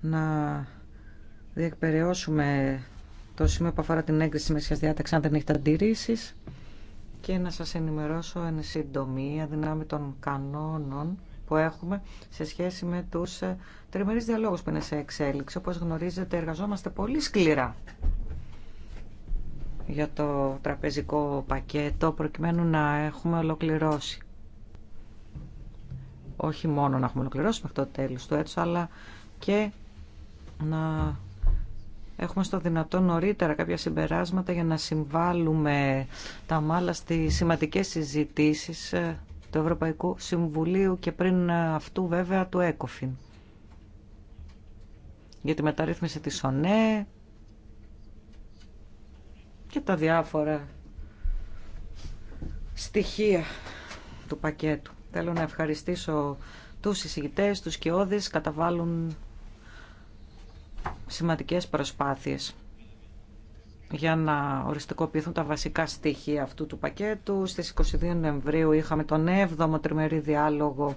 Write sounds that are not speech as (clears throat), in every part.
να διεκπαιρεώσουμε το σημείο που αφορά την έγκριση με διάταξη αν δεν έχετε αντιρρήσει και να σας ενημερώσω εν συντομία δυνάμει των κανόνων που έχουμε σε σχέση με τους ε, τριμερείς διαλόγους που είναι σε εξέλιξη. Όπως γνωρίζετε εργαζόμαστε πολύ σκληρά για το τραπεζικό πακέτο προκειμένου να έχουμε ολοκληρώσει. Όχι μόνο να έχουμε ολοκληρώσει μέχρι το τέλος του έτους, αλλά και να έχουμε στο δυνατόν νωρίτερα κάποια συμπεράσματα για να συμβάλλουμε τα μάλα στις σημαντικές συζητήσεις ε, του Ευρωπαϊκού Συμβουλίου και πριν ε, αυτού βέβαια του ΕΚΟΦΗΝ για τη μεταρρύθμιση της ΩΝΕ και τα διάφορα στοιχεία του πακέτου. Θέλω να ευχαριστήσω τους συζητητές, τους κοιόδης, καταβάλουν σημαντικές προσπάθειες για να οριστικοποιηθούν τα βασικά στοιχεία αυτού του πακέτου. Στις 22 Νοεμβρίου είχαμε τον 7ο τριμερή διάλογο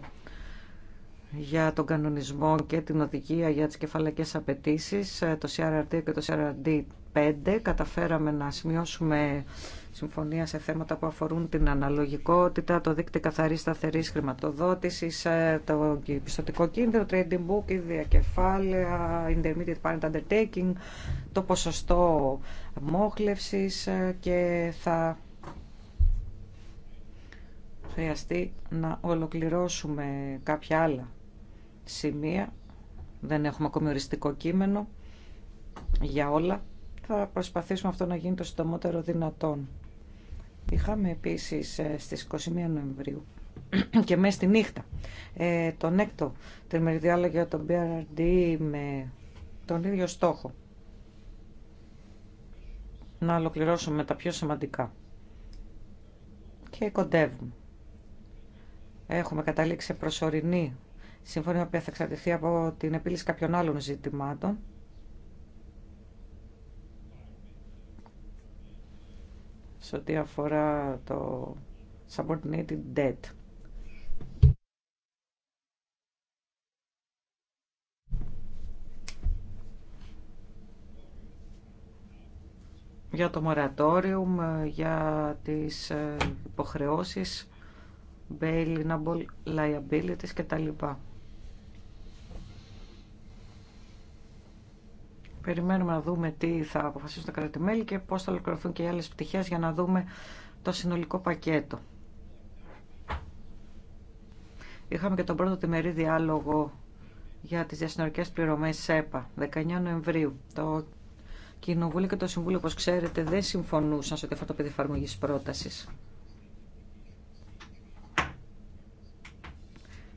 για τον κανονισμό και την οδηγία για τις κεφαλακές απαιτήσει, το CRRD και το CRRD5. Καταφέραμε να σημειώσουμε συμφωνία σε θέματα που αφορούν την αναλογικότητα, το δίκτυο καθαρή σταθερή χρηματοδότηση, ε, το πιστοτικό κίνδυνο, trading book, η διακεφάλαια, intermediate parent undertaking, το ποσοστό μόχλευση ε, και θα χρειαστεί να ολοκληρώσουμε κάποια άλλα σημεία. Δεν έχουμε ακόμη οριστικό κείμενο για όλα. Θα προσπαθήσουμε αυτό να γίνει το συντομότερο δυνατόν. Είχαμε επίσης ε, στις 21 Νοεμβρίου (clears throat) και μέσα στη νύχτα ε, τον έκτο τριμεριδιάλο για τον BRD με τον ίδιο στόχο. Να ολοκληρώσουμε τα πιο σημαντικά. Και κοντεύουμε. Έχουμε καταλήξει σε προσωρινή συμφωνία που θα εξαρτηθεί από την επίλυση κάποιων άλλων ζητημάτων σε ό,τι αφορά το subordinated debt. για το moratorium, για τις υποχρεώσεις, bail, liabilities κτλ. Περιμένουμε να δούμε τι θα αποφασίσουν τα κρατημέλη και πώς θα ολοκληρωθούν και οι άλλες πτυχές για να δούμε το συνολικό πακέτο. Είχαμε και τον πρώτο τιμερή διάλογο για τις διασυνορικές πληρωμές ΣΕΠΑ, 19 Νοεμβρίου. Το Κοινοβούλιο και το Συμβούλιο, όπως ξέρετε, δεν συμφωνούσαν σε αυτό το παιδί πρότασης.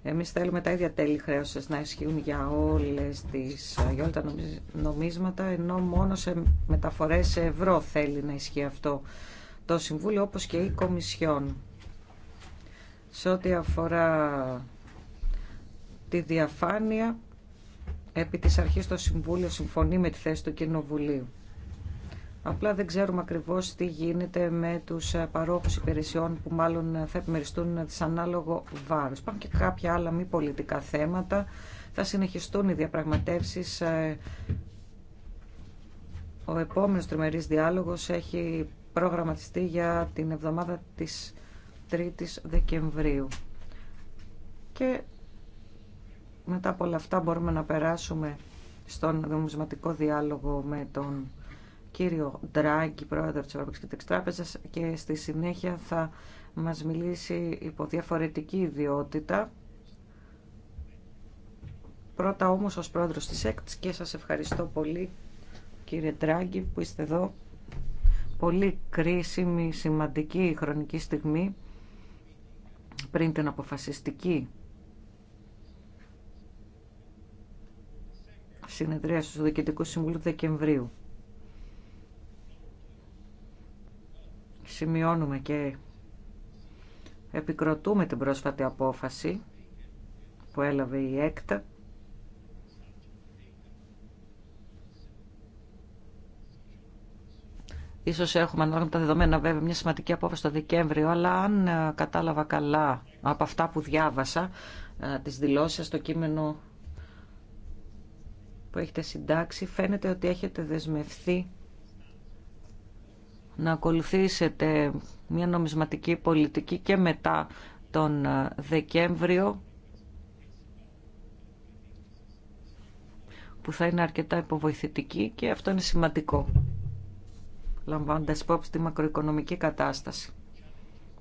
Εμείς θέλουμε τα ίδια τέλη χρέωσης να ισχύουν για, όλες τις, για τα νομίσματα, ενώ μόνο σε μεταφορές σε ευρώ θέλει να ισχύει αυτό το Συμβούλιο, όπως και η Κομισιόν. Σε ό,τι αφορά τη διαφάνεια, επί της αρχής το Συμβούλιο συμφωνεί με τη θέση του Κοινοβουλίου. Απλά δεν ξέρουμε ακριβώ τι γίνεται με τους ε, παρόχου υπηρεσιών που μάλλον ε, θα επιμεριστούν ανάλογο βάρο. Υπάρχουν και κάποια άλλα μη πολιτικά θέματα. Θα συνεχιστούν οι διαπραγματεύσεις. Ε, ο επόμενος τριμερής διάλογος έχει προγραμματιστεί για την εβδομάδα της 3 η Δεκεμβρίου. Και μετά από όλα αυτά μπορούμε να περάσουμε στον δημοσιοματικό διάλογο με τον κύριο Ντράγκη, πρόεδρο της Ευρωπαϊκής Κεντρικής Τράπεζας και στη συνέχεια θα μας μιλήσει υπό διαφορετική ιδιότητα. Πρώτα όμως ως πρόεδρος της ΕΚΤ και σας ευχαριστώ πολύ κύριε Ντράγκη που είστε εδώ. Πολύ κρίσιμη, σημαντική χρονική στιγμή πριν την αποφασιστική συνεδρίαση του Διοικητικού Συμβουλίου Δεκεμβρίου. σημειώνουμε και επικροτούμε την πρόσφατη απόφαση που έλαβε η ΕΚΤΑ Ίσως έχουμε ανάλογα με τα δεδομένα βέβαια μια σημαντική απόφαση το Δεκέμβριο, αλλά αν ε, κατάλαβα καλά από αυτά που διάβασα ε, τις δηλώσεις στο κείμενο που έχετε συντάξει, φαίνεται ότι έχετε δεσμευθεί να ακολουθήσετε μια νομισματική πολιτική και μετά τον ε, Δεκέμβριο που θα είναι αρκετά υποβοηθητική και αυτό είναι σημαντικό λαμβάνοντας υπόψη τη μακροοικονομική κατάσταση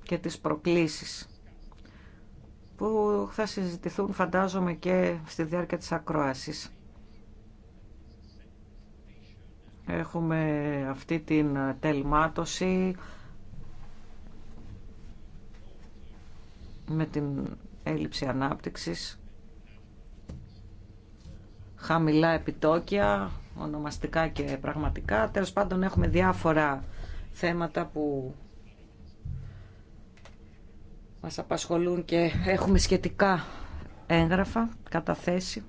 και τις προκλήσεις που θα συζητηθούν φαντάζομαι και στη διάρκεια της ακρόασης. Έχουμε αυτή την ε, τελμάτωση με την έλλειψη ανάπτυξης, χαμηλά επιτόκια, ονομαστικά και πραγματικά. Τέλος πάντων έχουμε διάφορα θέματα που μας απασχολούν και έχουμε σχετικά έγγραφα, καταθέσει.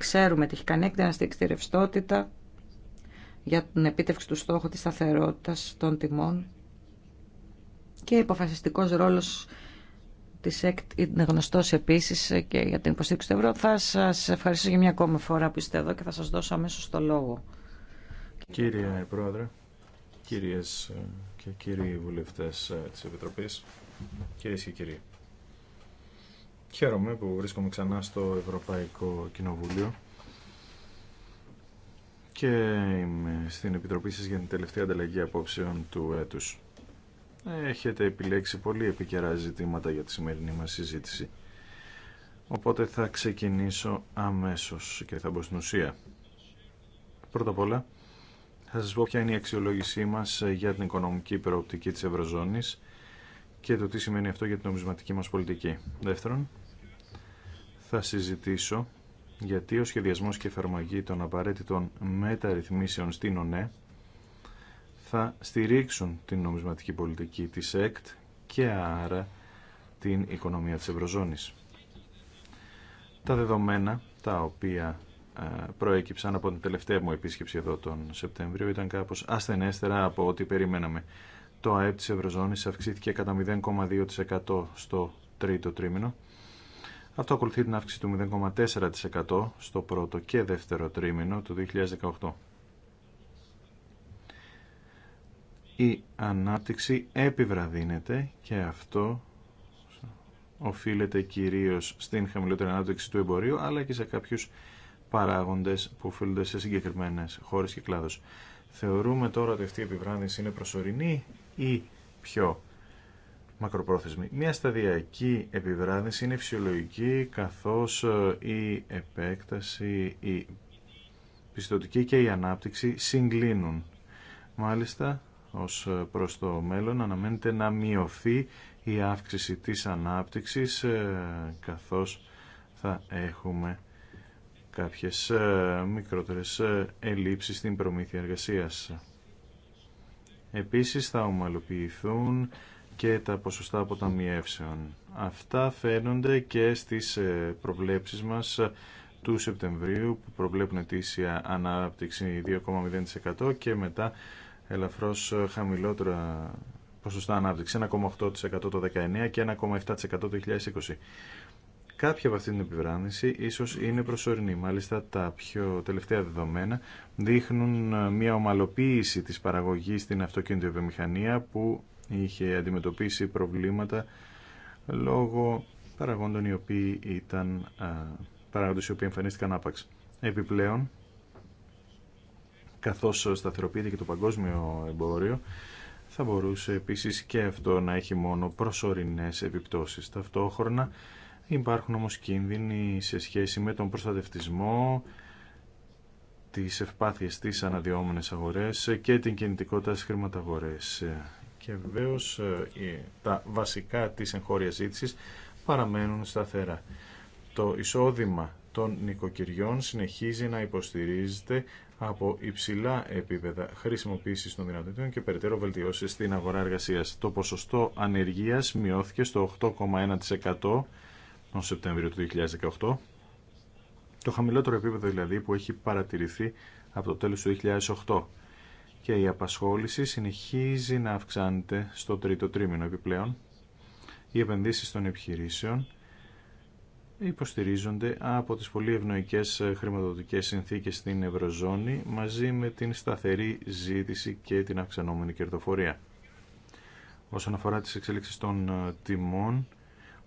Ξέρουμε ότι έχει κάνει στη εξτηρευστότητα για την επίτευξη του στόχου της σταθερότητας των τιμών και υποφασιστικός ρόλος της ΕΚΤ είναι γνωστός επίσης και για την υποστήριξη του ευρώ. Θα σας ευχαριστήσω για μια ακόμη φορά που είστε εδώ και θα σας δώσω αμέσως το λόγο. Κύριε Πρόεδρε, κυρίες και κύριοι βουλευτές ε, της Επιτροπής, κυρίες και κύριοι. Χαίρομαι που βρίσκομαι ξανά στο Ευρωπαϊκό Κοινοβούλιο και είμαι στην Επιτροπή σας για την τελευταία ανταλλαγή απόψεων του έτους. Έχετε επιλέξει πολύ επικαιρά ζητήματα για τη σημερινή μας συζήτηση. Οπότε θα ξεκινήσω αμέσως και θα μπω στην ουσία. Πρώτα απ' όλα, θα σας πω ποια είναι η αξιολόγησή μας για την οικονομική προοπτική της Ευρωζώνης και το τι σημαίνει αυτό για την νομισματική μας πολιτική. Δεύτερον, θα συζητήσω γιατί ο σχεδιασμός και εφαρμογή των απαραίτητων μεταρρυθμίσεων στην ΟΝΕ θα στηρίξουν την νομισματική πολιτική της ΕΚΤ και άρα την οικονομία της Ευρωζώνης. Τα δεδομένα τα οποία ε, προέκυψαν από την τελευταία μου επίσκεψη εδώ τον Σεπτέμβριο ήταν κάπως ασθενέστερα από ό,τι περιμέναμε. Το ΑΕΠ της Ευρωζώνης αυξήθηκε κατά 0,2% στο τρίτο τρίμηνο αυτό ακολουθεί την αύξηση του 0,4% στο πρώτο και δεύτερο τρίμηνο του 2018. Η ανάπτυξη επιβραδύνεται και αυτό οφείλεται κυρίως στην χαμηλότερη ανάπτυξη του εμπορίου αλλά και σε κάποιους παράγοντες που οφείλονται σε συγκεκριμένες χώρες και κλάδους. Θεωρούμε τώρα ότι αυτή η επιβράδυνση είναι προσωρινή ή πιο μακροπρόθεσμη. Μια σταδιακή επιβράδυνση είναι φυσιολογική καθώς ε, η επέκταση, η πιστοτική και η ανάπτυξη συγκλίνουν. Μάλιστα, ως ε, προς το μέλλον αναμένεται να μειωθεί η αύξηση της ανάπτυξης ε, καθώς θα έχουμε κάποιες μικρότερες ελλείψεις στην προμήθεια εργασίας. Επίσης θα ομαλοποιηθούν και τα ποσοστά αποταμιεύσεων. Αυτά φαίνονται και στις ε, προβλέψεις μας ε, του Σεπτεμβρίου που προβλέπουν ετήσια ανάπτυξη 2,0% και μετά ελαφρώς ε, χαμηλότερα ποσοστά ανάπτυξη 1,8% το 19 και 1,7% το 2020. Κάποια από αυτή την επιβράνηση ίσως είναι προσωρινή. Μάλιστα τα πιο τελευταία δεδομένα δείχνουν μια ομαλοποίηση της παραγωγής στην αυτοκίνητο βιομηχανία που είχε αντιμετωπίσει προβλήματα λόγω παραγόντων οι οποίοι ήταν παράγοντες οι οποίοι εμφανίστηκαν άπαξ. Επιπλέον, καθώς σταθεροποιείται και το παγκόσμιο εμπόριο, θα μπορούσε επίσης και αυτό να έχει μόνο προσωρινές επιπτώσεις. Ταυτόχρονα υπάρχουν όμως κίνδυνοι σε σχέση με τον προστατευτισμό, τις ευπάθειες της αναδυόμενες αγορές και την κινητικότητα στις χρηματαγορές και βεβαίω ε, τα βασικά της εγχώριας ζήτησης παραμένουν σταθερά. Το εισόδημα των νοικοκυριών συνεχίζει να υποστηρίζεται από υψηλά επίπεδα χρησιμοποίηση των δυνατοτήτων και περαιτέρω βελτιώσει στην αγορά εργασία. Το ποσοστό ανεργία μειώθηκε στο 8,1% τον Σεπτέμβριο του 2018, το χαμηλότερο επίπεδο δηλαδή που έχει παρατηρηθεί από το τέλος του 2008 και η απασχόληση συνεχίζει να αυξάνεται στο τρίτο τρίμηνο επιπλέον. Οι επενδύσεις των επιχειρήσεων υποστηρίζονται από τις πολύ ευνοϊκές χρηματοδοτικές συνθήκες στην Ευρωζώνη μαζί με την σταθερή ζήτηση και την αυξανόμενη κερδοφορία. Όσον αφορά τις εξελίξεις των ε, τιμών,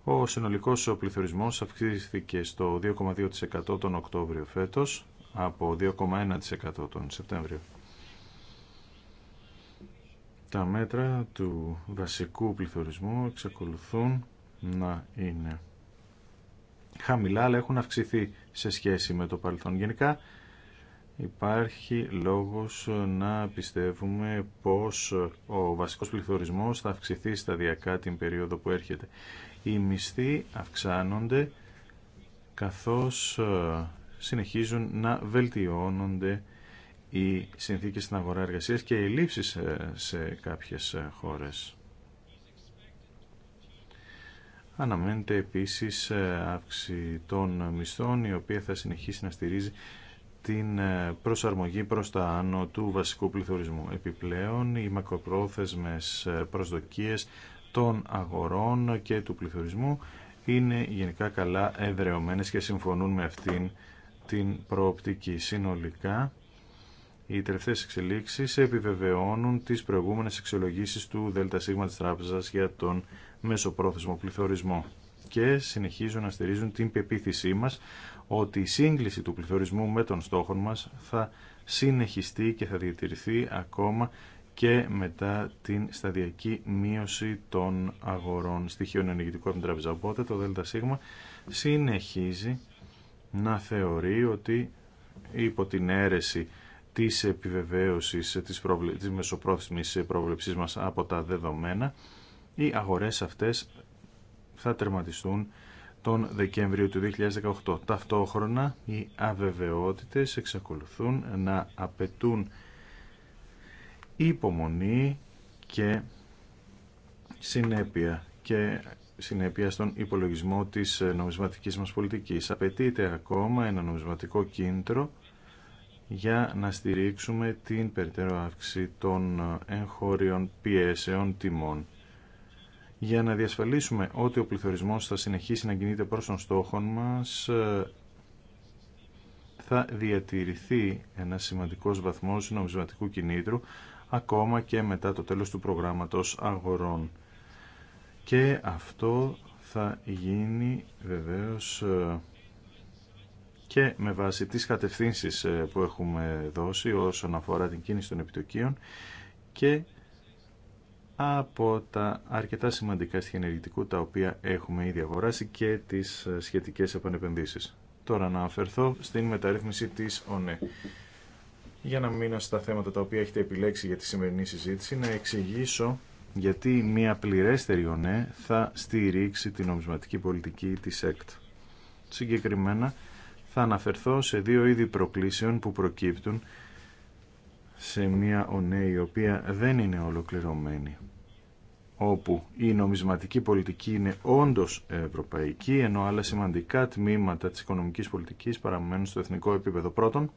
ο συνολικός πληθωρισμός αυξήθηκε στο 2,2% τον Οκτώβριο φέτος από 2,1% τον Σεπτέμβριο τα μέτρα του βασικού πληθωρισμού εξακολουθούν να είναι χαμηλά αλλά έχουν αυξηθεί σε σχέση με το παρελθόν. Γενικά υπάρχει λόγος να πιστεύουμε πως ο βασικός πληθωρισμός θα αυξηθεί σταδιακά την περίοδο που έρχεται. Οι μισθοί αυξάνονται καθώς ε, συνεχίζουν να βελτιώνονται οι συνθήκες στην αγορά εργασίας και οι λήψεις ε, σε κάποιες ε, χώρες. Αναμένεται επίσης ε, αύξηση των μισθών, η οποία θα συνεχίσει να στηρίζει την προσαρμογή προς τα άνω του βασικού πληθωρισμού. Επιπλέον, οι μακροπρόθεσμες προσδοκίες των αγορών και του πληθωρισμού είναι γενικά καλά εδρεωμένες και συμφωνούν με αυτήν την προοπτική. Συνολικά, οι τελευταίες εξελίξεις επιβεβαιώνουν τις προηγούμενες αξιολογήσεις του ΔΣ της Τράπεζας για τον μεσοπρόθεσμο πληθωρισμό και συνεχίζουν να στηρίζουν την πεποίθησή μας ότι η σύγκληση του πληθωρισμού με των στόχων μας θα συνεχιστεί και θα διατηρηθεί ακόμα και μετά την σταδιακή μείωση των αγορών στοιχείων ενεργητικών από την τράπεζα. Οπότε το ΔΣ συνεχίζει να θεωρεί ότι υπό την αίρεση της επιβεβαίωση της, προβλε... της μεσοπρόθεσμης πρόβλεψής μας από τα δεδομένα, οι αγορές αυτές θα τερματιστούν τον Δεκέμβριο του 2018. Ταυτόχρονα οι αβεβαιότητες εξακολουθούν να απαιτούν υπομονή και συνέπεια και συνέπεια στον υπολογισμό της νομισματικής μας πολιτικής. Απαιτείται ακόμα ένα νομισματικό κίνητρο για να στηρίξουμε την περαιτέρω αύξηση των ε, εγχώριων πιέσεων τιμών για να διασφαλίσουμε ότι ο πληθωρισμός θα συνεχίσει να κινείται προς τον στόχο μας ε, θα διατηρηθεί ένα σημαντικός βαθμός νομισματικού κινήτρου ακόμα και μετά το τέλος του προγράμματος αγορών. Και αυτό θα γίνει βεβαίως ε, και με βάση τις κατευθύνσεις ε, που έχουμε δώσει όσον αφορά την κίνηση των επιτοκίων και από τα αρκετά σημαντικά στοιχεία ενεργητικού τα οποία έχουμε ήδη αγοράσει και τις ε, σχετικές επανεπενδύσεις. Τώρα να αφαιρθώ στην μεταρρύθμιση της ΟΝΕ. Για να μείνω στα θέματα τα οποία έχετε επιλέξει για τη σημερινή συζήτηση, να εξηγήσω γιατί μια πληρέστερη ΩΝΕ θα στηρίξει την νομισματική πολιτική της ΕΚΤ. Συγκεκριμένα, θα αναφερθώ σε δύο είδη προκλήσεων που προκύπτουν σε μια ΟΝΕ η οποία δεν είναι ολοκληρωμένη όπου η νομισματική πολιτική είναι όντως ευρωπαϊκή ενώ άλλα σημαντικά τμήματα της οικονομικής πολιτικής παραμένουν στο εθνικό επίπεδο πρώτον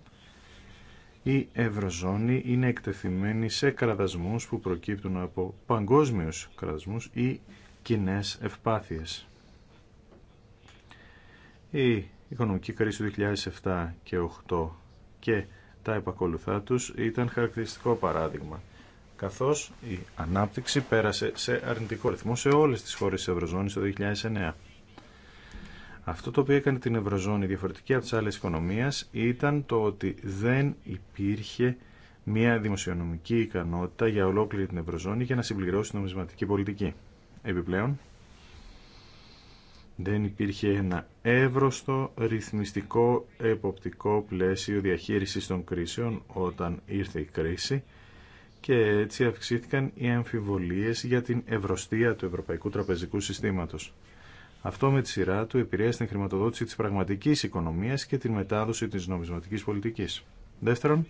η Ευρωζώνη είναι εκτεθειμένη σε κραδασμούς που προκύπτουν από παγκόσμιους κραδασμούς ή κοινέ ευπάθειες. η κοινε ευπαθειες οικονομική κρίση του 2007 και 2008 και τα επακολουθά τους ήταν χαρακτηριστικό παράδειγμα καθώς η ανάπτυξη πέρασε σε αρνητικό ρυθμό σε όλες τις χώρες της Ευρωζώνης το 2009. Αυτό το οποίο έκανε την Ευρωζώνη διαφορετική από τις άλλες οικονομίες ήταν το ότι δεν υπήρχε μια δημοσιονομική ικανότητα για ολόκληρη την Ευρωζώνη για να συμπληρώσει την νομισματική πολιτική. Επιπλέον, δεν υπήρχε ένα εύρωστο ρυθμιστικό εποπτικό πλαίσιο διαχείρισης των κρίσεων όταν ήρθε η κρίση και έτσι αυξήθηκαν οι αμφιβολίες για την ευρωστία του Ευρωπαϊκού Τραπεζικού Συστήματος. Αυτό με τη σειρά του επηρέασε την χρηματοδότηση της πραγματικής οικονομίας και την μετάδοση της νομισματικής πολιτικής. Δεύτερον,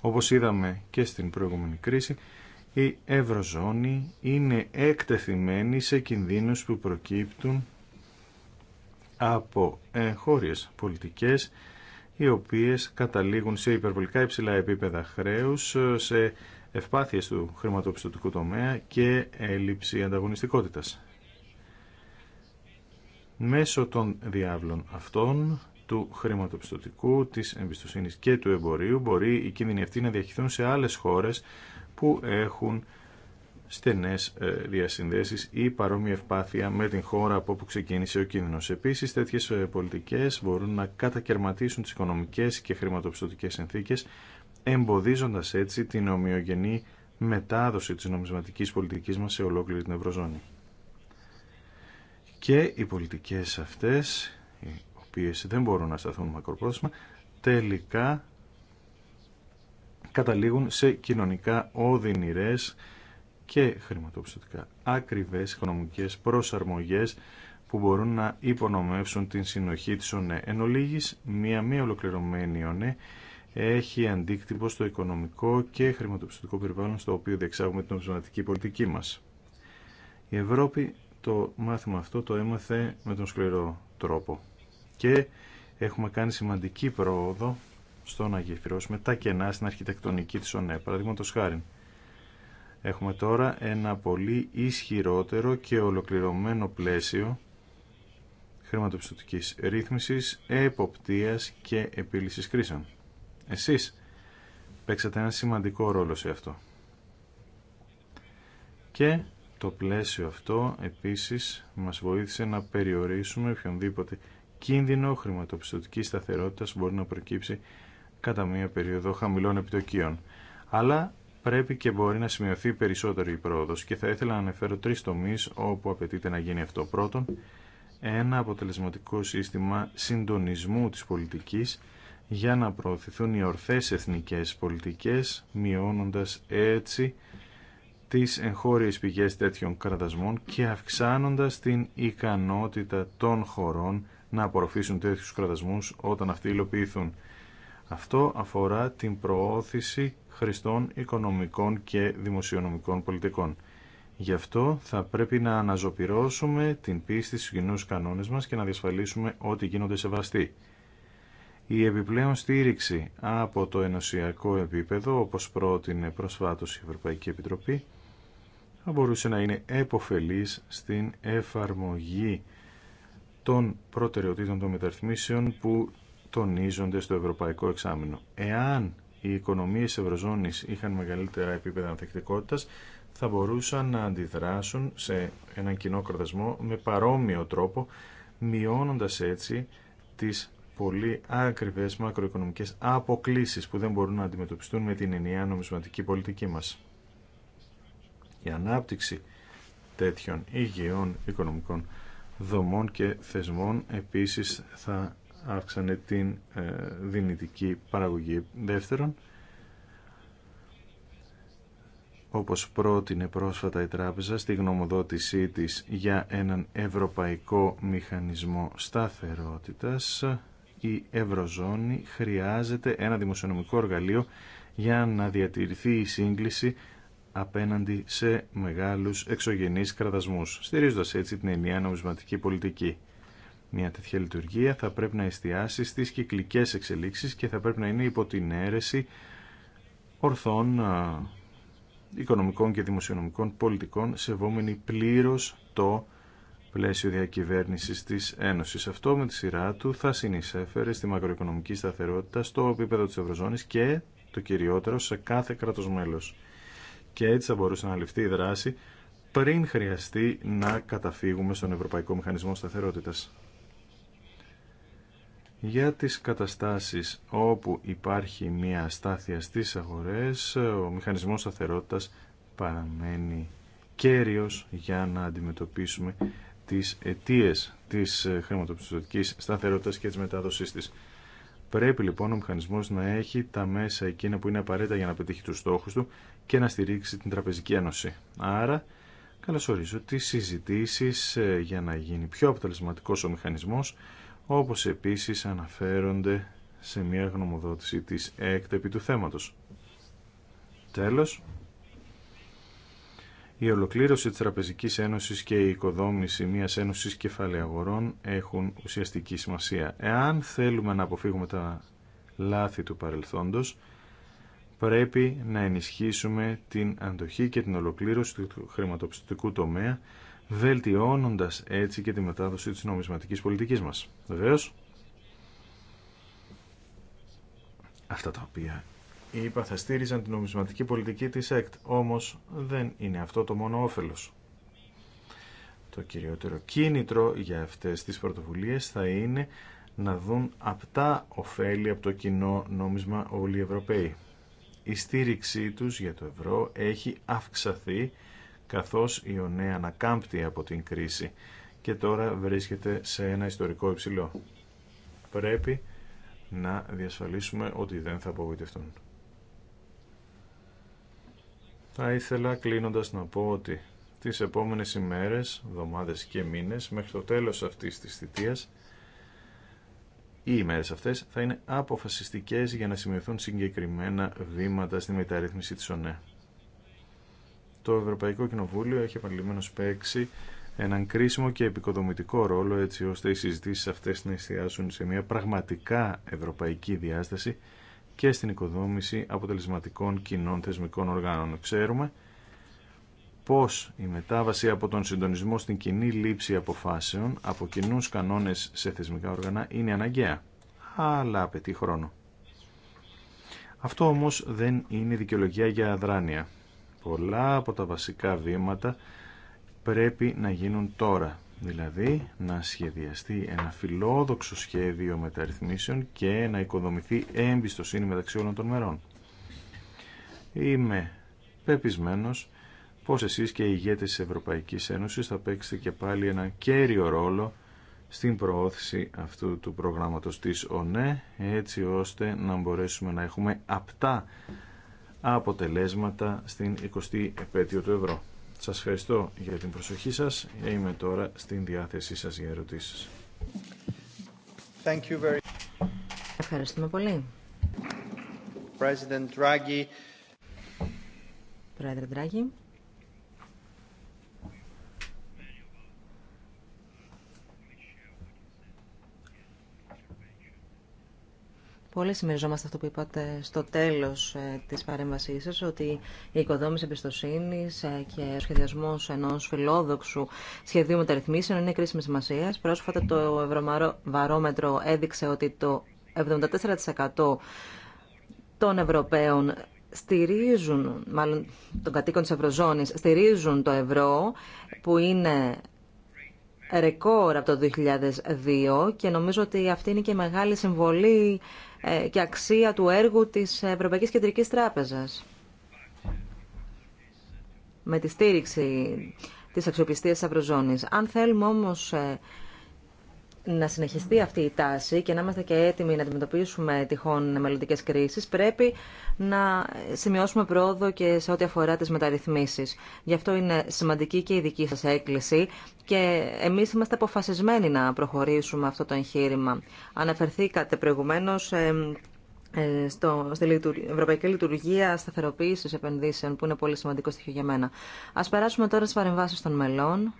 όπως είδαμε και στην προηγούμενη κρίση, η Ευρωζώνη είναι εκτεθειμένη σε κινδύνους που προκύπτουν από εγχώριες πολιτικές οι οποίες καταλήγουν σε υπερβολικά υψηλά επίπεδα χρέους, σε ευπάθειες του χρηματοπιστωτικού τομέα και έλλειψη ανταγωνιστικότητας. Μέσω των διάβλων αυτών του χρηματοπιστωτικού, της εμπιστοσύνης και του εμπορίου μπορεί η κίνδυνοι αυτοί να διαχειριστούν σε άλλες χώρες που έχουν στενές ε, διασυνδέσεις ή παρόμοια ευπάθεια με την χώρα από όπου ξεκίνησε ο κίνδυνος. Επίσης, τέτοιες ε, πολιτικές μπορούν να κατακαιρματίσουν τις οικονομικές και χρηματοπιστωτικές συνθήκες, εμποδίζοντας έτσι την ομοιογενή μετάδοση της νομισματικής πολιτικής μας σε ολόκληρη την Ευρωζώνη. Και οι πολιτικές αυτές, οι οποίες δεν μπορούν να σταθούν μακροπρόθεσμα, τελικά καταλήγουν σε κοινωνικά οδυνηρές και χρηματοπιστωτικά ακριβές οικονομικές προσαρμογές που μπορούν να υπονομεύσουν την συνοχή της ΩΝΕ. Εν ολίγης, μία μη ολοκληρωμένη ΩΝΕ έχει αντίκτυπο στο οικονομικό και χρηματοπιστωτικό περιβάλλον στο οποίο διεξάγουμε την οπισματική πολιτική μας. Η Ευρώπη το μάθημα αυτό το έμαθε με τον σκληρό τρόπο και έχουμε κάνει σημαντική πρόοδο στο να γεφυρώσουμε τα κενά στην αρχιτεκτονική της ΩΝΕ. Παραδείγματος χάρη, Έχουμε τώρα ένα πολύ ισχυρότερο και ολοκληρωμένο πλαίσιο χρηματοπιστωτικής ρύθμισης, εποπτείας και επίλυσης κρίσεων. Εσείς παίξατε ένα σημαντικό ρόλο σε αυτό. Και το πλαίσιο αυτό επίσης μας βοήθησε να περιορίσουμε οποιονδήποτε κίνδυνο χρηματοπιστωτικής σταθερότητας μπορεί να προκύψει κατά μία περίοδο χαμηλών επιτοκίων. Αλλά πρέπει και μπορεί να σημειωθεί περισσότερη πρόοδο και θα ήθελα να αναφέρω τρει τομεί, όπου απαιτείται να γίνει αυτό. Πρώτον, ένα αποτελεσματικό σύστημα συντονισμού τη πολιτική για να προωθηθούν οι ορθές εθνικέ πολιτικές, μειώνοντα έτσι τι εγχώριε πηγέ τέτοιων κρατασμών και αυξάνοντας την ικανότητα των χωρών να απορροφήσουν τέτοιου κρατασμού όταν αυτοί υλοποιηθούν. Αυτό αφορά την προώθηση χρηστών οικονομικών και δημοσιονομικών πολιτικών. Γι' αυτό θα πρέπει να αναζωπυρώσουμε την πίστη στους κοινού κανόνες μας και να διασφαλίσουμε ότι γίνονται σεβαστοί. Η επιπλέον στήριξη από το ενωσιακό επίπεδο, όπως πρότεινε προσφάτως η Ευρωπαϊκή Επιτροπή, θα μπορούσε να είναι εποφελής στην εφαρμογή των προτεραιοτήτων των μεταρρυθμίσεων που τονίζονται στο Ευρωπαϊκό Εξάμεινο. Εάν οι οικονομίες Ευρωζώνης είχαν μεγαλύτερα επίπεδα ανθεκτικότητας, θα μπορούσαν να αντιδράσουν σε έναν κοινό κρατασμό με παρόμοιο τρόπο, μειώνοντας έτσι τις πολύ άκριβες μακροοικονομικές αποκλίσεις που δεν μπορούν να αντιμετωπιστούν με την ενιαία νομισματική πολιτική μας. Η ανάπτυξη τέτοιων υγιών οικονομικών δομών και θεσμών επίσης θα αύξανε την ε, δυνητική παραγωγή. Δεύτερον, όπως πρότεινε πρόσφατα η τράπεζα στη γνωμοδότησή της για έναν ευρωπαϊκό μηχανισμό σταθερότητας, η Ευρωζώνη χρειάζεται ένα δημοσιονομικό εργαλείο για να διατηρηθεί η σύγκληση απέναντι σε μεγάλους εξωγενείς κραδασμούς, στηρίζοντας έτσι την ενιαία νομισματική πολιτική μια τέτοια λειτουργία θα πρέπει να εστιάσει στις κυκλικές εξελίξεις και θα πρέπει να είναι υπό την αίρεση ορθών οικονομικών και δημοσιονομικών πολιτικών σεβόμενοι πλήρως το πλαίσιο διακυβέρνησης της Ένωσης. Αυτό με τη σειρά του θα συνεισέφερε στη μακροοικονομική σταθερότητα στο επίπεδο της Ευρωζώνης και το κυριότερο σε κάθε κράτος μέλος. Και έτσι θα μπορούσε να ληφθεί η δράση πριν χρειαστεί να καταφύγουμε στον Ευρωπαϊκό Μηχανισμό Σταθερότητας για τις καταστάσεις όπου υπάρχει μια αστάθεια στις αγορές, ο μηχανισμός σταθερότητας παραμένει κέριος για να αντιμετωπίσουμε τις αιτίες της χρηματοπιστωτικής σταθερότητας και της μετάδοσής της. Πρέπει λοιπόν ο μηχανισμός να έχει τα μέσα εκείνα που είναι απαραίτητα για να πετύχει τους στόχους του και να στηρίξει την Τραπεζική Ένωση. Άρα, καλωσορίζω τις συζητήσεις ε, για να γίνει πιο αποτελεσματικός ο μηχανισμός όπως επίσης αναφέρονται σε μια γνωμοδότηση της έκτεπη του θέματος. Τέλος, η ολοκλήρωση της Τραπεζικής Ένωσης και η οικοδόμηση μιας ένωσης Κεφαλαιαγορών έχουν ουσιαστική σημασία. Εάν θέλουμε να αποφύγουμε τα λάθη του παρελθόντος, πρέπει να ενισχύσουμε την αντοχή και την ολοκλήρωση του χρηματοπιστωτικού τομέα βελτιώνοντας έτσι και τη μετάδοση της νομισματικής πολιτικής μας. Βεβαίω. αυτά τα οποία είπα θα στήριζαν την νομισματική πολιτική της ΕΚΤ, όμως δεν είναι αυτό το μόνο όφελος. Το κυριότερο κίνητρο για αυτές τις πρωτοβουλίες θα είναι να δουν απτά ωφέλη από το κοινό νόμισμα όλοι οι Ευρωπαίοι. Η στήριξή τους για το ευρώ έχει αυξαθεί καθώς η ΟΝΕ ανακάμπτει από την κρίση και τώρα βρίσκεται σε ένα ιστορικό υψηλό. Πρέπει να διασφαλίσουμε ότι δεν θα απογοητευτούν. Θα ήθελα κλείνοντας να πω ότι τις επόμενες ημέρες, εβδομάδες και μήνες, μέχρι το τέλος αυτής της θητείας, οι ημέρες αυτές θα είναι αποφασιστικές για να σημειωθούν συγκεκριμένα βήματα στη μεταρρύθμιση της ΟΝΕ το Ευρωπαϊκό Κοινοβούλιο έχει επανειλημμένως παίξει έναν κρίσιμο και επικοδομητικό ρόλο έτσι ώστε οι συζητήσεις αυτές να εστιάσουν σε μια πραγματικά ευρωπαϊκή διάσταση και στην οικοδόμηση αποτελεσματικών κοινών θεσμικών οργάνων. Ξέρουμε πως η μετάβαση από τον συντονισμό στην κοινή λήψη αποφάσεων από κοινού κανόνες σε θεσμικά όργανα είναι αναγκαία, αλλά απαιτεί χρόνο. Αυτό όμως δεν είναι δικαιολογία για αδράνεια πολλά από τα βασικά βήματα πρέπει να γίνουν τώρα. Δηλαδή να σχεδιαστεί ένα φιλόδοξο σχέδιο μεταρρυθμίσεων και να οικοδομηθεί εμπιστοσύνη μεταξύ όλων των μερών. Είμαι πεπισμένος πως εσείς και οι ηγέτες της Ευρωπαϊκής Ένωσης θα παίξετε και πάλι ένα κέριο ρόλο στην προώθηση αυτού του προγράμματος της ΟΝΕ έτσι ώστε να μπορέσουμε να έχουμε απτά αποτελέσματα στην 20η επέτειο του ευρώ. Σας ευχαριστώ για την προσοχή σας. Είμαι τώρα στην διάθεσή σας για ερωτήσεις. Thank you Ευχαριστούμε πολύ. President Draghi. Πολύ συμμεριζόμαστε αυτό που είπατε στο τέλος ε, της παρέμβασή σα, ότι η οικοδόμηση εμπιστοσύνη ε, και ο σχεδιασμός ενός φιλόδοξου σχεδίου μεταρρυθμίσεων είναι κρίσιμη σημασία. Πρόσφατα το Ευρωβαρόμετρο έδειξε ότι το 74% των Ευρωπαίων στηρίζουν, μάλλον των κατοίκων της Ευρωζώνης, στηρίζουν το ευρώ που είναι ρεκόρ από το 2002 και νομίζω ότι αυτή είναι και μεγάλη συμβολή ε, και αξία του έργου της Ευρωπαϊκής Κεντρικής Τράπεζας. Με τη στήριξη της αξιοπιστίας της Αν θέλουμε όμως ε, να συνεχιστεί αυτή η τάση και να είμαστε και έτοιμοι να αντιμετωπίσουμε τυχόν μελλοντικέ κρίσει, πρέπει να σημειώσουμε πρόοδο και σε ό,τι αφορά τι μεταρρυθμίσει. Γι' αυτό είναι σημαντική και η δική σα έκκληση και εμεί είμαστε αποφασισμένοι να προχωρήσουμε αυτό το εγχείρημα. Αναφερθήκατε προηγουμένω ε, ε, στην Ευρωπαϊκή Λειτουργία Σταθεροποίηση Επενδύσεων, που είναι πολύ σημαντικό στοιχείο για μένα. Α περάσουμε τώρα στι παρεμβάσει των μελών.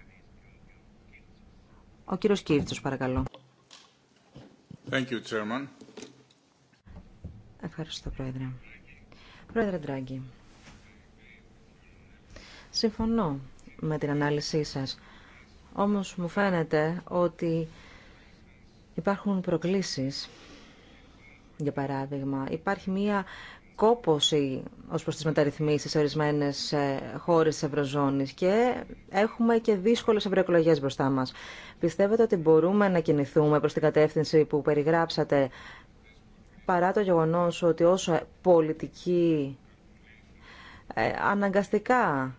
Ο κύριος Κίρτσος, παρακαλώ. Ευχαριστώ, Πρόεδρε. Πρόεδρε Ντράγκη, συμφωνώ με την ανάλυση σας. Όμως μου φαίνεται ότι υπάρχουν προκλήσεις. Για παράδειγμα, υπάρχει μία Ω ως προς τις μεταρρυθμίσεις σε ορισμένες ε, χώρες της και έχουμε και δύσκολες ευρωεκλογέ μπροστά μας. Πιστεύετε ότι μπορούμε να κινηθούμε προς την κατεύθυνση που περιγράψατε παρά το γεγονός ότι όσο πολιτική ε, αναγκαστικά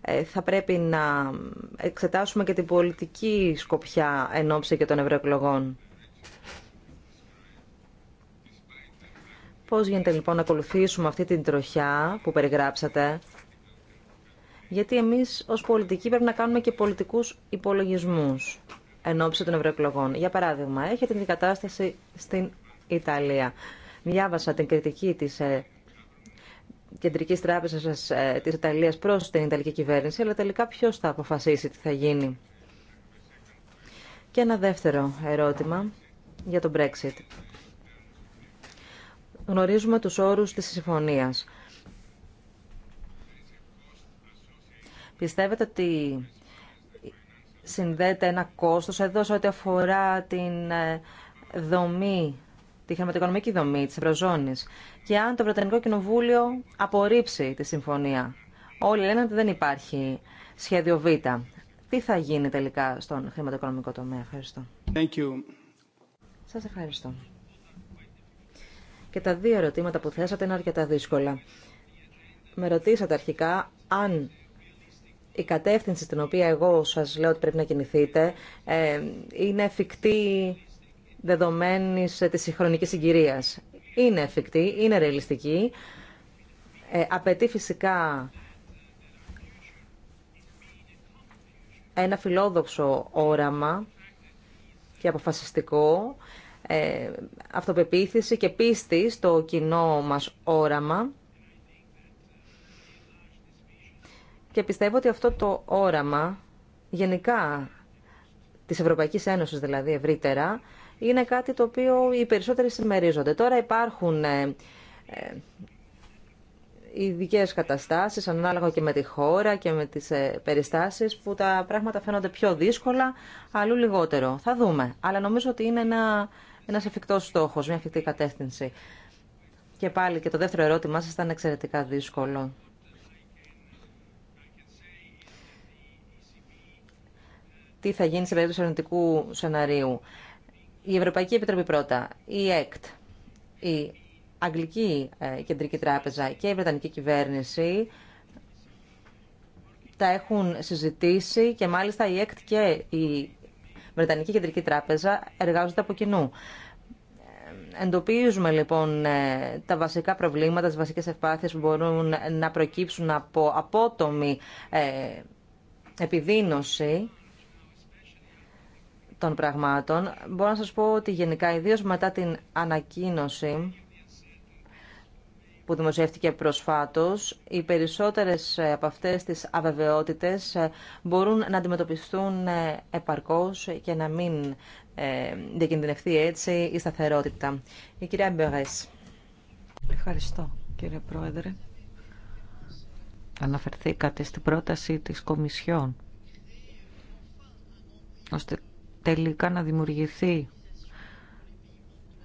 ε, θα πρέπει να εξετάσουμε και την πολιτική σκοπιά εν ώψη και των ευρωεκλογών. Πώς γίνεται λοιπόν να ακολουθήσουμε αυτή την τροχιά που περιγράψατε, γιατί εμείς ως πολιτικοί πρέπει να κάνουμε και πολιτικούς υπολογισμούς εν ώψη των ευρωεκλογών. Για παράδειγμα, έχετε την κατάσταση στην Ιταλία. Διάβασα την κριτική της ε, Κεντρική Τράπεζα ε, τη Ιταλία προ την Ιταλική κυβέρνηση, αλλά τελικά ποιο θα αποφασίσει τι θα γίνει. Και ένα δεύτερο ερώτημα για τον Brexit γνωρίζουμε τους όρους της συμφωνίας. Πιστεύετε ότι συνδέεται ένα κόστος εδώ σε ό,τι αφορά την ε, δομή, τη χρηματοοικονομική δομή της Ευρωζώνης και αν το Βρετανικό Κοινοβούλιο απορρίψει τη συμφωνία. Όλοι λένε ότι δεν υπάρχει σχέδιο Β. Τι θα γίνει τελικά στον χρηματοοικονομικό τομέα. Ευχαριστώ. Thank Σας ευχαριστώ και τα δύο ερωτήματα που θέσατε είναι αρκετά δύσκολα. Με ρωτήσατε αρχικά αν η κατεύθυνση στην οποία εγώ σας λέω ότι πρέπει να κινηθείτε ε, είναι εφικτή δεδομένης της συγχρονική συγκυρίας. Είναι εφικτή, είναι ρεαλιστική. Ε, απαιτεί φυσικά ένα φιλόδοξο όραμα και αποφασιστικό ε, αυτοπεποίθηση και πίστη στο κοινό μας όραμα. Και πιστεύω ότι αυτό το όραμα γενικά της Ευρωπαϊκής Ένωσης δηλαδή ευρύτερα είναι κάτι το οποίο οι περισσότεροι συμμερίζονται. Τώρα υπάρχουν ε, ε, ειδικέ καταστάσεις ανάλογα και με τη χώρα και με τις περιστάσεις που τα πράγματα φαίνονται πιο δύσκολα αλλού λιγότερο. Θα δούμε. Αλλά νομίζω ότι είναι ένα ένα εφικτός στόχο, μια εφικτή κατεύθυνση. Και πάλι και το δεύτερο ερώτημά σα ήταν εξαιρετικά δύσκολο. Τι θα γίνει σε περίπτωση αρνητικού σεναρίου. Η Ευρωπαϊκή Επιτροπή πρώτα, η ΕΚΤ, η Αγγλική ε, Κεντρική Τράπεζα και η Βρετανική Κυβέρνηση τα έχουν συζητήσει και μάλιστα η ΕΚΤ και η Βρετανική Κεντρική Τράπεζα εργάζονται από κοινού. Ε, εντοπίζουμε λοιπόν ε, τα βασικά προβλήματα, τις βασικές ευπάθειες που μπορούν να προκύψουν από απότομη ε, επιδείνωση των πραγμάτων. Μπορώ να σας πω ότι γενικά, ιδίως μετά την ανακοίνωση που δημοσιεύτηκε προσφάτως, οι περισσότερες ε, από αυτές τις αβεβαιότητες ε, μπορούν να αντιμετωπιστούν ε, επαρκώς και να μην διακινδυνευτεί έτσι η σταθερότητα. Η κυρία Μπερές. Ευχαριστώ κύριε Πρόεδρε. Αναφερθήκατε στην πρόταση της Κομισιόν ώστε τελικά να δημιουργηθεί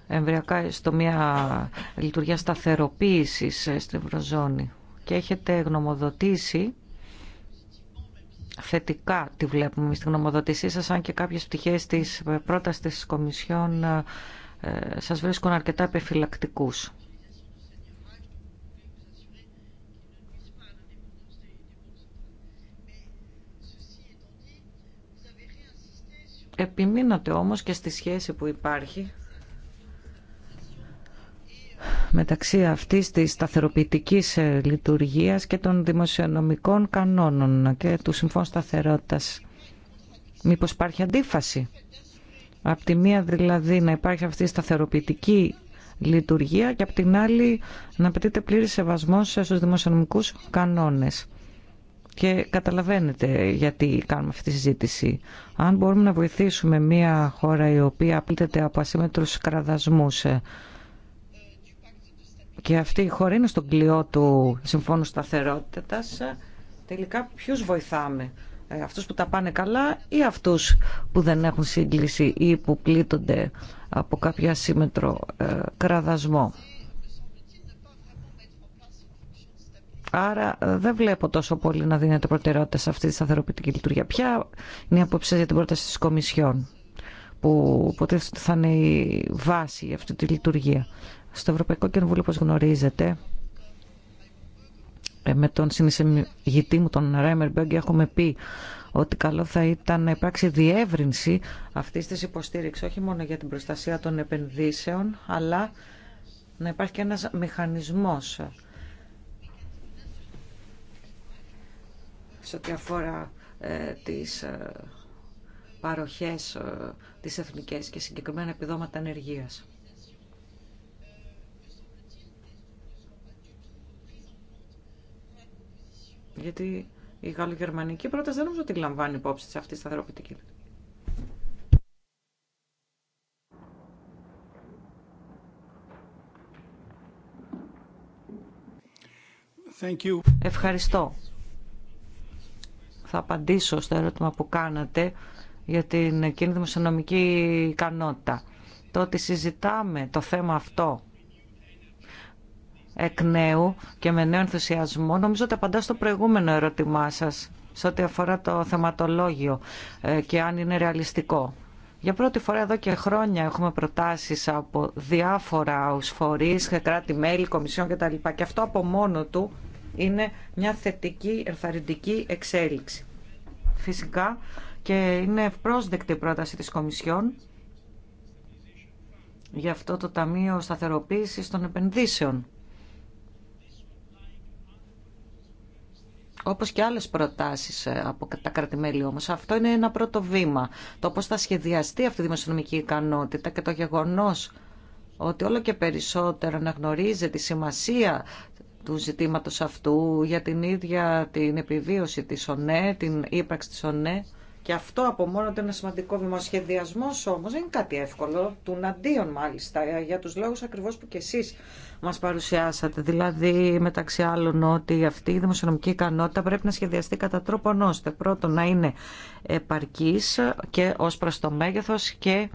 εμβριακά στο μια λειτουργία σταθεροποίησης ε, στην Ευρωζώνη και έχετε γνωμοδοτήσει θετικά τη βλέπουμε στη γνωμοδοτησή σας αν και κάποιες πτυχές της ε, πρότασης της Κομισιόν ε, σας βρίσκουν αρκετά επιφυλακτικούς. Επιμείνατε όμως και στη σχέση που υπάρχει μεταξύ αυτής της σταθεροποιητικής ε, λειτουργίας και των δημοσιονομικών κανόνων και του Συμφώνου Σταθερότητας. Μήπως υπάρχει αντίφαση. Απ' τη μία δηλαδή να υπάρχει αυτή η σταθεροποιητική λειτουργία και από την άλλη να απαιτείται πλήρης σεβασμός στους δημοσιονομικούς κανόνες. Και καταλαβαίνετε γιατί κάνουμε αυτή τη συζήτηση. Αν μπορούμε να βοηθήσουμε μια χώρα η οποία πλήττεται από ασύμετρους κραδασμούς, ε, και αυτή η χώρα είναι στον κλειό του Συμφώνου Σταθερότητας, τελικά ποιους βοηθάμε. Ε, αυτούς που τα πάνε καλά ή αυτούς που δεν έχουν σύγκληση ή που πλήττονται από κάποια σύμμετρο ε, κραδασμό. Άρα ε, δεν βλέπω τόσο πολύ να δίνεται προτεραιότητα σε αυτή τη σταθεροποιητική λειτουργία. Ποια είναι η απόψη για την πρόταση της Κομισιόν που υποτίθεται θα είναι η βάση για αυτή τη λειτουργία. Στο Ευρωπαϊκό Κοινοβούλιο, όπως γνωρίζετε, ε, με τον συνεισηγητή μου, τον Ράιμερ Μπέγκ, έχουμε πει ότι καλό θα ήταν να υπάρξει διεύρυνση αυτής της υποστήριξη όχι μόνο για την προστασία των επενδύσεων, αλλά να υπάρχει και ένας μηχανισμός σε ό,τι αφορά ε, τις ε, παροχές ε, τις και συγκεκριμένα επιδόματα ενεργείας. Γιατί η γαλλογερμανική πρόταση δεν νομίζω ότι λαμβάνει υπόψη σε αυτή τη σταθεροποιητική. Thank Ευχαριστώ. Θα απαντήσω στο ερώτημα που κάνατε για την κοινή δημοσιονομική ικανότητα. Το ότι συζητάμε το θέμα αυτό εκ νέου και με νέο ενθουσιασμό. Νομίζω ότι απαντά στο προηγούμενο ερώτημά σας σε ό,τι αφορά το θεματολόγιο ε, και αν είναι ρεαλιστικό. Για πρώτη φορά εδώ και χρόνια έχουμε προτάσεις από διάφορα φορείς, κράτη-μέλη, κομισιόν κτλ. Και αυτό από μόνο του είναι μια θετική ερθαρρυντική εξέλιξη. Φυσικά και είναι ευπρόσδεκτη η πρόταση της Κομισιόν για αυτό το Ταμείο Σταθεροποίησης των Επενδύσεων όπως και άλλες προτάσεις ε, από τα κρατημέλη όμως. Αυτό είναι ένα πρώτο βήμα. Το πώς θα σχεδιαστεί αυτή η δημοσιονομική ικανότητα και το γεγονός ότι όλο και περισσότερο αναγνωρίζεται τη σημασία του ζητήματος αυτού για την ίδια την επιβίωση της ΟΝΕ, την ύπαρξη της ΟΝΕ και αυτό από μόνο το είναι σημαντικό βήμα. Ο σχεδιασμό όμω δεν είναι κάτι εύκολο, του αντίον μάλιστα, για του λόγου ακριβώ που κι εσεί μα παρουσιάσατε. Δηλαδή, μεταξύ άλλων, ότι αυτή η δημοσιονομική ικανότητα πρέπει να σχεδιαστεί κατά τρόπον ώστε πρώτον να είναι επαρκή και ω προ το μέγεθο και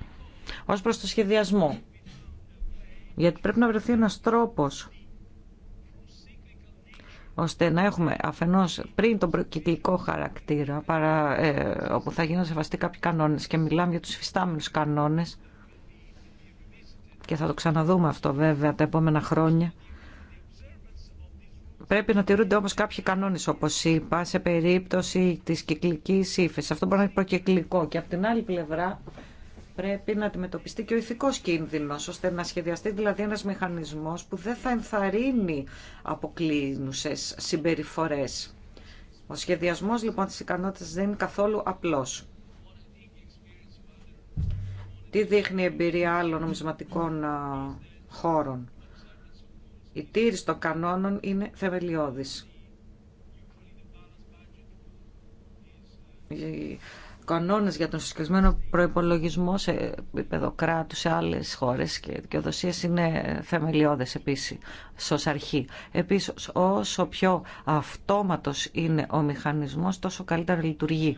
ω προ το σχεδιασμό. Γιατί πρέπει να βρεθεί ένα τρόπο ώστε να έχουμε αφενός πριν τον προκυκλικό χαρακτήρα παρά, ε, όπου θα γίνουν σεβαστοί κάποιοι κανόνες και μιλάμε για τους φυστάμενους κανόνες και θα το ξαναδούμε αυτό βέβαια τα επόμενα χρόνια Πρέπει να τηρούνται όμως κάποιοι κανόνες, όπως είπα, σε περίπτωση της κυκλικής ύφεσης. Αυτό μπορεί να είναι προκυκλικό. Και από την άλλη πλευρά, πρέπει να αντιμετωπιστεί και ο ηθικός κίνδυνος, ώστε να σχεδιαστεί δηλαδή ένας μηχανισμός που δεν θα ενθαρρύνει αποκλίνουσες συμπεριφορές. Ο σχεδιασμός λοιπόν της ικανότητας δεν είναι καθόλου απλός. Τι δείχνει η εμπειρία άλλων νομισματικών χώρων. Η τήρηση των κανόνων είναι θεμελιώδης κανόνες για τον συσκευασμένο προϋπολογισμό σε επίπεδο κράτου, σε άλλες χώρες και δικαιοδοσίες είναι θεμελιώδες επίσης ως αρχή. Επίσης όσο πιο αυτόματος είναι ο μηχανισμός τόσο καλύτερα λειτουργεί.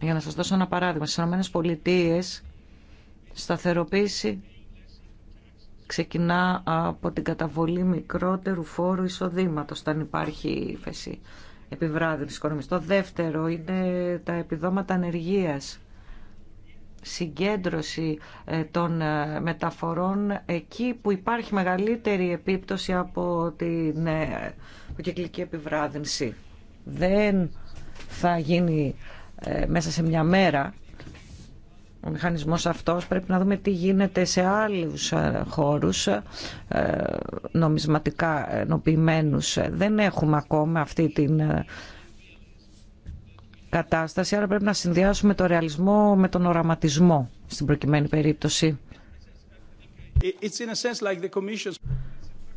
Για να σας δώσω ένα παράδειγμα, στις πολιτείες σταθεροποίηση ξεκινά από την καταβολή μικρότερου φόρου εισοδήματος όταν υπάρχει ύφεση επιβράδυνση Το δεύτερο είναι τα επιδόματα ανεργία. συγκέντρωση ε, των ε, μεταφορών εκεί που υπάρχει μεγαλύτερη επίπτωση από την ε, κυκλική επιβράδυνση. Δεν θα γίνει μέσα σε μια μέρα ο μηχανισμός αυτός πρέπει να δούμε τι γίνεται σε άλλους ε, χώρους ε, νομισματικά ενοποιημένους. Δεν έχουμε ακόμα αυτή την ε, κατάσταση, άρα πρέπει να συνδυάσουμε το ρεαλισμό με τον οραματισμό στην προκειμένη περίπτωση.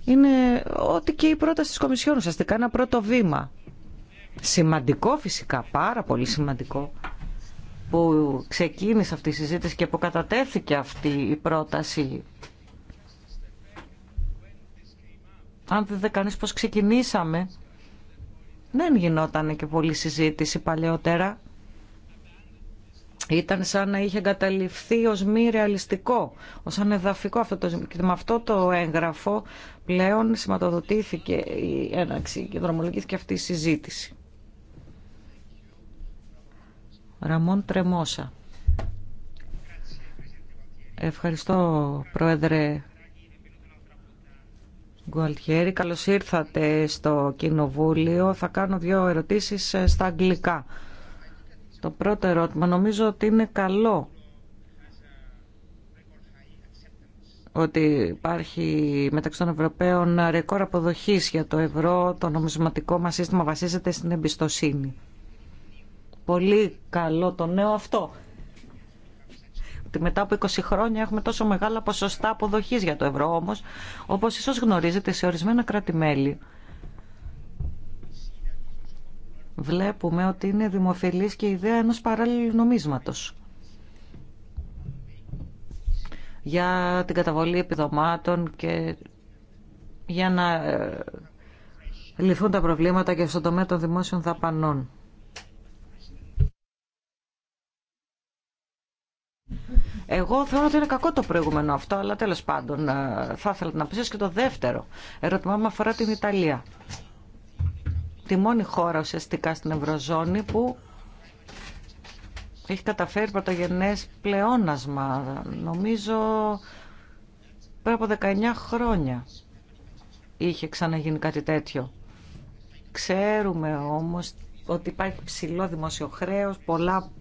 Είναι ό,τι και η πρόταση της Κομισιόν, ουσιαστικά ένα πρώτο βήμα. Σημαντικό φυσικά, πάρα πολύ σημαντικό που ξεκίνησε αυτή η συζήτηση και που κατατέθηκε αυτή η πρόταση. Αν δεν κανείς πώς ξεκινήσαμε, δεν γινόταν και πολλή συζήτηση παλαιότερα. Ήταν σαν να είχε εγκαταλειφθεί ως μη ρεαλιστικό, ως ανεδαφικό αυτό το ζήτημα. Με αυτό το έγγραφο πλέον σηματοδοτήθηκε η έναξη και δρομολογήθηκε αυτή η συζήτηση. Ραμόν Τρεμόσα. Ευχαριστώ, Πρόεδρε Γκουαλτιέρη. Καλώς ήρθατε στο Κοινοβούλιο. Θα κάνω δύο ερωτήσεις ε, στα αγγλικά. Το πρώτο ερώτημα νομίζω ότι είναι καλό ότι υπάρχει μεταξύ των Ευρωπαίων ρεκόρ αποδοχής για το ευρώ. Το νομισματικό μας σύστημα βασίζεται στην εμπιστοσύνη πολύ καλό το νέο αυτό. Ότι μετά από 20 χρόνια έχουμε τόσο μεγάλα ποσοστά αποδοχή για το ευρώ όμως, όπως ίσω γνωρίζετε σε ορισμένα κράτη-μέλη. Βλέπουμε ότι είναι δημοφιλής και η ιδέα ενός παράλληλου νομίσματος για την καταβολή επιδομάτων και για να ε, λυθούν τα προβλήματα και στον τομέα των δημόσιων δαπανών. Εγώ θεωρώ ότι είναι κακό το προηγούμενο αυτό, αλλά τέλος πάντων ε, θα ήθελα να απαντήσω και το δεύτερο ερώτημά μου αφορά την Ιταλία. Τη μόνη χώρα ουσιαστικά στην Ευρωζώνη που έχει καταφέρει πρωτογενές πλεόνασμα, νομίζω πριν από 19 χρόνια είχε ξαναγίνει κάτι τέτοιο. Ξέρουμε όμως ότι υπάρχει ψηλό δημοσιοχρέος πολλά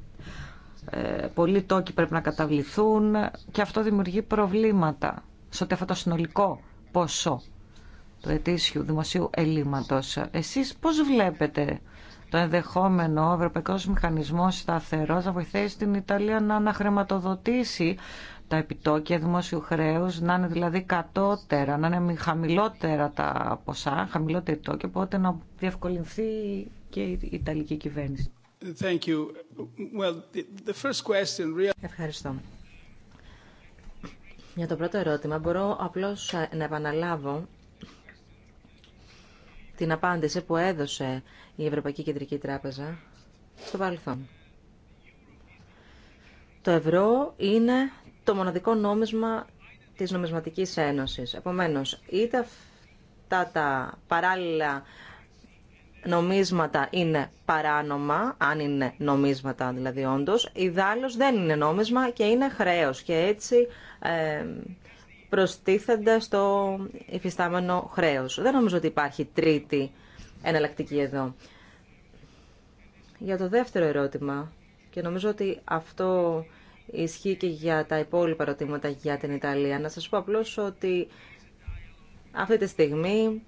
ε, πολλοί τόκοι πρέπει να καταβληθούν και αυτό δημιουργεί προβλήματα σε αυτό το συνολικό ποσό του ετήσιου δημοσίου ελλείμματος. Εσείς πώς βλέπετε το ενδεχόμενο ο Ευρωπαϊκός Μηχανισμός σταθερό να βοηθήσει την Ιταλία να αναχρηματοδοτήσει τα επιτόκια δημόσιου χρέους, να είναι δηλαδή κατώτερα, να είναι χαμηλότερα τα ποσά, χαμηλότερα επιτόκια, οπότε να διευκολυνθεί και η Ιταλική κυβέρνηση. Ευχαριστώ. Για το πρώτο ερώτημα μπορώ απλώς ε, να επαναλάβω την απάντηση που έδωσε η Ευρωπαϊκή Κεντρική Τράπεζα στο παρελθόν. Το ευρώ είναι το μοναδικό νόμισμα της Νομισματικής Ένωσης. Επομένως, είτε αυτά τα παράλληλα νομίσματα είναι παράνομα, αν είναι νομίσματα δηλαδή όντως, δάλος δεν είναι νόμισμα και είναι χρέος και έτσι ε, προστίθενται στο υφιστάμενο χρέος. Δεν νομίζω ότι υπάρχει τρίτη εναλλακτική εδώ. Για το δεύτερο ερώτημα, και νομίζω ότι αυτό ισχύει και για τα υπόλοιπα ερωτήματα για την Ιταλία, να σας πω απλώς ότι αυτή τη στιγμή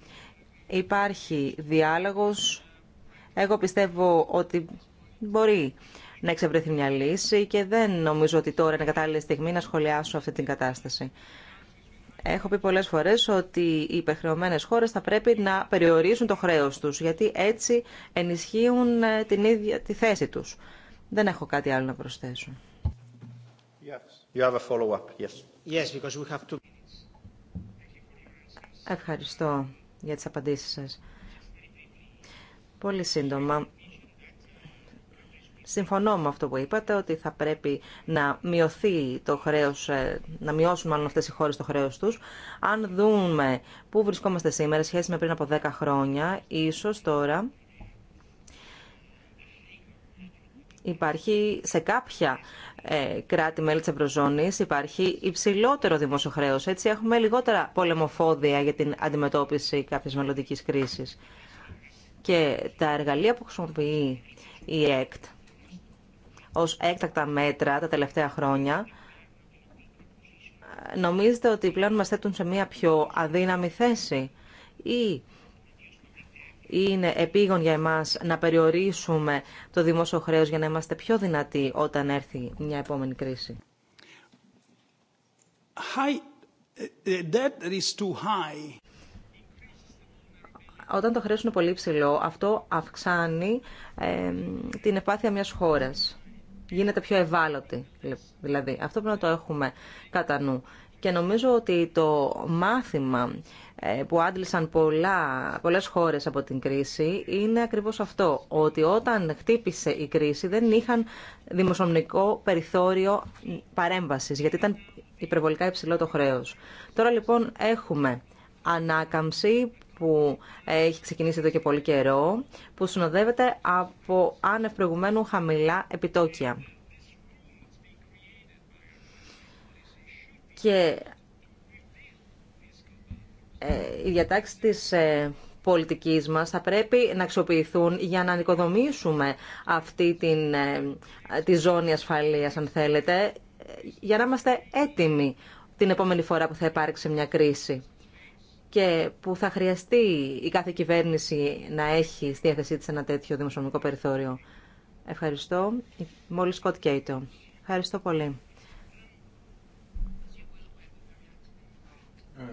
υπάρχει διάλογος. Εγώ πιστεύω ότι μπορεί να εξευρεθεί μια λύση και δεν νομίζω ότι τώρα είναι κατάλληλη στιγμή να σχολιάσω αυτή την κατάσταση. Έχω πει πολλές φορές ότι οι υπερχρεωμένες χώρες θα πρέπει να περιορίσουν το χρέος τους, γιατί έτσι ενισχύουν ε, την ίδια τη θέση τους. Δεν έχω κάτι άλλο να προσθέσω. Ευχαριστώ για τις απαντήσεις σας. Πολύ σύντομα. Συμφωνώ με αυτό που είπατε, ότι θα πρέπει να μειωθεί το χρέος, ε, να μειώσουν μάλλον αυτές οι χώρες το χρέος τους. Αν δούμε πού βρισκόμαστε σήμερα, σχέση με πριν από 10 χρόνια, ίσως τώρα υπάρχει σε κάποια ε, κράτη-μέλη τη Ευρωζώνη υπάρχει υψηλότερο δημόσιο χρέο. Έτσι έχουμε λιγότερα πολεμοφόδια για την αντιμετώπιση κάποια μελλοντικής κρίσης. Και τα εργαλεία που χρησιμοποιεί η ΕΚΤ ως έκτακτα μέτρα τα τελευταία χρόνια νομίζετε ότι πλέον μας θέτουν σε μια πιο αδύναμη θέση ή είναι επίγον για εμάς να περιορίσουμε το δημόσιο χρέος για να είμαστε πιο δυνατοί όταν έρθει μια επόμενη κρίση. Eh, eh, όταν το χρέος είναι πολύ ψηλό, αυτό αυξάνει την επάθεια μιας χώρας. Γίνεται πιο ευάλωτη, δηλαδή. Αυτό πρέπει να το έχουμε κατά νου. Και νομίζω ότι το μάθημα ε, που άντλησαν πολλά, πολλές χώρες από την κρίση είναι ακριβώς αυτό, ότι όταν χτύπησε η κρίση δεν είχαν δημοσιονομικό περιθώριο παρέμβασης, γιατί ήταν υπερβολικά υψηλό το χρέος. Τώρα λοιπόν έχουμε ανάκαμψη που έχει ξεκινήσει εδώ και πολύ καιρό, που συνοδεύεται από άνευ προηγουμένου χαμηλά επιτόκια. Και ε, οι διατάξεις της ε, πολιτικής μας θα πρέπει να αξιοποιηθούν για να ανοικοδομήσουμε αυτή την, ε, τη ζώνη ασφαλείας, αν θέλετε, για να είμαστε έτοιμοι την επόμενη φορά που θα υπάρξει μια κρίση και που θα χρειαστεί η κάθε κυβέρνηση να έχει στη διάθεσή της ένα τέτοιο δημοσιονομικό περιθώριο. Ευχαριστώ. Μόλις Σκοτ Κέιτο. Ευχαριστώ πολύ.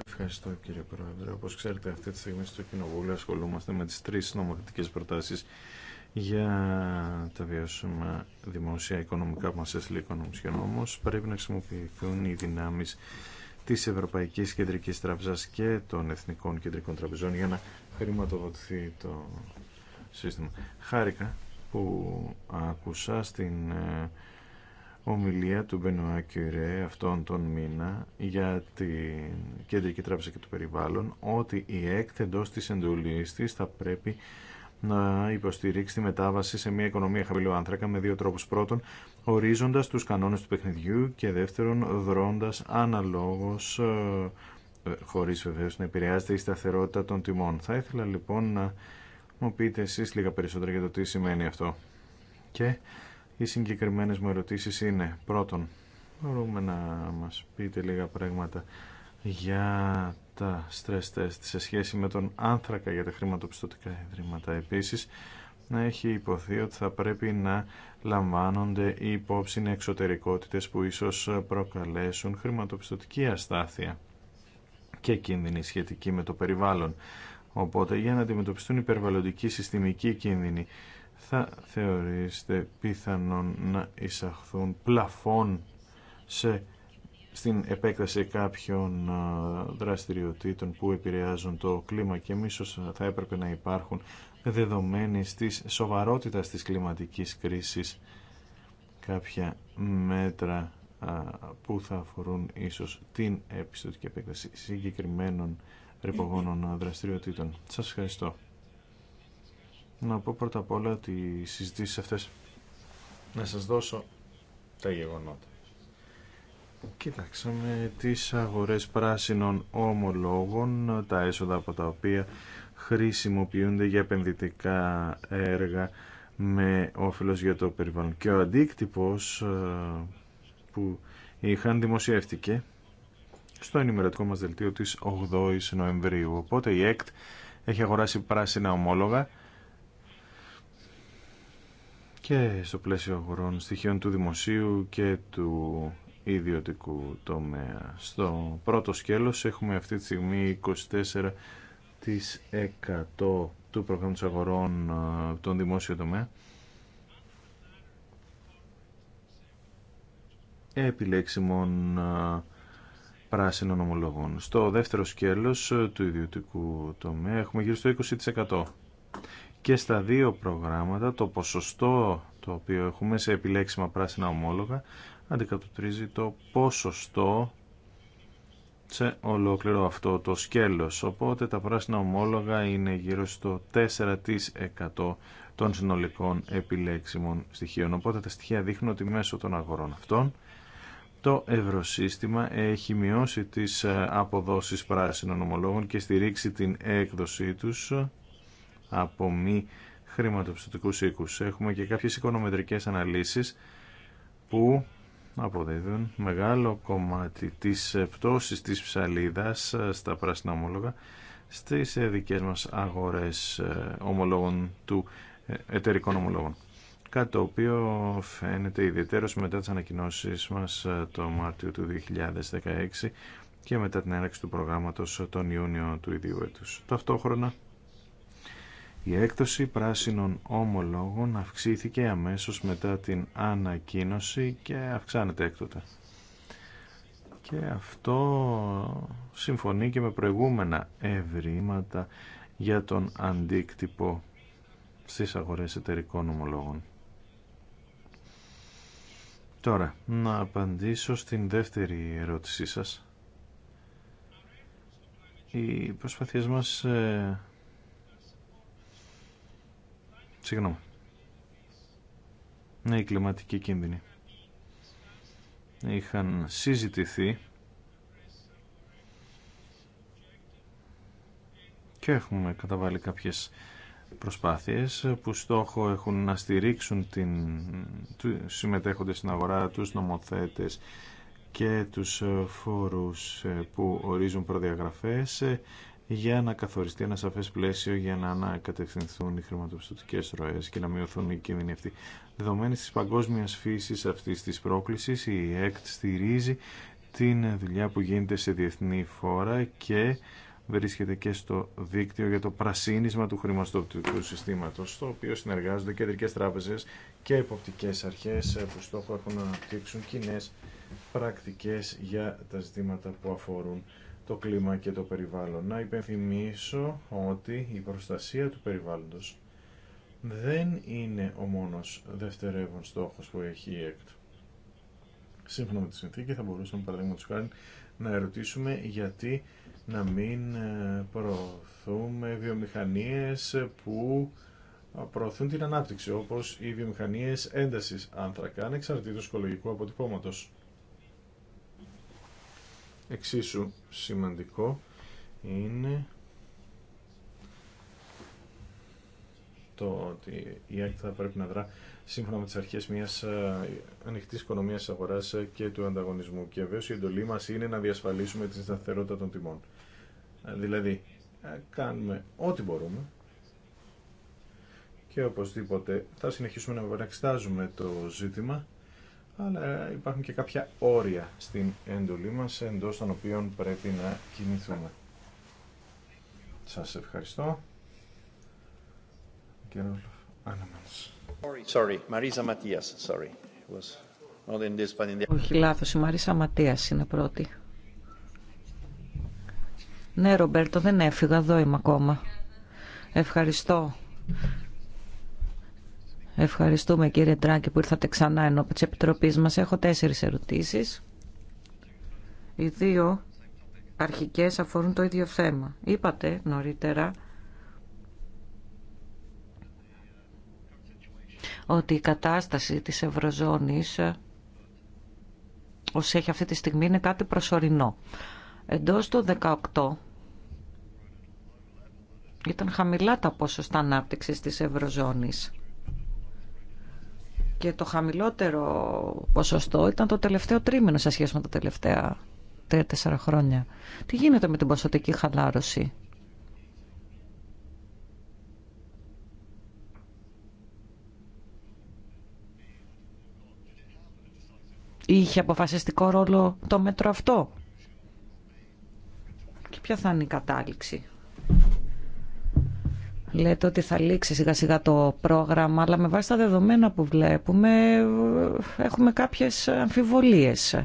Ευχαριστώ κύριε Πρόεδρε. Όπως ξέρετε αυτή τη στιγμή στο Κοινοβούλιο ασχολούμαστε με τις τρεις νομοθετικές προτάσεις για τα βιώσιμα δημόσια οικονομικά που μας έστειλε η Οικονομισιόν. Όμως πρέπει να χρησιμοποιηθούν οι δυνάμεις της Ευρωπαϊκής Κεντρικής Τράπεζας και των Εθνικών Κεντρικών Τραπεζών για να χρηματοδοτηθεί το σύστημα. Χάρηκα που άκουσα στην ε, ομιλία του Μπενουά Κιουρέ αυτόν τον μήνα για την Κεντρική Τράπεζα και το Περιβάλλον ότι η ΕΚΤ εντός της εντολής της θα πρέπει να υποστηρίξει τη μετάβαση σε μια οικονομία χαμηλού άνθρακα με δύο τρόπους. Πρώτον, ορίζοντας τους κανόνες του παιχνιδιού και δεύτερον, δρώντας αναλόγως, ε, ε, χωρίς βεβαίως να επηρεάζεται η σταθερότητα των τιμών. Θα ήθελα λοιπόν να μου πείτε εσείς λίγα περισσότερα για το τι σημαίνει αυτό. Και οι συγκεκριμένες μου ερωτήσεις είναι πρώτον, μπορούμε να μας πείτε λίγα πράγματα για τα stress test σε σχέση με τον άνθρακα για τα χρηματοπιστωτικά ιδρύματα. Επίσης, να έχει υποθεί ότι θα πρέπει να λαμβάνονται οι υπόψη εξωτερικότητες που ίσως προκαλέσουν χρηματοπιστωτική αστάθεια και κίνδυνη σχετική με το περιβάλλον. Οπότε, για να αντιμετωπιστούν υπερβαλλοντικοί συστημικοί κίνδυνοι θα θεωρήσετε πιθανόν να εισαχθούν πλαφών σε, στην επέκταση κάποιων δραστηριοτήτων που επηρεάζουν το κλίμα και εμείς θα έπρεπε να υπάρχουν δεδομένη της σοβαρότητα της κλιματικής κρίσης κάποια μέτρα που θα αφορούν ίσως την επιστοτική επέκταση συγκεκριμένων ρηπογόνων δραστηριοτήτων. Σας ευχαριστώ να πω πρώτα απ' όλα ότι συζητήσεις αυτές να σας δώσω τα γεγονότα. Κοιτάξαμε τις αγορές πράσινων ομολόγων, τα έσοδα από τα οποία χρησιμοποιούνται για επενδυτικά έργα με όφελος για το περιβάλλον. Και ο αντίκτυπος ε, που είχαν δημοσιεύτηκε στο ενημερωτικό μας δελτίο της 8ης Νοεμβρίου. Οπότε η ΕΚΤ έχει αγοράσει πράσινα ομόλογα και στο πλαίσιο αγορών στοιχείων του δημοσίου και του ιδιωτικού τομέα. Στο πρώτο σκέλος έχουμε αυτή τη στιγμή 24% του προγράμματος αγορών ε, των δημόσιο τομέα. επιλέξιμων ε, πράσινων ομολογών. Στο δεύτερο σκέλος ε, του ιδιωτικού τομέα έχουμε γύρω στο 20% και στα δύο προγράμματα το ποσοστό το οποίο έχουμε σε επιλέξιμα πράσινα ομόλογα αντικατοπτρίζει το ποσοστό σε ολόκληρο αυτό το σκέλος. Οπότε τα πράσινα ομόλογα είναι γύρω στο 4% των συνολικών επιλέξιμων στοιχείων. Οπότε τα στοιχεία δείχνουν ότι μέσω των αγορών αυτών το ευρωσύστημα έχει μειώσει τις ε, αποδόσεις πράσινων ομολόγων και στηρίξει την έκδοσή τους από μη χρηματοπιστωτικούς οίκους. Έχουμε και κάποιες οικονομετρικές αναλύσεις που αποδίδουν μεγάλο κομμάτι της πτώσης της ψαλίδας στα πράσινα ομόλογα στις δικές μας αγορές ε, ομολόγων του ε, εταιρικών ομολόγων. Κάτι το οποίο φαίνεται ιδιαίτερος μετά τις ανακοινώσεις μας ε, το Μάρτιο του 2016 και μετά την έναρξη του προγράμματος τον Ιούνιο του ίδιου έτους. Ταυτόχρονα η έκδοση πράσινων ομολόγων αυξήθηκε αμέσως μετά την ανακοίνωση και αυξάνεται έκτοτε. Και αυτό συμφωνεί και με προηγούμενα ευρήματα για τον αντίκτυπο στις αγορές εταιρικών ομολόγων. Τώρα, να απαντήσω στην δεύτερη ερώτησή σας. Οι προσπαθίες μας ε, Συγγνώμη. Ναι, οι κλιματικοί κίνδυνοι. Είχαν συζητηθεί και έχουμε καταβάλει κάποιες προσπάθειες που στόχο έχουν να στηρίξουν την, συμμετέχοντες στην αγορά, τους νομοθέτες και τους φόρους που ορίζουν προδιαγραφές για να καθοριστεί ένα σαφές πλαίσιο για να ανακατευθυνθούν οι χρηματοπιστωτικές ροές και να μειωθούν οι κίνδυνοι αυτοί. Δεδομένης της παγκόσμιας φύσης αυτής της πρόκλησης, η ΕΚΤ στηρίζει την δουλειά που γίνεται σε διεθνή φόρα και βρίσκεται και στο δίκτυο για το πρασίνισμα του χρηματοπιστωτικού συστήματος, στο οποίο συνεργάζονται κεντρικές τράπεζες και εποπτικές αρχές ε, που στόχο έχουν να αναπτύξουν κοινέ πρακτικές για τα ζητήματα που αφορούν το κλίμα και το περιβάλλον. Να υπενθυμίσω ότι η προστασία του περιβάλλοντος δεν είναι ο μόνος δευτερεύον στόχος που έχει η ΕΚΤ. Σύμφωνα με τη συνθήκη θα μπορούσαμε παραδείγματος χάρη να ερωτήσουμε γιατί να μην ε, προωθούμε βιομηχανίες που προωθούν την ανάπτυξη, όπως οι βιομηχανίες έντασης άνθρακα, ανεξαρτήτως οικολογικού αποτυπώματος. Εξίσου σημαντικό είναι το ότι η ΑΚΤ θα πρέπει να δρά σύμφωνα με τις αρχές μιας ε, ανοιχτής οικονομίας αγοράς ε, και του ανταγωνισμού. Και βέβαια η εντολή μας είναι να διασφαλίσουμε την σταθερότητα των τιμών. Ε, δηλαδή, κάνουμε ό,τι μπορούμε και οπωσδήποτε θα συνεχίσουμε να επαναξετάζουμε το ζήτημα αλλά υπάρχουν και κάποια όρια στην έντολή μας εντός των οποίων πρέπει να κινηθούμε. Σας ευχαριστώ. Sorry, Marisa Matias, sorry. was not in this in the... Όχι λάθος, η Μαρίσα Ματίας είναι πρώτη. Ναι, Ρομπέρτο, δεν έφυγα, εδώ είμαι ακόμα. Ευχαριστώ Ευχαριστούμε κύριε Τράκη που ήρθατε ξανά ενώπιον τη επιτροπή μας. Έχω τέσσερις ερωτήσεις. Οι δύο αρχικές αφορούν το ίδιο θέμα. Είπατε νωρίτερα ότι η κατάσταση της Ευρωζώνης όσο έχει αυτή τη στιγμή είναι κάτι προσωρινό. Εντός του 18 ήταν χαμηλά τα ποσοστά ανάπτυξης της Ευρωζώνης. Και το χαμηλότερο ποσοστό ήταν το τελευταίο τρίμηνο σε σχέση με τα τελευταία τρία-τέσσερα χρόνια. Τι γίνεται με την ποσοτική χαλάρωση. Είχε αποφασιστικό ρόλο το μέτρο αυτό. Και ποια θα είναι η κατάληξη. Λέτε ότι θα λήξει σιγά σιγά το πρόγραμμα, αλλά με βάση τα δεδομένα που βλέπουμε έχουμε κάποιες αμφιβολίες.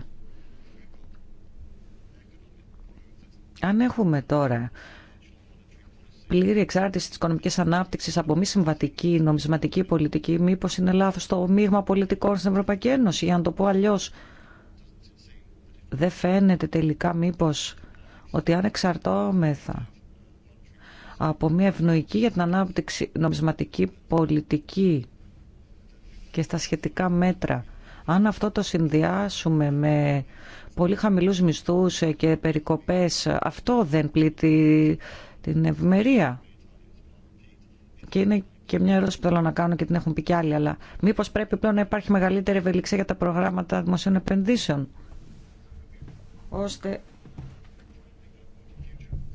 Αν έχουμε τώρα πλήρη εξάρτηση της οικονομικής ανάπτυξης από μη συμβατική νομισματική πολιτική, μήπως είναι λάθος το μείγμα πολιτικών στην Ευρωπαϊκή Ένωση, για να το πω αλλιώς. Δεν φαίνεται τελικά μήπως ότι αν εξαρτώμεθα από μια ευνοϊκή για την ανάπτυξη νομισματική πολιτική και στα σχετικά μέτρα. Αν αυτό το συνδυάσουμε με πολύ χαμηλούς μισθούς και περικοπές, αυτό δεν πλήττει την ευημερία. Και είναι και μια ερώτηση που θέλω να κάνω και την έχουν πει και άλλοι, αλλά μήπως πρέπει πλέον να υπάρχει μεγαλύτερη ευελιξία για τα προγράμματα δημοσίων επενδύσεων, ώστε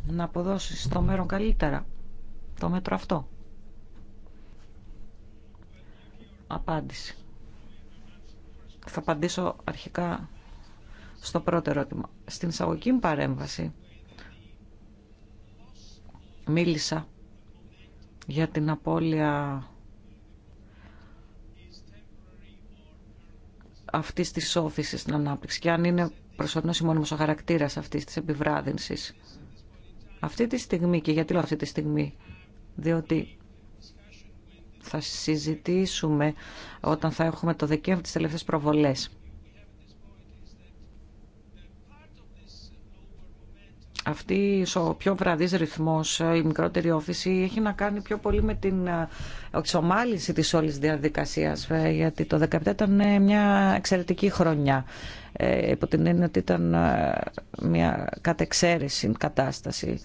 να αποδώσει το μέρο καλύτερα το μέτρο αυτό. Απάντηση. Θα απαντήσω αρχικά στο πρώτο ερώτημα. Στην εισαγωγική μου παρέμβαση μίλησα για την απώλεια αυτής της όθησης στην ανάπτυξη και αν είναι προσωρινός ή μόνιμος ο χαρακτήρας αυτής της επιβράδυνσης. Αυτή τη στιγμή, και γιατί λέω αυτή τη στιγμή, διότι θα συζητήσουμε όταν θα έχουμε το Δεκέμβρη τις τελευταίες προβολές αυτή ο πιο βραδύς ρυθμός, ε, η μικρότερη όφηση, έχει να κάνει πιο πολύ με την ε, εξομάλυνση της όλης διαδικασίας, ε, γιατί το 2017 ήταν μια εξαιρετική χρονιά. Ε, υπό την έννοια ότι ήταν μια κατεξαίρεση κατάσταση.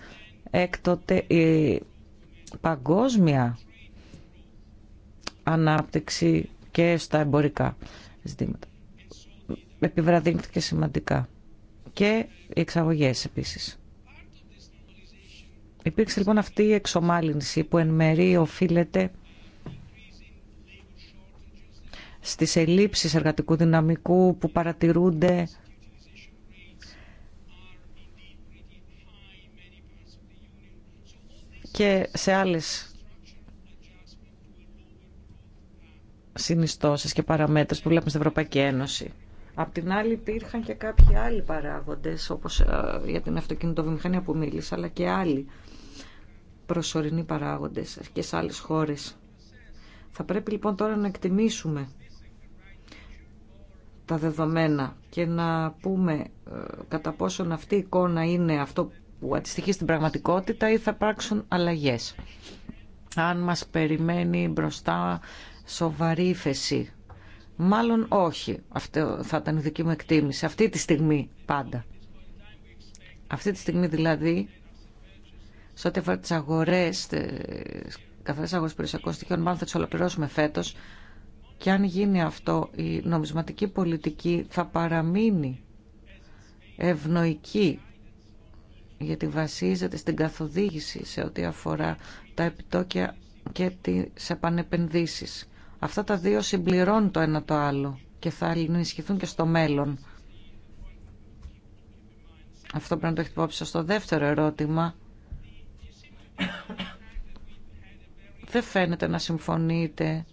Έκτοτε η παγκόσμια ανάπτυξη και στα εμπορικά ζητήματα επιβραδύνθηκε σημαντικά και οι εξαγωγές επίσης. Υπήρξε λοιπόν αυτή η εξομάλυνση που εν μερή οφείλεται στις ελλείψεις εργατικού δυναμικού που παρατηρούνται και σε άλλες συνιστώσεις και παραμέτρες που βλέπουμε στην Ευρωπαϊκή Ένωση. Απ' την άλλη υπήρχαν και κάποιοι άλλοι παράγοντες, όπως ε, για την αυτοκινητοβιομηχανία που μίλησα, αλλά και άλλοι προσωρινοί παράγοντες και σε άλλες χώρες. Θα πρέπει λοιπόν τώρα να εκτιμήσουμε τα δεδομένα και να πούμε ε, κατά πόσον αυτή η εικόνα είναι αυτό που αντιστοιχεί στην πραγματικότητα ή θα υπάρξουν αλλαγές. Αν μας περιμένει μπροστά σοβαρή ύφεση, μάλλον όχι. Αυτό θα ήταν η δική μου εκτίμηση. Αυτή τη στιγμή πάντα. Αυτή τη στιγμή δηλαδή σε ό,τι αφορά τι αγορέ, καθαρέ αγορέ περιουσιακών στοιχείων, μάλλον θα τι ολοκληρώσουμε φέτο. Και αν γίνει αυτό, η νομισματική πολιτική θα παραμείνει ευνοϊκή γιατί βασίζεται στην καθοδήγηση σε ό,τι αφορά τα επιτόκια και τις επανεπενδύσεις. Αυτά τα δύο συμπληρώνουν το ένα το άλλο και θα ενισχυθούν και στο μέλλον. Αυτό πρέπει να το έχετε υπόψη στο δεύτερο ερώτημα δεν φαίνεται να συμφωνείτε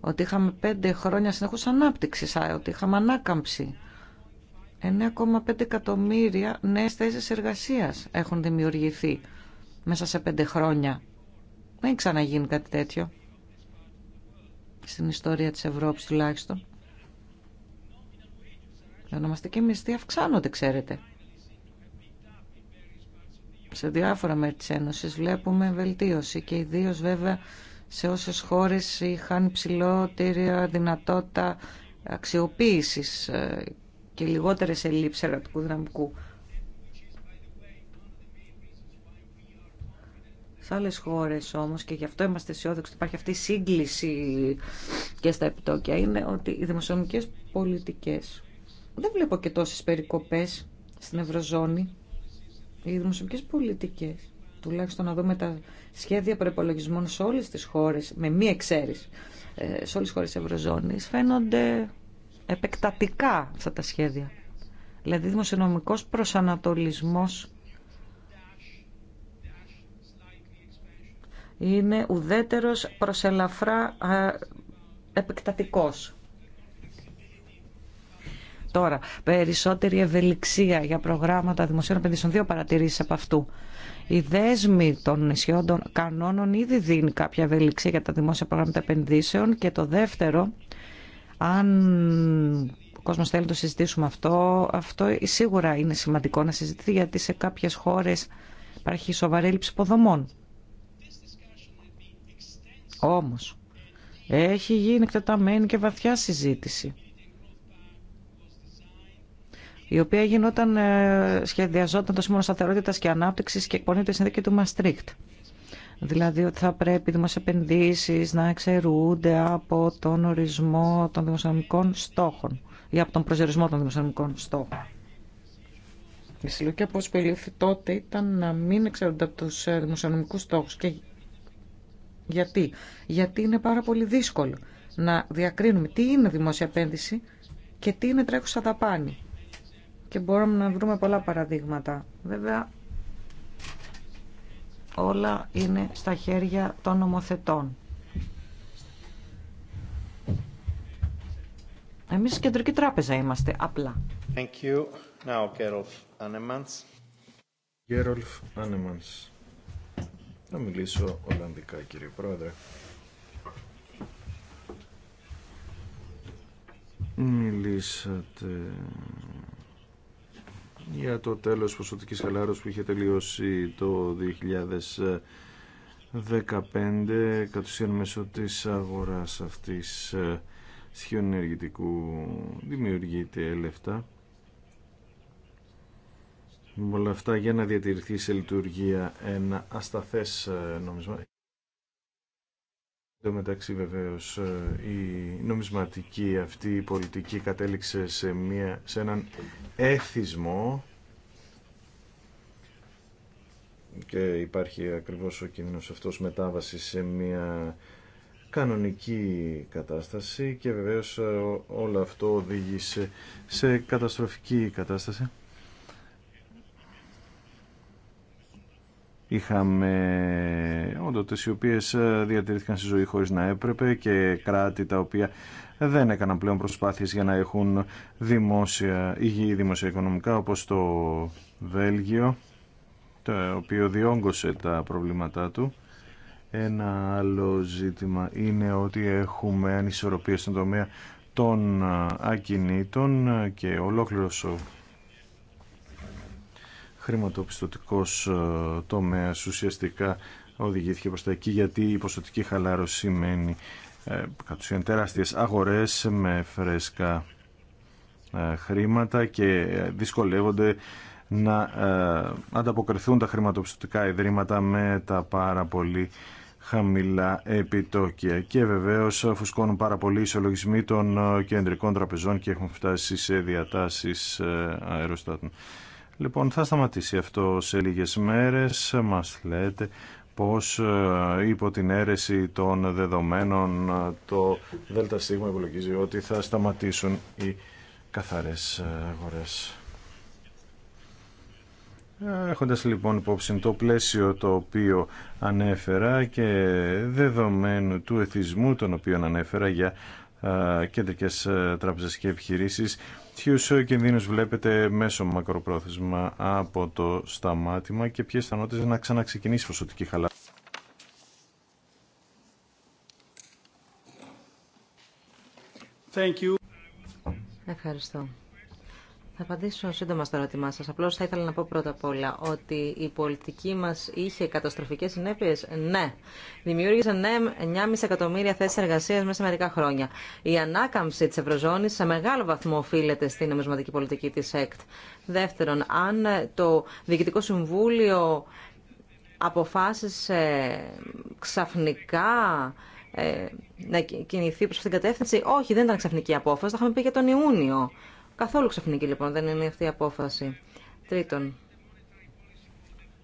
ότι είχαμε πέντε χρόνια συνεχούς ανάπτυξης, ότι είχαμε ανάκαμψη. 9,5 εκατομμύρια νέες θέσεις εργασίας έχουν δημιουργηθεί μέσα σε πέντε χρόνια. Δεν ξαναγίνει κάτι τέτοιο στην ιστορία της Ευρώπης τουλάχιστον. Οι ονομαστικοί μισθοί αυξάνονται, ξέρετε σε διάφορα μέρη της Ένωσης βλέπουμε βελτίωση και ιδίως βέβαια σε όσες χώρες είχαν ψηλότερη δυνατότητα αξιοποίησης ε, και λιγότερες ελλείψεις εργατικού δυναμικού. σε άλλε χώρε όμω, και γι' αυτό είμαστε αισιόδοξοι ότι υπάρχει αυτή η σύγκληση και στα επιτόκια, είναι ότι οι δημοσιονομικέ πολιτικέ. Δεν βλέπω και τόσε περικοπέ στην Ευρωζώνη οι δημοσιονομικές πολιτικές, τουλάχιστον να δούμε τα σχέδια προπολογισμών σε όλες τις χώρες, με μία εξαίρεση, ε, σε όλες τις χώρες της Ευρωζώνης, φαίνονται επεκτατικά αυτά τα σχέδια. Δηλαδή δημοσιονομικός προσανατολισμός είναι ουδέτερος προς ελαφρά ε, επεκτατικός. Τώρα, περισσότερη ευελιξία για προγράμματα δημοσίων επενδύσεων. Δύο παρατηρήσει από αυτού. Η δέσμη των νησιών των κανόνων ήδη δίνει κάποια ευελιξία για τα δημόσια προγράμματα επενδύσεων. Και το δεύτερο, αν ο κόσμο θέλει να το συζητήσουμε αυτό, αυτό σίγουρα είναι σημαντικό να συζητηθεί γιατί σε κάποιε χώρε υπάρχει σοβαρή έλλειψη υποδομών. Όμω, έχει γίνει εκτεταμένη και βαθιά συζήτηση η οποία γινόταν, ε, σχεδιαζόταν το Σύμφωνο Σταθερότητα και Ανάπτυξη και εκπονείται η συνδίκη του Μαστρίχτ. Δηλαδή ότι θα πρέπει οι δημοσιοπενδύσει να εξαιρούνται από τον ορισμό των δημοσιονομικών στόχων ή από τον προσδιορισμό των δημοσιονομικών στόχων. Η συλλογική απόφαση που ελήφθη τότε ήταν να μην εξαιρούνται από του ε, δημοσιονομικού στόχου. γιατί? Γιατί είναι πάρα πολύ δύσκολο να διακρίνουμε τι είναι δημόσια επένδυση και τι είναι τρέχουσα δαπάνη και μπορούμε να βρούμε πολλά παραδείγματα. Βέβαια, όλα είναι στα χέρια των νομοθετών. Εμείς κεντρική τράπεζα είμαστε, απλά. Thank you. Now, Γκέρολφ Θα μιλήσω Ολλανδικά, κύριε Πρόεδρε. Μιλήσατε για το τέλος ποσοτικής χαλάρωσης που είχε τελειώσει το 2015 κατ' ουσίαν μέσω της αγοράς αυτής ε, σχεδόν ενεργητικού δημιουργείται λεφτά. Με όλα αυτά για να διατηρηθεί σε λειτουργία ένα ασταθές ε, νομισμό τω μεταξύ βεβαίως ε, η νομισματική αυτή η πολιτική κατέληξε σε, μια, σε έναν έθισμο και υπάρχει ακριβώς ο κίνδυνος αυτός μετάβαση σε μια κανονική κατάσταση και βεβαίως ε, όλο αυτό οδήγησε σε καταστροφική κατάσταση. Είχαμε οντότες οι οποίες ε, διατηρήθηκαν στη ζωή χωρίς να έπρεπε και κράτη τα οποία δεν έκαναν πλέον προσπάθειες για να έχουν δημόσια, υγιή οικονομικά όπως το Βέλγιο το οποίο διόγκωσε τα προβλήματά του. Ένα άλλο ζήτημα είναι ότι έχουμε ανισορροπία στον τομέα των ε, ακινήτων και ολόκληρος ο χρηματοπιστωτικός ε, τομέας ουσιαστικά οδηγήθηκε προς τα εκεί γιατί η ποσοτική χαλάρωση σημαίνει ε, κατ' ουσίαν τεράστιες αγορές με φρέσκα ε, χρήματα και δυσκολεύονται να ανταποκριθούν τα χρηματοπιστωτικά ιδρύματα με τα πάρα πολύ χαμηλά επιτόκια. Και βεβαίως φουσκώνουν πάρα πολύ οι ισολογισμοί των κεντρικών τραπεζών και έχουν φτάσει σε διατάσεις αεροστάτων. Λοιπόν, θα σταματήσει αυτό σε λίγες μέρες. Μας λέτε πως ε, υπό την αίρεση των δεδομένων ε, το ΔΣ υπολογίζει ότι θα σταματήσουν οι καθαρές ε, αγορές. Έχοντας λοιπόν υπόψη το πλαίσιο το οποίο ανέφερα και δεδομένου του εθισμού τον οποίο ανέφερα για κεντρικές τράπεζες και επιχειρήσεις Ποιου ε, κινδύνου βλέπετε μέσω μακροπρόθεσμα από το σταμάτημα και ποιες θανότητε να ξαναξεκινήσει η ποσοτική χαλάρωση. Thank you. Ευχαριστώ. Θα απαντήσω σύντομα στο ερώτημά σα. Απλώ θα ήθελα να πω πρώτα απ' όλα ότι η πολιτική μα είχε καταστροφικέ συνέπειες. Ναι. Δημιούργησε ναι 9,5 εκατομμύρια θέσει εργασία μέσα σε μερικά χρόνια. Η ανάκαμψη τη Ευρωζώνης σε μεγάλο βαθμό οφείλεται στην νομισματική πολιτική τη ΕΚΤ. Δεύτερον, αν το Διοικητικό Συμβούλιο αποφάσισε ξαφνικά ε, να κινηθεί προ αυτήν την κατεύθυνση, όχι, δεν ήταν ξαφνική απόφαση, το είχαμε πει για τον Ιούνιο Καθόλου ξαφνική λοιπόν δεν είναι αυτή η απόφαση. Τρίτον,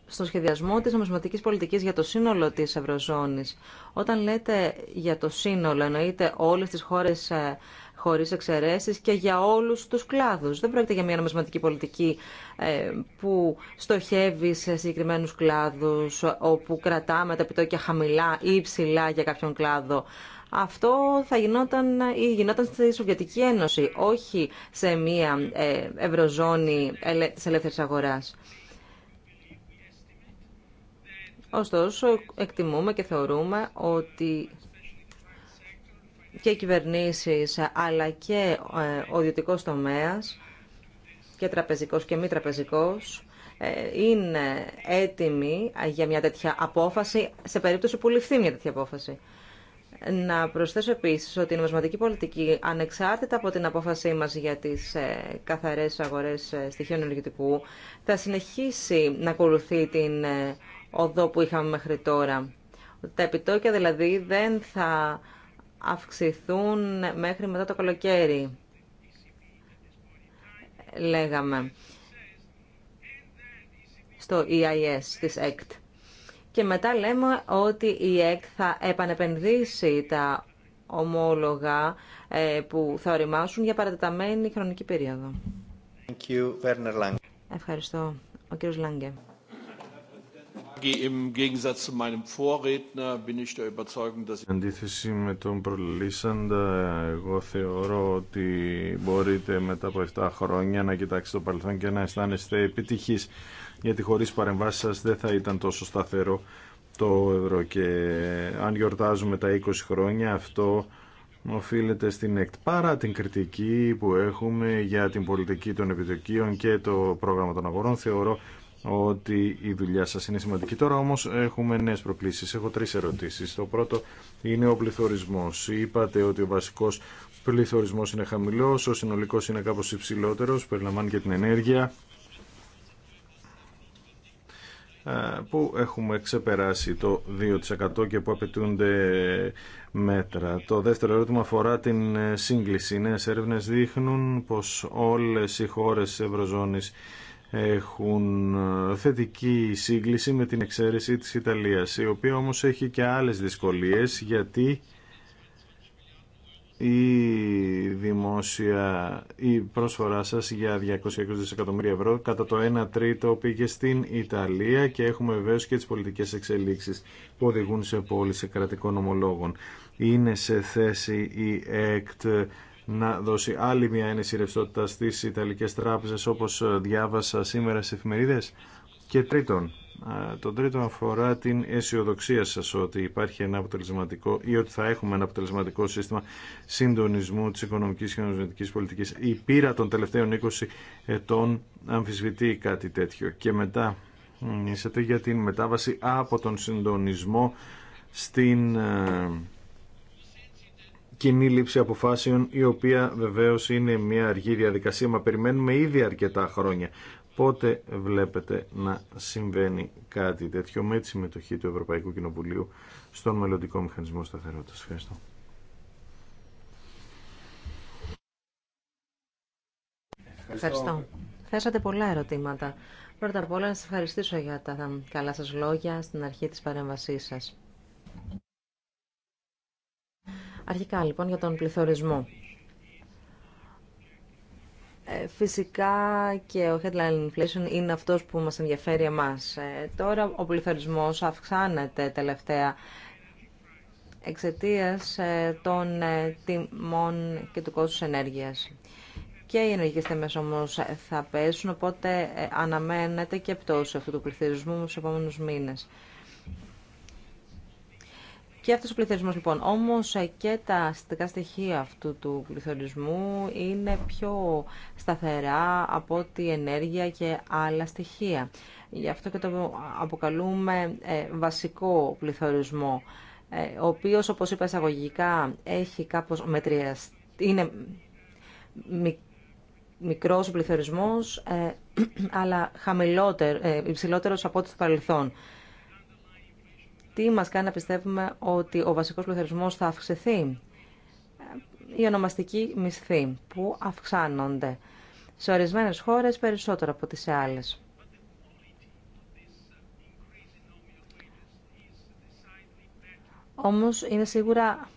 στο σχεδιασμό της νομισματικής πολιτικής για το σύνολο της Ευρωζώνης, όταν λέτε για το σύνολο, εννοείται όλες τις χώρες ε, χωρίς εξαιρέσεις και για όλους τους κλάδους. Δεν πρόκειται για μια νομισματική πολιτική ε, που στοχεύει σε συγκεκριμένους κλάδους, όπου κρατάμε τα επιτόκια χαμηλά ή υψηλά για κάποιον κλάδο αυτό θα γινόταν ή γινόταν στη Σοβιετική Ένωση, όχι σε μια ε, ευρωζώνη της ελεύθερης αγοράς. Ωστόσο, εκτιμούμε και θεωρούμε ότι και οι κυβερνήσεις αλλά και ε, ο ιδιωτικό τομέας και τραπεζικός και μη τραπεζικός ε, είναι έτοιμοι για μια τέτοια απόφαση σε περίπτωση που ληφθεί μια τέτοια απόφαση. Να προσθέσω επίσης ότι η νομισματική πολιτική, ανεξάρτητα από την απόφασή μας για τις ε, καθαρές αγορές ε, στοιχείων ενεργητικού, θα συνεχίσει να ακολουθεί την ε, οδό που είχαμε μέχρι τώρα. Τα επιτόκια δηλαδή δεν θα αυξηθούν μέχρι μετά το καλοκαίρι, λέγαμε, στο EIS της ΕΚΤ. E και μετά λέμε ότι η ΕΚ θα επανεπενδύσει τα ομόλογα ε, που θα οριμάσουν για παρατεταμένη χρονική περίοδο. Thank you, Ευχαριστώ. Ο κύριος Λάγκε. Αντίθεση με τον προλύσαντα, εγώ θεωρώ ότι μπορείτε μετά από 7 χρόνια να κοιτάξετε το παρελθόν και να αισθάνεστε επιτυχής γιατί χωρίς παρεμβάσεις σας δεν θα ήταν τόσο σταθερό το ευρώ και αν γιορτάζουμε τα 20 χρόνια αυτό οφείλεται στην ΕΚΤ παρά την κριτική που έχουμε για την πολιτική των επιτοκίων και το πρόγραμμα των αγορών θεωρώ ότι η δουλειά σας είναι σημαντική. Τώρα όμως έχουμε νέες προκλήσεις. Έχω τρεις ερωτήσεις. Το πρώτο είναι ο πληθωρισμός. Είπατε ότι ο βασικός πληθωρισμός είναι χαμηλός, ο συνολικός είναι κάπως υψηλότερος, περιλαμβάνει και την ενέργεια που έχουμε ξεπεράσει το 2% και που απαιτούνται μέτρα. Το δεύτερο ερώτημα αφορά την ε, σύγκληση. Οι νέες έρευνες δείχνουν πως όλες οι χώρες της Ευρωζώνης έχουν ε, θετική σύγκληση με την εξαίρεση της Ιταλίας, η οποία όμως έχει και άλλες δυσκολίες γιατί η δημόσια η πρόσφορά σας για 220 δισεκατομμύρια ευρώ κατά το 1 τρίτο πήγε στην Ιταλία και έχουμε βεβαίω και τις πολιτικές εξελίξεις που οδηγούν σε πόλη σε κρατικών ομολόγων. Είναι σε θέση η ΕΚΤ να δώσει άλλη μια ένεση ρευστότητα στις Ιταλικές τράπεζες όπως διάβασα σήμερα στις εφημερίδες. Και τρίτον, το τρίτο αφορά την αισιοδοξία σας ότι υπάρχει ένα αποτελεσματικό ή ότι θα έχουμε ένα αποτελεσματικό σύστημα συντονισμού της οικονομικής και νομισματικής πολιτικής. Η πείρα των τελευταίων 20 ετών αμφισβητεί κάτι τέτοιο. Και μετά μιλήσατε για την μετάβαση από τον συντονισμό στην ε, κοινή λήψη αποφάσεων, η οποία βεβαίω είναι μια αργή διαδικασία, μα περιμένουμε ήδη αρκετά χρόνια πότε βλέπετε να συμβαίνει κάτι τέτοιο με τη συμμετοχή του Ευρωπαϊκού Κοινοβουλίου στον μελλοντικό μηχανισμό σταθερότητας. Ευχαριστώ. Ευχαριστώ. Θέσατε πολλά ερωτήματα. Πρώτα απ' όλα, να σας ευχαριστήσω για τα καλά σας λόγια στην αρχή της παρέμβασής σας. Αρχικά, λοιπόν, για τον πληθωρισμό. Ε, φυσικά και ο headline inflation είναι αυτός που μας ενδιαφέρει εμάς. Ε, τώρα ο πληθωρισμός αυξάνεται τελευταία εξαιτίας ε, των τιμών και του κόστους ενέργειας. Και οι ενεργικές τιμές όμως θα πέσουν, οπότε αναμένεται και πτώση αυτού του πληθωρισμού στους επόμενους μήνες και αυτός ο πληθωρισμός λοιπόν. Όμως ε, και τα αστικά στοιχεία αυτού του πληθωρισμού είναι πιο σταθερά από ό,τι ενέργεια και άλλα στοιχεία. Γι' αυτό και το αποκαλούμε ε, βασικό πληθωρισμό, ε, ο οποίος όπως είπα εισαγωγικά έχει κάπως μετριαστεί, είναι μικρός ο πληθωρισμός, (clears throat) αλλά χαμηλότερο, υψηλότερος από ό,τι στο παρελθόν τι μας κάνει να πιστεύουμε ότι ο βασικός πληθωρισμός θα αυξηθεί. Οι ονομαστικοί μισθοί που αυξάνονται σε ορισμένες χώρες περισσότερο από τις άλλες. Όμως είναι σίγουρα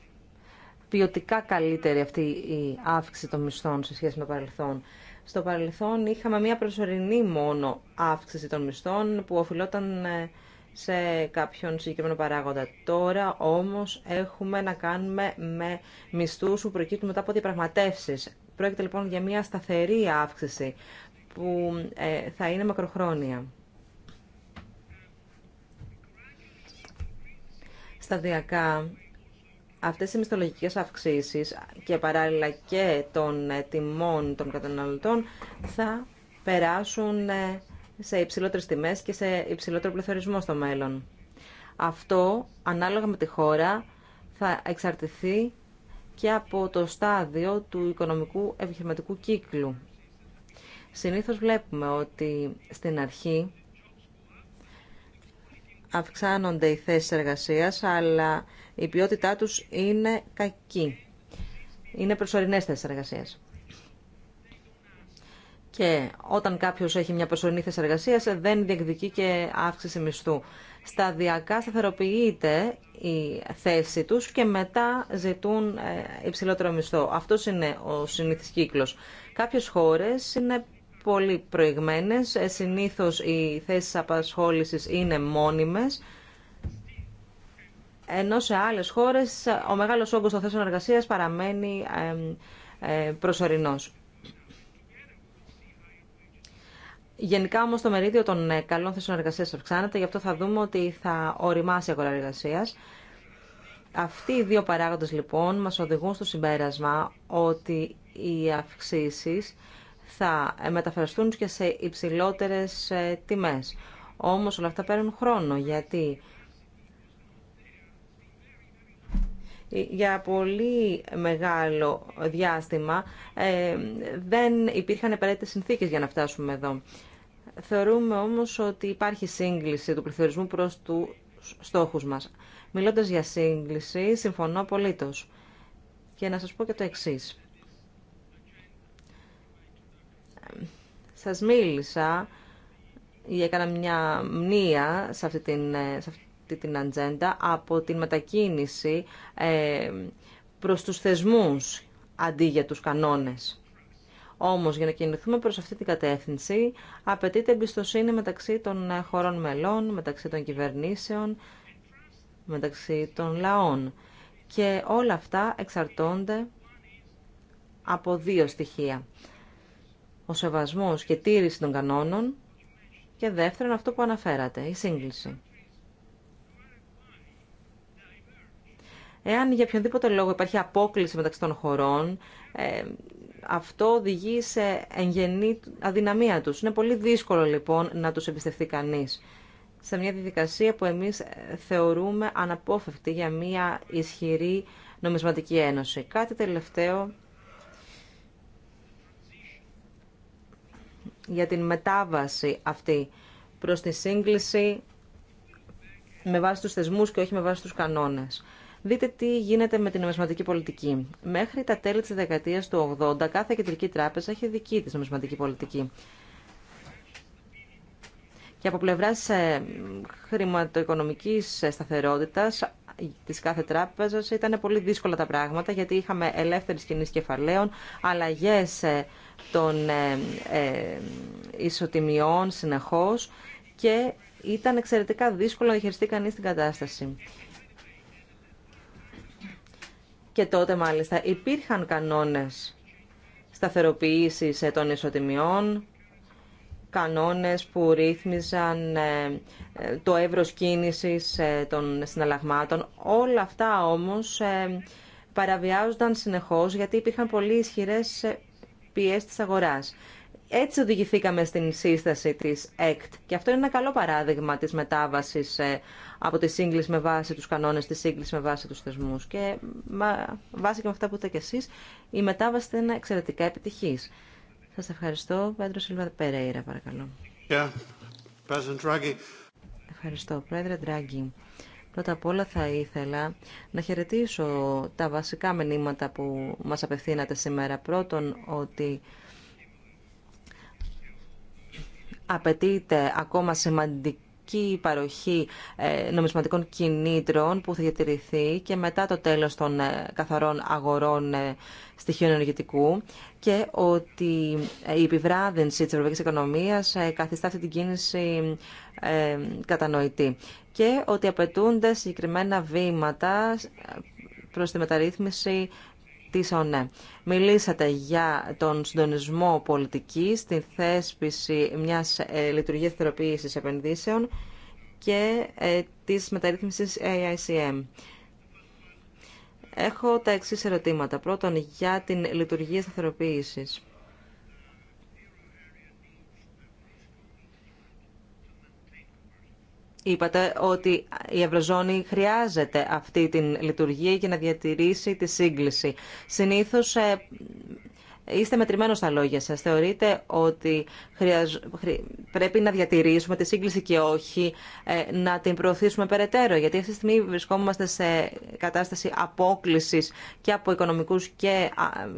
ποιοτικά καλύτερη αυτή η αύξηση των μισθών σε σχέση με το παρελθόν. Στο παρελθόν είχαμε μία προσωρινή μόνο αύξηση των μισθών που οφειλόταν ε, σε κάποιον συγκεκριμένο παράγοντα. Τώρα όμως έχουμε να κάνουμε με μισθούς που προκύπτουν μετά από διαπραγματεύσεις. Πρόκειται λοιπόν για μια σταθερή αύξηση που ε, θα είναι μακροχρόνια. Σταδιακά αυτές οι μισθολογικές αυξήσεις και παράλληλα και των ε, τιμών των καταναλωτών θα περάσουν ε, σε υψηλότερες τιμές και σε υψηλότερο πληθωρισμό στο μέλλον. Αυτό, ανάλογα με τη χώρα, θα εξαρτηθεί και από το στάδιο του οικονομικού επιχειρηματικού κύκλου. Συνήθως βλέπουμε ότι στην αρχή αυξάνονται οι θέσεις εργασίας, αλλά η ποιότητά τους είναι κακή. Είναι προσωρινές θέσεις εργασίας. Και όταν κάποιο έχει μια προσωρινή θέση εργασία, δεν διεκδικεί και αύξηση μισθού. Σταδιακά σταθεροποιείται η θέση τους και μετά ζητούν ε, υψηλότερο μισθό. Αυτό είναι ο συνήθι κύκλο. Κάποιε χώρε είναι πολύ προηγμένε. Ε, Συνήθω οι θέσει απασχόλησης είναι μόνιμες. Ενώ σε άλλες χώρες ο μεγάλος όγκος των θέσεων εργασίας παραμένει ε, προσωρινός. Γενικά όμως το μερίδιο των ε, καλών θέσεων εργασίας αυξάνεται, γι' αυτό θα δούμε ότι θα οριμάσει η αγορά εργασία. Αυτοί οι δύο παράγοντες λοιπόν μας οδηγούν στο συμπέρασμα ότι οι αυξήσει θα ε, μεταφραστούν και σε υψηλότερες ε, τιμές. Όμως όλα αυτά παίρνουν χρόνο γιατί για πολύ μεγάλο διάστημα δεν υπήρχαν επαραίτητες συνθήκες για να φτάσουμε εδώ. Θεωρούμε όμως ότι υπάρχει σύγκληση του πληθωρισμού προς του στόχους μας. Μιλώντας για σύγκληση, συμφωνώ απολύτως. Και να σας πω και το εξής. Σας μίλησα για έκανα μια μνήα σε αυτή την, σε ατζέντα από την μετακίνηση ε, προς τους θεσμούς αντί για τους κανόνες. Όμως για να κινηθούμε προς αυτή την κατεύθυνση απαιτείται εμπιστοσύνη μεταξύ των ε, χωρών μελών, μεταξύ των κυβερνήσεων, μεταξύ των λαών. Και όλα αυτά εξαρτώνται από δύο στοιχεία. Ο σεβασμός και τήρηση των κανόνων και δεύτερον αυτό που αναφέρατε, η σύγκληση. Εάν για οποιονδήποτε λόγο υπάρχει απόκληση μεταξύ των χωρών, ε, αυτό οδηγεί σε εγγενή αδυναμία τους. Είναι πολύ δύσκολο λοιπόν να τους εμπιστευτεί κανείς σε μια διαδικασία που εμείς θεωρούμε αναπόφευκτη για μια ισχυρή νομισματική ένωση. Κάτι τελευταίο για την μετάβαση αυτή προς τη σύγκληση με βάση τους θεσμούς και όχι με βάση τους κανόνες. Δείτε τι γίνεται με την νομισματική πολιτική. Μέχρι τα τέλη τη δεκαετία του 80 κάθε κεντρική τράπεζα έχει δική της νομισματική πολιτική. Και από πλευράς ε, χρηματοοικονομικής ε, σταθερότητα τη κάθε τράπεζας ήταν πολύ δύσκολα τα πράγματα γιατί είχαμε ελεύθερη σκηνή κεφαλαίων, αλλαγέ ε, των ισοτιμιών συνεχώ και ήταν εξαιρετικά δύσκολο να χειριστεί κανεί την κατάσταση. Και τότε μάλιστα υπήρχαν κανόνες σταθεροποίησης ε, των ισοτιμιών, κανόνες που ρύθμιζαν ε, ε, το εύρος κίνησης των συναλλαγμάτων. Όλα αυτά όμως παραβιάζονταν συνεχώς γιατί υπήρχαν πολύ ισχυρές πιέσεις της αγοράς έτσι οδηγηθήκαμε στην σύσταση της ΕΚΤ και αυτό είναι ένα καλό παράδειγμα της μετάβασης ε, από τη σύγκληση με βάση τους κανόνες, τη σύγκληση με βάση τους θεσμούς και βάσει και με αυτά που είπατε και εσείς, η μετάβαση ήταν εξαιρετικά επιτυχής. Σας ευχαριστώ. Πέντρο Σίλβα Περέιρα, παρακαλώ. Yeah. Ευχαριστώ, Πρόεδρε Ντράγκη. Πρώτα απ' όλα θα ήθελα να χαιρετήσω τα βασικά μηνύματα που μας απευθύνατε σήμερα. Πρώτον, ότι απαιτείται ακόμα σημαντική παροχή ε, νομισματικών κινήτρων που θα διατηρηθεί και μετά το τέλος των ε, καθαρών αγορών ε, στοιχείων ενεργητικού και ότι η επιβράδυνση της ευρωπαϊκής οικονομίας καθιστά αυτή την κίνηση κατανοητή και ότι απαιτούνται συγκεκριμένα βήματα προς τη μεταρρύθμιση ναι. Μιλήσατε για τον συντονισμό πολιτικής, την θέσπιση μιας ε, λειτουργίας θεραπείας επενδύσεων και ε, της AICM. Έχω τα εξή ερωτήματα. Πρώτον, για την λειτουργία θεροποίηση. Είπατε ότι η Ευρωζώνη χρειάζεται αυτή την λειτουργία για να διατηρήσει τη σύγκληση. Συνήθως ε, είστε μετρημένος στα λόγια σας. Θεωρείτε ότι πρέπει να διατηρήσουμε τη σύγκληση και όχι ε, να την προωθήσουμε περαιτέρω. Γιατί αυτή τη στιγμή βρισκόμαστε σε κατάσταση απόκλησης και από οικονομικούς και,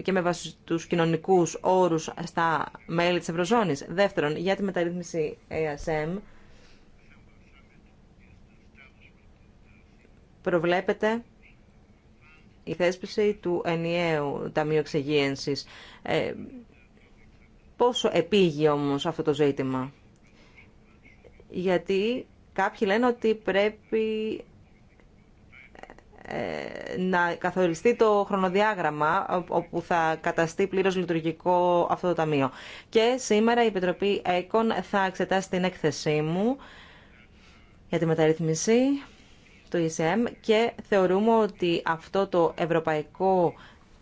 και με βάση τους κοινωνικούς όρους στα μέλη της Ευρωζώνης. Δεύτερον, για τη μεταρρύθμιση ASM ε προβλέπεται η θέσπιση του ενιαίου Ταμείου Εξεγίενσης. Ε, πόσο επίγει όμως αυτό το ζήτημα. Γιατί κάποιοι λένε ότι πρέπει ε, να καθοριστεί το χρονοδιάγραμμα όπου θα καταστεί πλήρως λειτουργικό αυτό το ταμείο. Και σήμερα η Επιτροπή ΕΚΟΝ θα εξετάσει την έκθεσή μου για τη μεταρρύθμιση και θεωρούμε ότι αυτό το Ευρωπαϊκό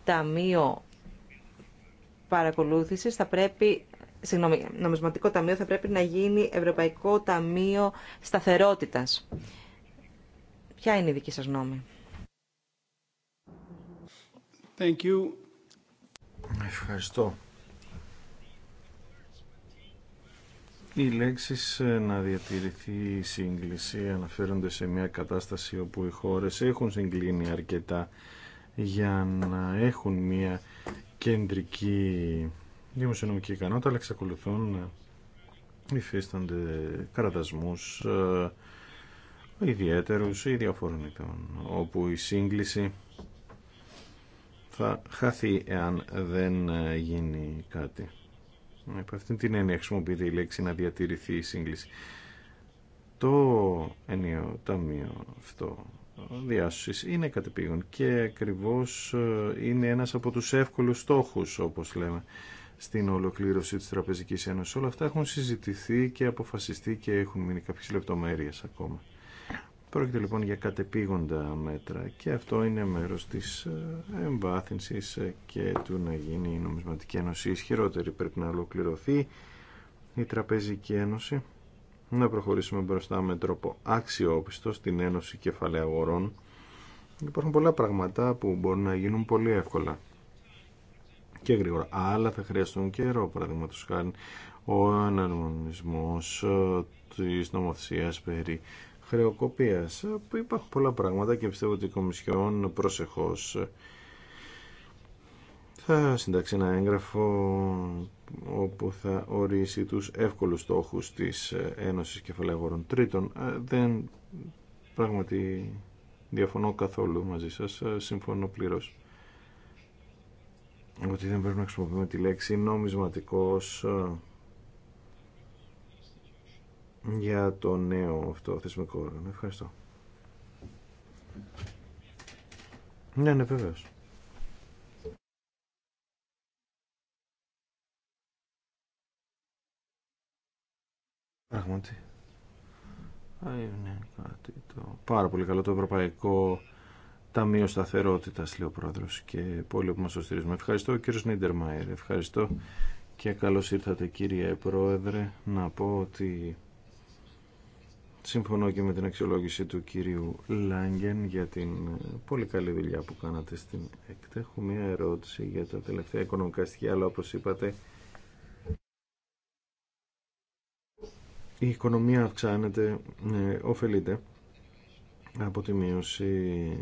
Ταμείο Παρακολούθησης θα πρέπει νομισματικό ταμείο θα πρέπει να γίνει Ευρωπαϊκό Ταμείο Σταθερότητας. Ποια είναι η δική σας νόμη. Thank you. Ευχαριστώ. Οι λέξει ε, να διατηρηθεί η σύγκληση αναφέρονται σε μια κατάσταση όπου οι χώρες έχουν συγκλίνει αρκετά για να έχουν μια κεντρική δημοσιονομική ικανότητα αλλά εξακολουθούν να υφίστανται καρατασμούς ε, ιδιαίτερους ή διαφορετικών, όπου η διαφορετικων οπου η συγκληση θα χαθεί εάν δεν ε, γίνει κάτι. Με αυτήν την έννοια χρησιμοποιείται η λέξη να διατηρηθεί η σύγκληση. Το ενίο ταμείο αυτό διάσωσης είναι κατεπήγον και ακριβώς ε, είναι ένας από τους εύκολους στόχους όπως λέμε στην ολοκλήρωση της Τραπεζικής Ένωσης. Όλα αυτά έχουν συζητηθεί και αποφασιστεί και έχουν μείνει κάποιες λεπτομέρειες ακόμα. Πρόκειται λοιπόν για κατεπήγοντα μέτρα και αυτό είναι μέρος της ε, εμβάθυνσης ε, και του να γίνει η νομισματική ένωση ισχυρότερη. Πρέπει να ολοκληρωθεί η τραπεζική ένωση, να προχωρήσουμε μπροστά με τρόπο αξιόπιστο στην ένωση κεφαλαίου αγορών. Υπάρχουν πολλά πράγματα που μπορούν να γίνουν πολύ εύκολα και γρήγορα. Αλλά θα χρειαστούν καιρό, παραδείγματο χάρη, ο αναρμονισμός ε, της νομοθεσίας περί χρεοκοπίας. Υπάρχουν πολλά πράγματα και πιστεύω ότι η Κομισιόν προσεχώς θα συντάξει ένα έγγραφο όπου θα ορίσει τους εύκολους στόχους της Ένωσης Κεφαλαίων Τρίτων. Ε, δεν πράγματι διαφωνώ καθόλου μαζί σας, ε, συμφωνώ πλήρως ότι δεν πρέπει να χρησιμοποιούμε τη λέξη νομισματικός ε, για το νέο αυτό θεσμικό όργανο. Ευχαριστώ. Ναι, ναι, βεβαίως. Πράγματι. Είναι κάτι το... Πάρα πολύ καλό το Ευρωπαϊκό Ταμείο Σταθερότητας, λέει ο Πρόεδρος, και πολύ που μας το στηρίζουμε. Ευχαριστώ, κύριο Νίντερμαϊρ. Ευχαριστώ και καλώς ήρθατε, κύριε Πρόεδρε, να πω ότι Συμφωνώ και με την αξιολόγηση του κυρίου Λάγκεν για την ε, πολύ καλή δουλειά που κάνατε στην ΕΚΤ. Έχω μία ερώτηση για τα τελευταία οικονομικά στοιχεία, αλλά όπως είπατε η οικονομία αυξάνεται, ε, ωφελείται από τη μείωση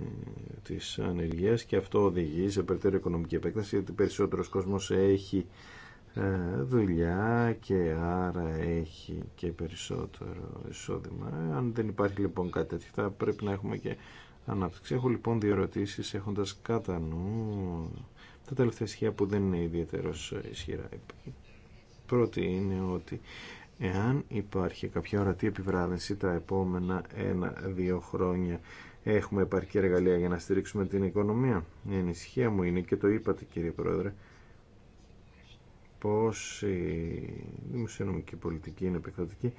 της ανεργίας και αυτό οδηγεί σε περαιτέρω οικονομική επέκταση γιατί περισσότερος κόσμος έχει ε, δουλειά και άρα έχει και περισσότερο εισόδημα. Αν δεν υπάρχει λοιπόν κάτι τέτοιο θα πρέπει να έχουμε και ανάπτυξη. Έχω λοιπόν δύο ερωτήσει έχοντας κατά νου τα τελευταία στοιχεία που δεν είναι ιδιαίτερο ισχυρά. Η πρώτη είναι ότι εάν υπάρχει κάποια ορατή επιβράδυνση τα επόμενα ένα-δύο χρόνια έχουμε επαρκή εργαλεία για να στηρίξουμε την οικονομία. Η ανησυχία μου είναι και το είπατε κύριε Πρόεδρε πως η δημοσιονομική πολιτική είναι επεκτατική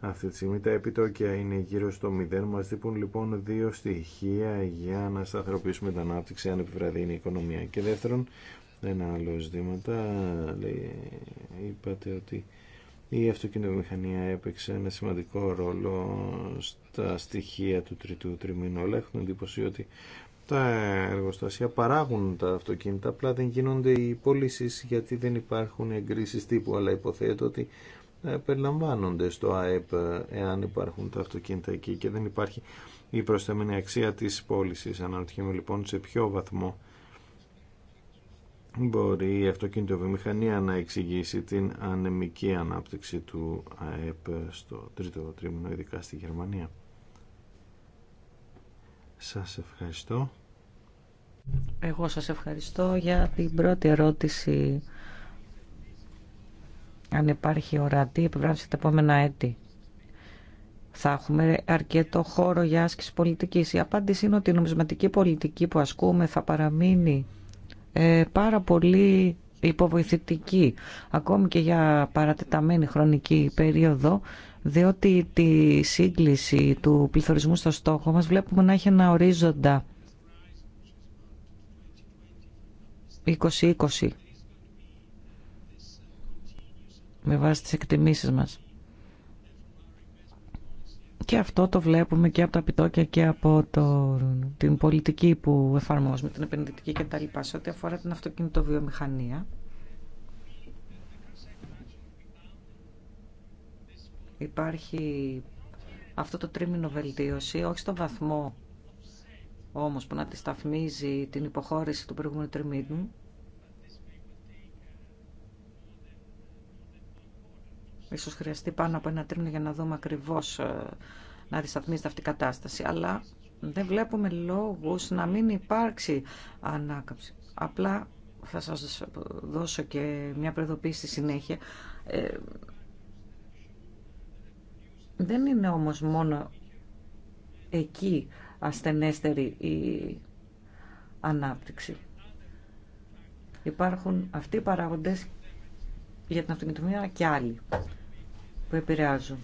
αυτή τη στιγμή τα επιτόκια είναι γύρω στο μηδέν Μας δείπουν λοιπόν δύο στοιχεία για να σταθεροποιήσουμε την ανάπτυξη αν επιβραδύνει η οικονομία. Και δεύτερον, ένα άλλο ζητήματα, είπατε ότι η αυτοκινητομηχανία έπαιξε ένα σημαντικό ρόλο στα στοιχεία του τριτού τριμήνου. Αλλά έχουν εντύπωση ότι τα εργοστάσια παράγουν τα αυτοκίνητα, απλά δεν γίνονται οι πωλήσει γιατί δεν υπάρχουν εγκρίσει τύπου, αλλά υποθέτω ότι ε, περιλαμβάνονται στο ΑΕΠ ε, εάν υπάρχουν τα αυτοκίνητα εκεί και δεν υπάρχει η προσθέμενη αξία της πώληση. Αναρωτιέμαι λοιπόν σε ποιο βαθμό μπορεί η αυτοκινητοβιομηχανία να εξηγήσει την ανεμική ανάπτυξη του ΑΕΠ στο τρίτο τρίμηνο, ειδικά στη Γερμανία. Σας ευχαριστώ. Εγώ σας ευχαριστώ για την πρώτη ερώτηση. Αν υπάρχει ορατή επιβράβευση τα επόμενα έτη. Θα έχουμε αρκετό χώρο για άσκηση πολιτικής. Η απάντηση είναι ότι η νομισματική πολιτική που ασκούμε θα παραμείνει ε, πάρα πολύ υποβοηθητική. Ακόμη και για παρατεταμένη χρονική περίοδο διότι τη σύγκληση του πληθωρισμού στο στόχο μας βλέπουμε να έχει ένα ορίζοντα 2020 με βάση τις εκτιμήσεις μας. Και αυτό το βλέπουμε και από τα επιτόκια και από το, την πολιτική που εφαρμόζουμε, την επενδυτική κτλ. Σε ό,τι αφορά την αυτοκινητοβιομηχανία, υπάρχει αυτό το τρίμηνο βελτίωση, όχι στον βαθμό όμως που να τη σταθμίζει την υποχώρηση του προηγούμενου τριμήνου. Ίσως χρειαστεί πάνω από ένα τρίμηνο για να δούμε ακριβώς ε, να αντισταθμίζεται αυτή η κατάσταση. Αλλά δεν βλέπουμε λόγους να μην υπάρξει ανάκαμψη. Απλά θα σας δώσω και μια προειδοποίηση στη συνέχεια. Ε, δεν είναι όμως μόνο εκεί ασθενέστερη η ανάπτυξη. Υπάρχουν αυτοί οι παράγοντες για την αυτοκινητομία και άλλοι που επηρεάζουν.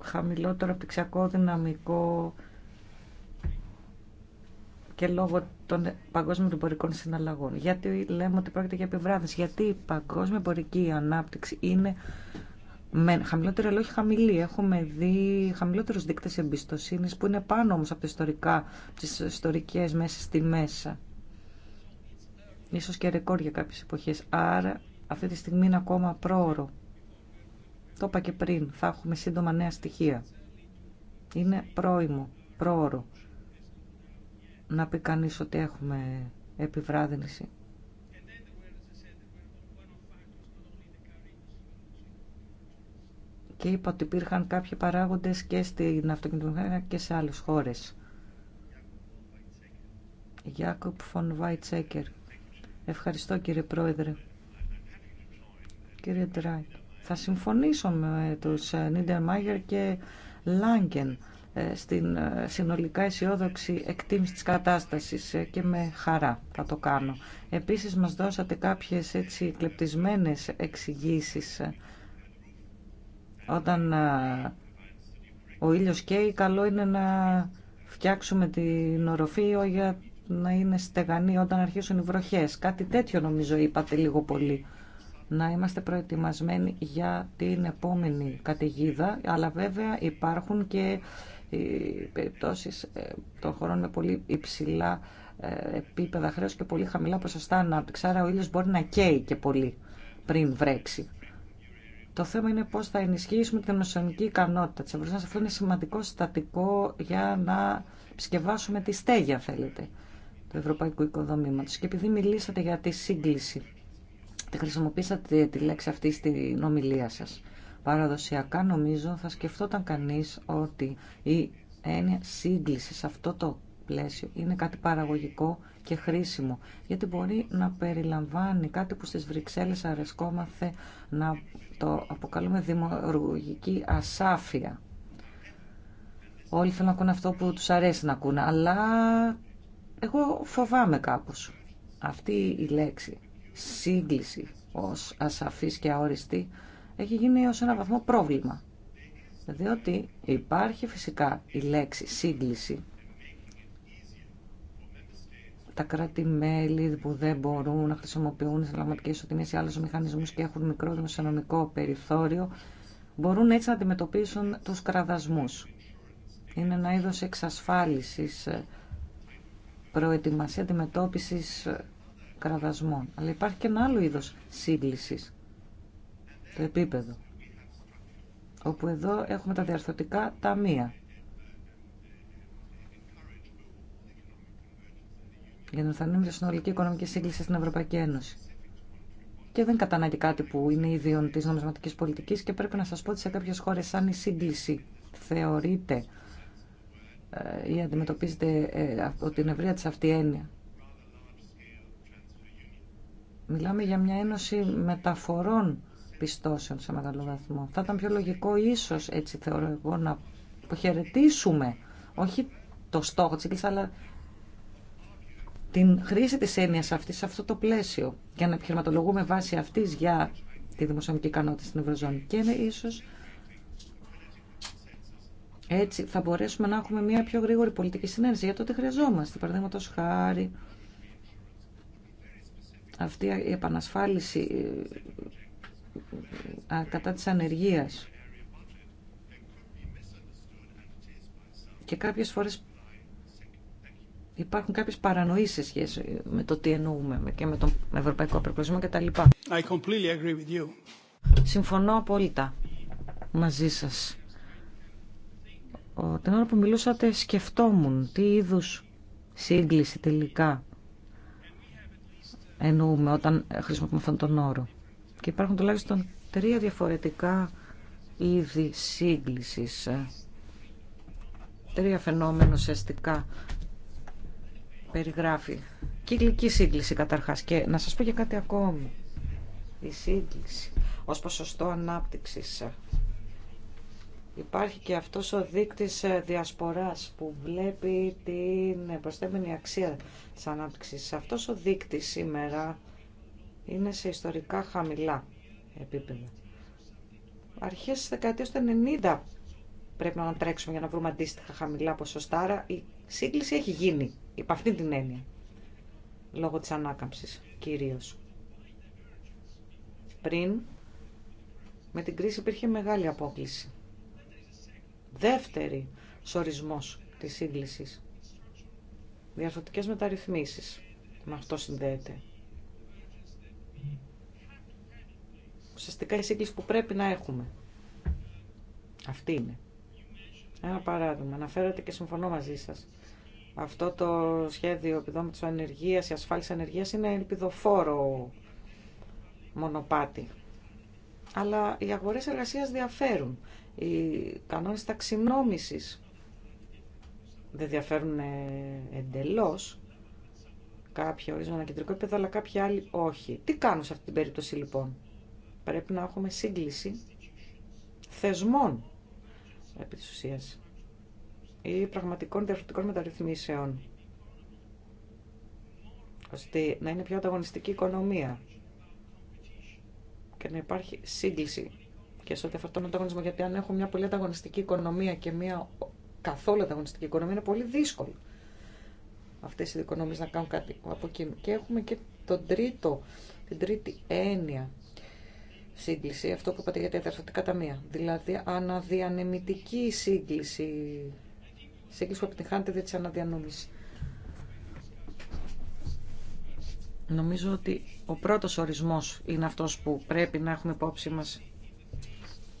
Χαμηλότερο απτυξιακό δυναμικό, και λόγω των παγκόσμιων εμπορικών συναλλαγών. Γιατί λέμε ότι πρόκειται για επιβράδυνση. Γιατί η παγκόσμια εμπορική ανάπτυξη είναι με χαμηλότερη αλλά χαμηλή. Έχουμε δει χαμηλότερου δείκτε εμπιστοσύνη που είναι πάνω όμω από τι ιστορικά, τις ιστορικές μέσα στη μέσα. Ίσως και ρεκόρ για κάποιες εποχές. Άρα αυτή τη στιγμή είναι ακόμα πρόωρο. Το είπα και πριν, θα έχουμε σύντομα νέα στοιχεία. Είναι πρόημο, πρόωρο να πει κανείς ότι έχουμε επιβράδυνση. Και είπα ότι υπήρχαν κάποιοι παράγοντες και στην αυτοκινητοβιομηχανία και σε άλλες χώρες. Γιάκοπ Φον Βάιτσέκερ. Ευχαριστώ κύριε Πρόεδρε. Κύριε Τράιτ. θα συμφωνήσω με τους Νίτερ Μάγερ και Λάγκεν ε, στην ε, συνολικά αισιόδοξη εκτίμηση της κατάστασης ε, και με χαρά θα το κάνω. Επίσης μας δώσατε κάποιες έτσι κλεπτισμένες εξηγήσει όταν ο ήλιος καίει καλό είναι να φτιάξουμε την οροφή για να είναι στεγανή όταν αρχίσουν οι βροχές. Κάτι τέτοιο νομίζω είπατε λίγο πολύ. Να είμαστε προετοιμασμένοι για την επόμενη καταιγίδα, αλλά βέβαια υπάρχουν και οι περιπτώσεις ε, των χωρών με πολύ υψηλά ε, επίπεδα χρέους και πολύ χαμηλά ποσοστά ανάπτυξη. Άρα ο ήλιος μπορεί να καίει και πολύ πριν βρέξει. Το θέμα είναι πώς θα ενισχύσουμε την νοσονομική ικανότητα της Ευρωζώνης. Αυτό είναι σημαντικό συστατικό για να επισκευάσουμε τη στέγη, αν θέλετε, του ευρωπαϊκού οικοδομήματος. Και επειδή μιλήσατε για τη σύγκληση, τη χρησιμοποίησατε τη λέξη αυτή στην ομιλία σας. Παραδοσιακά νομίζω θα σκεφτόταν κανείς ότι η έννοια σύγκληση σε αυτό το πλαίσιο είναι κάτι παραγωγικό και χρήσιμο γιατί μπορεί να περιλαμβάνει κάτι που στις Βρυξέλλες αρεσκόμαθε να το αποκαλούμε δημιουργική ασάφεια. Όλοι θέλουν να ακούνε αυτό που τους αρέσει να ακούνε, αλλά εγώ φοβάμαι κάπως. Αυτή η λέξη, σύγκληση ως ασαφής και αόριστη, έχει γίνει ως ένα βαθμό πρόβλημα. Διότι δηλαδή υπάρχει φυσικά η λέξη σύγκληση. Τα κράτη-μέλη που δεν μπορούν να χρησιμοποιούν ελλαγματικές ισοτιμίες ή άλλους μηχανισμούς και έχουν μικρό δημοσιονομικό περιθώριο, μπορούν έτσι να αντιμετωπίσουν τους κραδασμούς. Είναι ένα είδος εξασφάλισης, ε, προετοιμασία αντιμετώπισης ε, κραδασμών. Αλλά υπάρχει και ένα άλλο είδος σύγκλησης επίπεδο. Όπου εδώ έχουμε τα διαρθωτικά ταμεία. για να ενθαρρύνουμε τη συνολική οικονομική σύγκληση στην Ευρωπαϊκή Ένωση. Και δεν κατανάγει κάτι που είναι ίδιον τη νομισματική πολιτική και πρέπει να σα πω ότι σε κάποιε χώρε, σαν η σύγκληση θεωρείται ε, ή αντιμετωπίζεται ε, από την ευρεία της αυτή έννοια. Μιλάμε για μια ένωση μεταφορών πιστώσεων σε μεγάλο βαθμό. Θα ήταν πιο λογικό ίσως, έτσι θεωρώ εγώ, να αποχαιρετήσουμε όχι το στόχο της Εκκλησίας, αλλά την χρήση της έννοιας αυτής σε αυτό το πλαίσιο για να επιχειρηματολογούμε βάση αυτής για τη δημοσιονομική ικανότητα στην Ευρωζώνη. Και είναι ίσως έτσι θα μπορέσουμε να έχουμε μια πιο γρήγορη πολιτική συνένεση για το τι χρειαζόμαστε. Παραδείγματο χάρη αυτή η επανασφάλιση κατά της ανεργίας. Και κάποιες φορές υπάρχουν κάποιες παρανοήσεις σε σχέση με το τι εννοούμε και με τον ευρωπαϊκό τα κτλ. I completely Συμφωνώ απόλυτα μαζί σας. Την ώρα που μιλούσατε σκεφτόμουν τι είδους σύγκληση τελικά εννοούμε όταν χρησιμοποιούμε αυτόν τον όρο. Και υπάρχουν τουλάχιστον τρία διαφορετικά είδη σύγκλησης. Τρία φαινόμενα ουσιαστικά περιγράφει. Κυκλική σύγκληση καταρχάς. Και να σας πω και κάτι ακόμη. Η σύγκληση ως ποσοστό ανάπτυξης. Υπάρχει και αυτός ο δείκτης διασποράς που βλέπει την προσθέμενη αξία της ανάπτυξης. Αυτός ο δείκτης σήμερα είναι σε ιστορικά χαμηλά επίπεδα. Αρχές της δεκαετίας του 90 πρέπει να τρέξουμε για να βρούμε αντίστοιχα χαμηλά ποσοστά, άρα η σύγκληση έχει γίνει, υπ' αυτή την έννοια, λόγω της ανάκαμψης κυρίως. Πριν, με την κρίση υπήρχε μεγάλη απόκληση. Δεύτερη σορισμός της σύγκλησης. Διαρθωτικές μεταρρυθμίσεις. Με αυτό συνδέεται. ουσιαστικά η σύγκληση που πρέπει να έχουμε. Αυτή είναι. Ένα παράδειγμα. Αναφέρατε και συμφωνώ μαζί σας. Αυτό το σχέδιο επιδόμηση ανεργία η ασφάλιση ανεργία είναι ελπιδοφόρο μονοπάτι. Αλλά οι αγορές εργασία διαφέρουν. Οι κανόνες ταξινόμηση δεν διαφέρουν ε, εντελώς. κάποιοι ορίζουν ένα κεντρικό επίπεδο, αλλά κάποιοι άλλοι όχι. Τι κάνουν σε αυτή την περίπτωση λοιπόν. Πρέπει να έχουμε σύγκληση θεσμών επί ή πραγματικών διαφορετικών μεταρρυθμίσεων ώστε να είναι πιο ανταγωνιστική οικονομία και να υπάρχει σύγκληση και σε ό,τι αφορά τον ανταγωνισμό. Γιατί αν έχουμε μια πολύ ανταγωνιστική οικονομία και μια καθόλου ανταγωνιστική οικονομία, είναι πολύ δύσκολο αυτέ οι οικονομίες να κάνουν κάτι από εκείνο. Και έχουμε και τον τρίτο, την τρίτη έννοια σύγκληση, αυτό που είπατε για τα καταμία. ταμεία. Δηλαδή, αναδιανεμητική σύγκληση. Σύγκληση που επιτυχάνεται δια τη αναδιανόμηση. Νομίζω ότι ο πρώτος ορισμός είναι αυτός που πρέπει να έχουμε υπόψη μας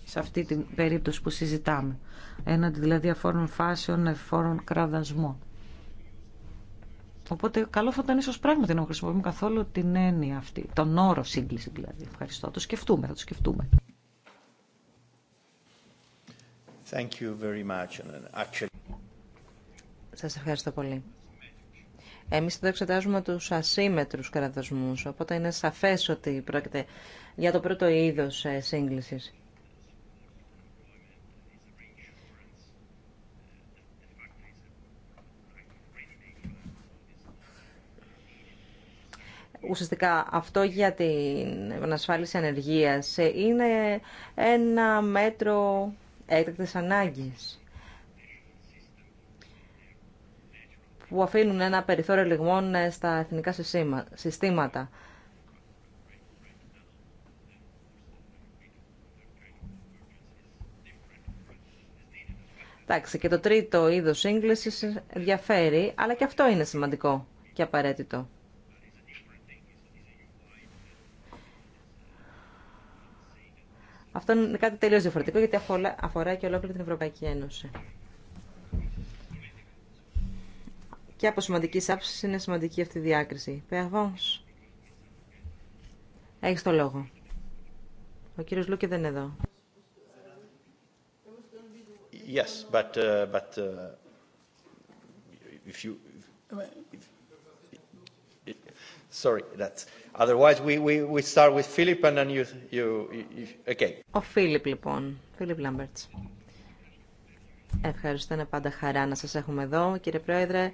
σε αυτή την περίπτωση που συζητάμε. Έναντι δηλαδή αφόρων φάσεων, αφόρων κραδασμών. Οπότε καλό θα ήταν ίσω πράγματι να χρησιμοποιούμε καθόλου την έννοια αυτή, τον όρο σύγκληση δηλαδή. Ευχαριστώ. το σκεφτούμε, θα το σκεφτούμε. Thank Σας ευχαριστώ πολύ. Εμείς εδώ εξετάζουμε τους ασύμετρους κρατασμούς, οπότε είναι σαφές ότι πρόκειται για το πρώτο είδος ε, σύγκλησης. Ουσιαστικά αυτό για την ανασφάλιση ανεργίας είναι ένα μέτρο έκτακτης ανάγκης που αφήνουν ένα περιθώριο λιγμών στα εθνικά συστήματα. Εντάξει, και το τρίτο είδος σύγκλησης διαφέρει, αλλά και αυτό είναι σημαντικό και απαραίτητο. Αυτό είναι κάτι τελείως διαφορετικό γιατί αφορά και ολόκληρη την Ευρωπαϊκή Ένωση. Και από σημαντική άψη είναι σημαντική αυτή η διάκριση. Περβόνς, έχεις το λόγο. Ο κύριος Λούκε δεν είναι εδώ. Yes, but, uh, but uh, if you, Sorry, that's. Otherwise, we, we, we start with Philip and then you, you, okay. Ο Φίλιπ, λοιπόν. Φίλιπ Λάμπερτς. Ευχαριστώ, είναι πάντα χαρά να σας έχουμε εδώ. Κύριε Πρόεδρε,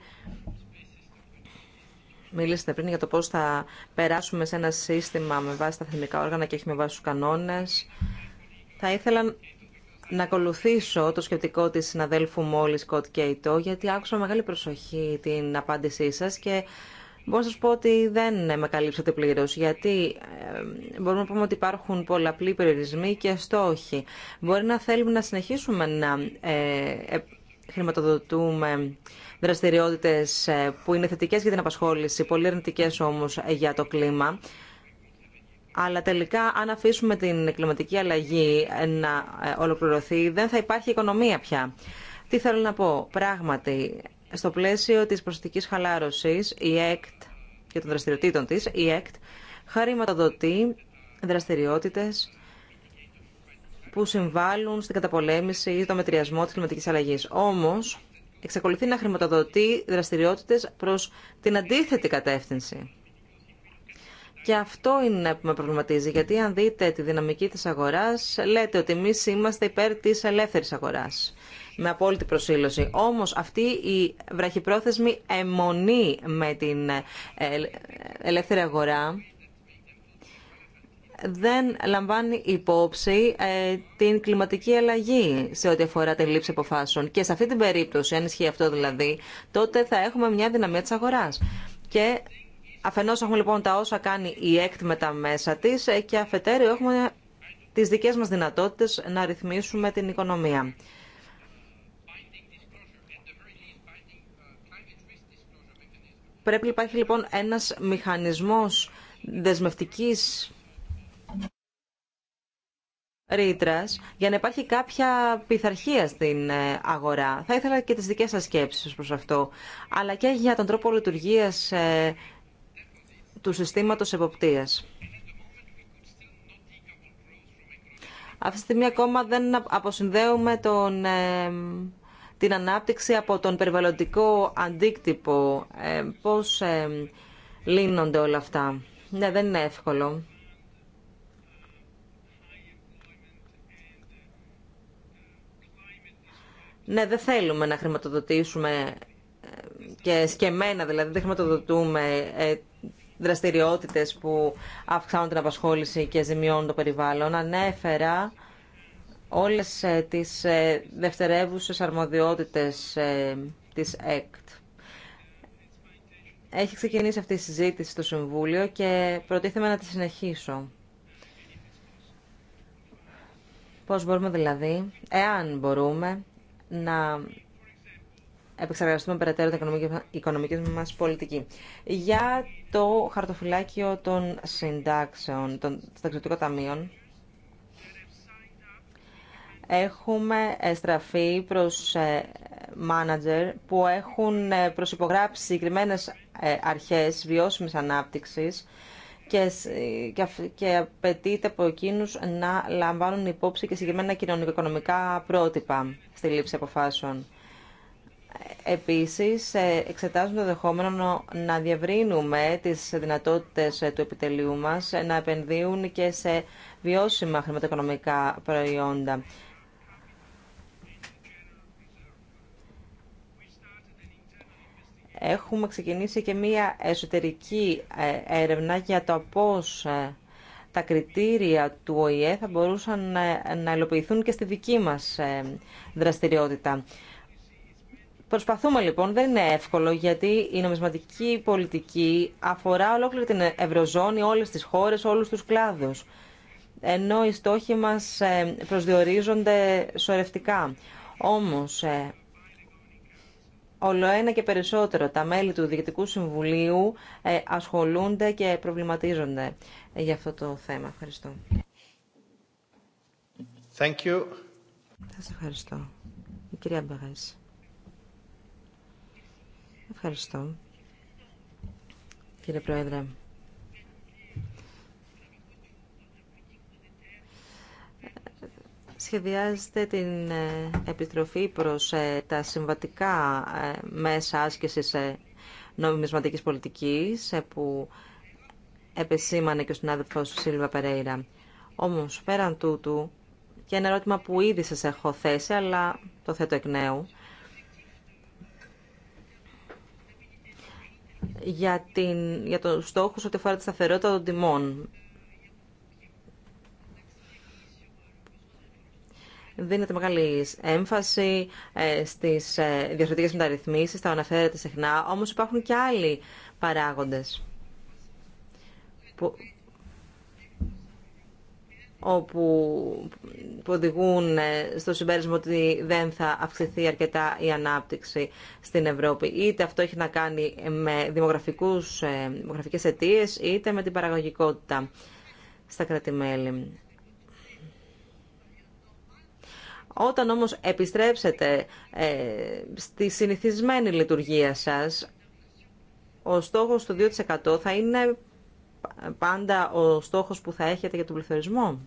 μιλήσατε πριν για το πώς θα περάσουμε σε ένα σύστημα με βάση τα θερμικά όργανα και όχι με βάση τους κανόνες. Θα ήθελα να ακολουθήσω το σκεπτικό της συναδέλφου μόλις Κοτ Κέιτο, γιατί άκουσα μεγάλη προσοχή την απάντησή σας και Μπορώ να σα πω ότι δεν με καλύψατε πλήρω, γιατί μπορούμε να πούμε ότι υπάρχουν πολλαπλοί περιορισμοί και στόχοι. Μπορεί να θέλουμε να συνεχίσουμε να ε, ε, χρηματοδοτούμε δραστηριότητες ε, που είναι θετικές για την απασχόληση, πολύ αρνητικέ όμως για το κλίμα. Αλλά τελικά, αν αφήσουμε την κλιματική αλλαγή να ολοκληρωθεί, δεν θα υπάρχει οικονομία πια. Τι θέλω να πω, πράγματι, στο πλαίσιο της προσθετικής χαλάρωσης, η ΕΚΤ και των δραστηριοτήτων της, η ΕΚΤ χρηματοδοτεί δραστηριότητες που συμβάλλουν στην καταπολέμηση ή το μετριασμό της κλιματικής αλλαγής. Όμως, εξακολουθεί να χρηματοδοτεί δραστηριότητες προς την αντίθετη κατεύθυνση. Και αυτό είναι που με προβληματίζει, γιατί αν δείτε τη δυναμική της αγοράς, λέτε ότι εμεί είμαστε υπέρ της ελεύθερης αγοράς με απόλυτη προσήλωση. Ναι. Όμως αυτή η βραχυπρόθεσμη αιμονή με την ε, ελεύθερη αγορά δεν λαμβάνει υπόψη ε, την κλιματική αλλαγή σε ό,τι αφορά την λήψη αποφάσεων. Και σε αυτή την περίπτωση, αν ισχύει αυτό δηλαδή, τότε θα έχουμε μια δυναμία της αγοράς. Και αφενός έχουμε λοιπόν τα όσα κάνει η ΕΚΤ με τα μέσα της ε, και αφετέρου έχουμε τις δικές μας δυνατότητες να ρυθμίσουμε την οικονομία. Πρέπει να υπάρχει λοιπόν ένας μηχανισμός δεσμευτικής ρήτρας για να υπάρχει κάποια πειθαρχία στην ε, αγορά. Θα ήθελα και τις δικές σας σκέψεις προς αυτό, αλλά και για τον τρόπο λειτουργίας ε, του συστήματος εποπτείας. Αυτή τη στιγμή ακόμα δεν αποσυνδέουμε τον ε, την ανάπτυξη από τον περιβαλλοντικό αντίκτυπο. Ε, πώς ε, λύνονται όλα αυτά. Ναι, δεν είναι εύκολο. Ναι, δεν θέλουμε να χρηματοδοτήσουμε ε, και σκεμμένα, δηλαδή δεν χρηματοδοτούμε δραστηριότητες που αυξάνουν την απασχόληση και ζημιώνουν το περιβάλλον. Ανέφερα όλες ε, τις ε, δευτερεύουσες αρμοδιότητες ε, της ΕΚΤ. Έχει ξεκινήσει αυτή η συζήτηση στο Συμβούλιο και προτίθεμαι να τη συνεχίσω. Πώς μπορούμε δηλαδή, εάν μπορούμε, να επεξεργαστούμε περαιτέρω την οικονομική μας πολιτική. Για το χαρτοφυλάκιο των συντάξεων, των συνταξιωτικών ταμείων, έχουμε στραφεί προς ε, μάνατζερ που έχουν ε, προσυπογράψει συγκεκριμένε ε, αρχές βιώσιμης ανάπτυξης και, και, απαιτείται από εκείνου να λαμβάνουν υπόψη και συγκεκριμένα κοινωνικο-οικονομικά πρότυπα στη λήψη αποφάσεων. Επίσης, εξετάζουμε το δεχόμενο να διευρύνουμε τις δυνατότητες του επιτελείου μας να επενδύουν και σε βιώσιμα χρηματοοικονομικά προϊόντα έχουμε ξεκινήσει και μία εσωτερική ε, έρευνα για το πώς ε, τα κριτήρια του ΟΗΕ θα μπορούσαν ε, να υλοποιηθούν και στη δική μας δραστηριότητα. Προσπαθούμε λοιπόν, δεν είναι εύκολο, γιατί η νομισματική πολιτική αφορά ολόκληρη την Ευρωζώνη, όλες τις χώρες, όλους τους κλάδους. Ενώ οι στόχοι μας προσδιορίζονται σορευτικά. Όμως, Όλο ένα και περισσότερο τα μέλη του Διοικητικού Συμβουλίου ε, ασχολούνται και προβληματίζονται για αυτό το θέμα. Ευχαριστώ. Thank you. Σας ευχαριστώ. κυρία Μπαγάς. Ευχαριστώ. Κύριε Πρόεδρε. σχεδιάζετε την ε, επιστροφή προς ε, τα συμβατικά ε, μέσα άσκησης νομισματικής πολιτικής που επεσήμανε και ο συνάδελφος Σίλβα Περέιρα. Όμως, πέραν τούτου, και ένα ερώτημα που ήδη σας έχω θέσει, αλλά το θέτω εκ νέου, για, την, για το στόχο ότι αφορά τη σταθερότητα των τιμών δίνεται μεγάλη έμφαση ε, στις ε, διαφορετικές μεταρρυθμίσεις, τα αναφέρεται συχνά, όμως υπάρχουν και άλλοι παράγοντες που, όπου, οδηγούν ε, στο συμπέρασμα ότι δεν θα αυξηθεί αρκετά η ανάπτυξη στην Ευρώπη. Είτε αυτό έχει να κάνει με δημογραφικούς, δημογραφικές αιτίες, είτε με την παραγωγικότητα στα κράτη-μέλη. Όταν όμως επιστρέψετε ε, στη συνηθισμένη λειτουργία σας, ο στόχος του 2% θα είναι πάντα ο στόχος που θα έχετε για τον πληθωρισμό.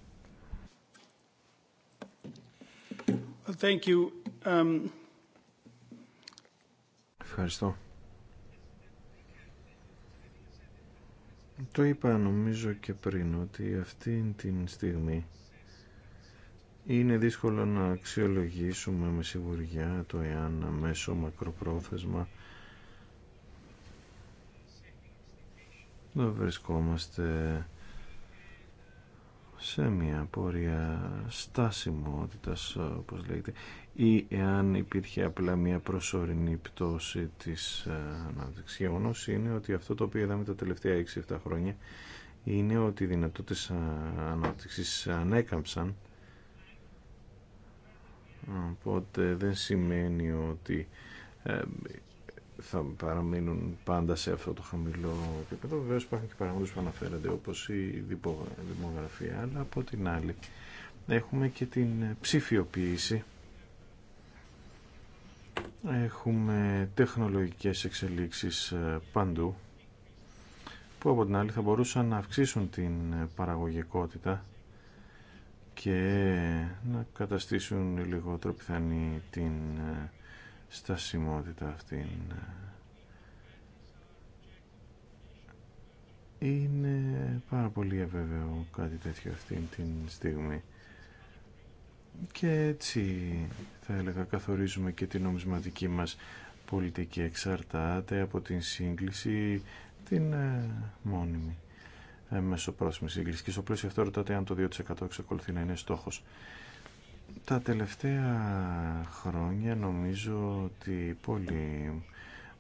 Um, Ευχαριστώ. Το είπα νομίζω και πριν ότι αυτή την στιγμή είναι δύσκολο να αξιολογήσουμε με σιγουριά το εάν μέσω μακροπρόθεσμα να βρισκόμαστε σε μια πορεία στάσιμότητας όπως λέγεται ή εάν υπήρχε απλά μια προσωρινή πτώση της ε, ανάπτυξης. Γεγονός είναι ότι αυτό το οποίο είδαμε τα τελευταία 6-7 χρόνια είναι ότι οι δυνατότητες ε, ανάπτυξης ανέκαμψαν Οπότε δεν σημαίνει ότι ε, θα παραμείνουν πάντα σε αυτό το χαμηλό επίπεδο. Βεβαίω υπάρχουν και παραγόντε που αναφέρονται όπως η δημογραφία, αλλά από την άλλη έχουμε και την ψηφιοποίηση. Έχουμε τεχνολογικές εξελίξεις ε, παντού που από την άλλη θα μπορούσαν να αυξήσουν την παραγωγικότητα και να καταστήσουν λιγότερο πιθανή την ε, στασιμότητα αυτήν. Είναι πάρα πολύ ευεβαιω κάτι τέτοιο αυτήν την στιγμή. Και έτσι θα έλεγα καθορίζουμε και την νομισματική μας πολιτική εξαρτάται από την σύγκληση την ε, μόνιμη μέσω σύγκληση. Και στο πλαίσιο αυτό ρωτάτε αν το 2% εξακολουθεί να είναι στόχο. Τα τελευταία χρόνια νομίζω ότι πολλοί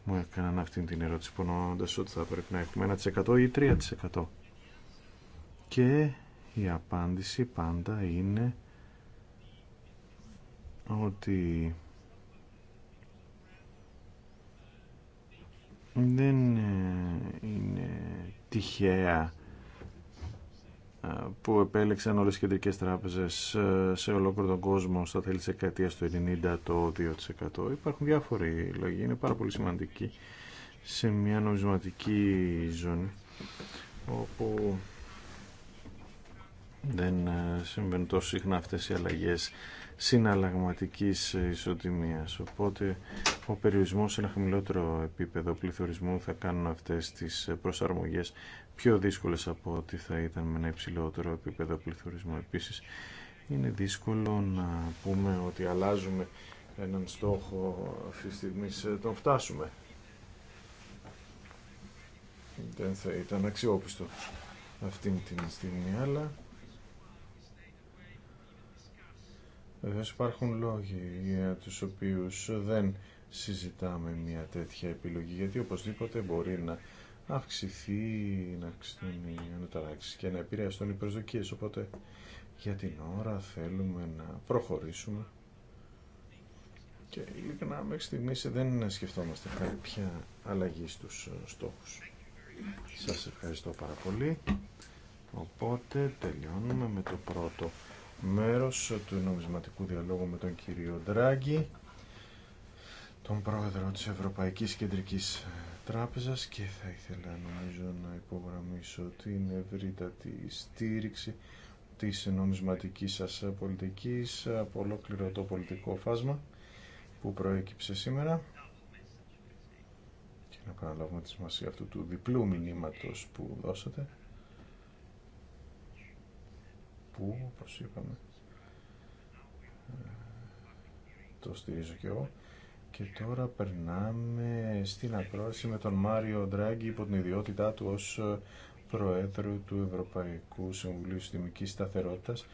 μου έκαναν αυτή την ερώτηση υπονοώντα ότι θα πρέπει να έχουμε 1% ή 3%. Και η απάντηση πάντα είναι ότι δεν ε, είναι τυχαία που επέλεξαν όλες οι κεντρικές τράπεζες ε, σε ολόκληρο τον κόσμο στα τέλη της δεκαετίας του 90 το 2%. Υπάρχουν διάφοροι λόγοι, είναι πάρα πολύ σημαντικοί σε μια νομισματική ζώνη όπου δεν ε, συμβαίνουν τόσο συχνά αυτές οι αλλαγές συναλλαγματικής ισοτιμίας. Οπότε ο περιορισμός σε ένα χαμηλότερο επίπεδο πληθωρισμού θα κάνουν αυτές τις προσαρμογές πιο δύσκολες από ό,τι θα ήταν με ένα υψηλότερο επίπεδο πληθωρισμού. Επίσης, είναι δύσκολο να πούμε ότι αλλάζουμε έναν στόχο αυτή τη στιγμή τον φτάσουμε. Δεν θα ήταν αξιόπιστο αυτή την στιγμή, αλλά βεβαίω υπάρχουν λόγοι για τους οποίους δεν συζητάμε μια τέτοια επιλογή, γιατί οπωσδήποτε μπορεί να αυξηθεί, να αυξηθούν οι αναταράξεις και να επηρεαστούν οι προσδοκίε. Οπότε για την ώρα θέλουμε να προχωρήσουμε και ειλικρινά μέχρι στιγμή δεν σκεφτόμαστε κάποια αλλαγή στου ε, στόχους. Σα ευχαριστώ πάρα πολύ. Οπότε τελειώνουμε με το πρώτο μέρος του νομισματικού διαλόγου με τον κύριο Ντράγκη, τον πρόεδρο της Ευρωπαϊκής Κεντρικής τράπεζας και θα ήθελα νομίζω να υπογραμμίσω την ευρύτατη στήριξη της νομισματικής σας πολιτικής από ολόκληρο το πολιτικό φάσμα που προέκυψε σήμερα και να παραλάβουμε τη σημασία αυτού του διπλού μηνύματος που δώσατε που όπως είπαμε ε, το στηρίζω και εγώ και τώρα περνάμε στην ακρόαση με τον Μάριο Ντράγκη υπό την ιδιότητά του ως ε, Προέδρου του Ευρωπαϊκού Συμβουλίου Συστημικής Σταθερότητας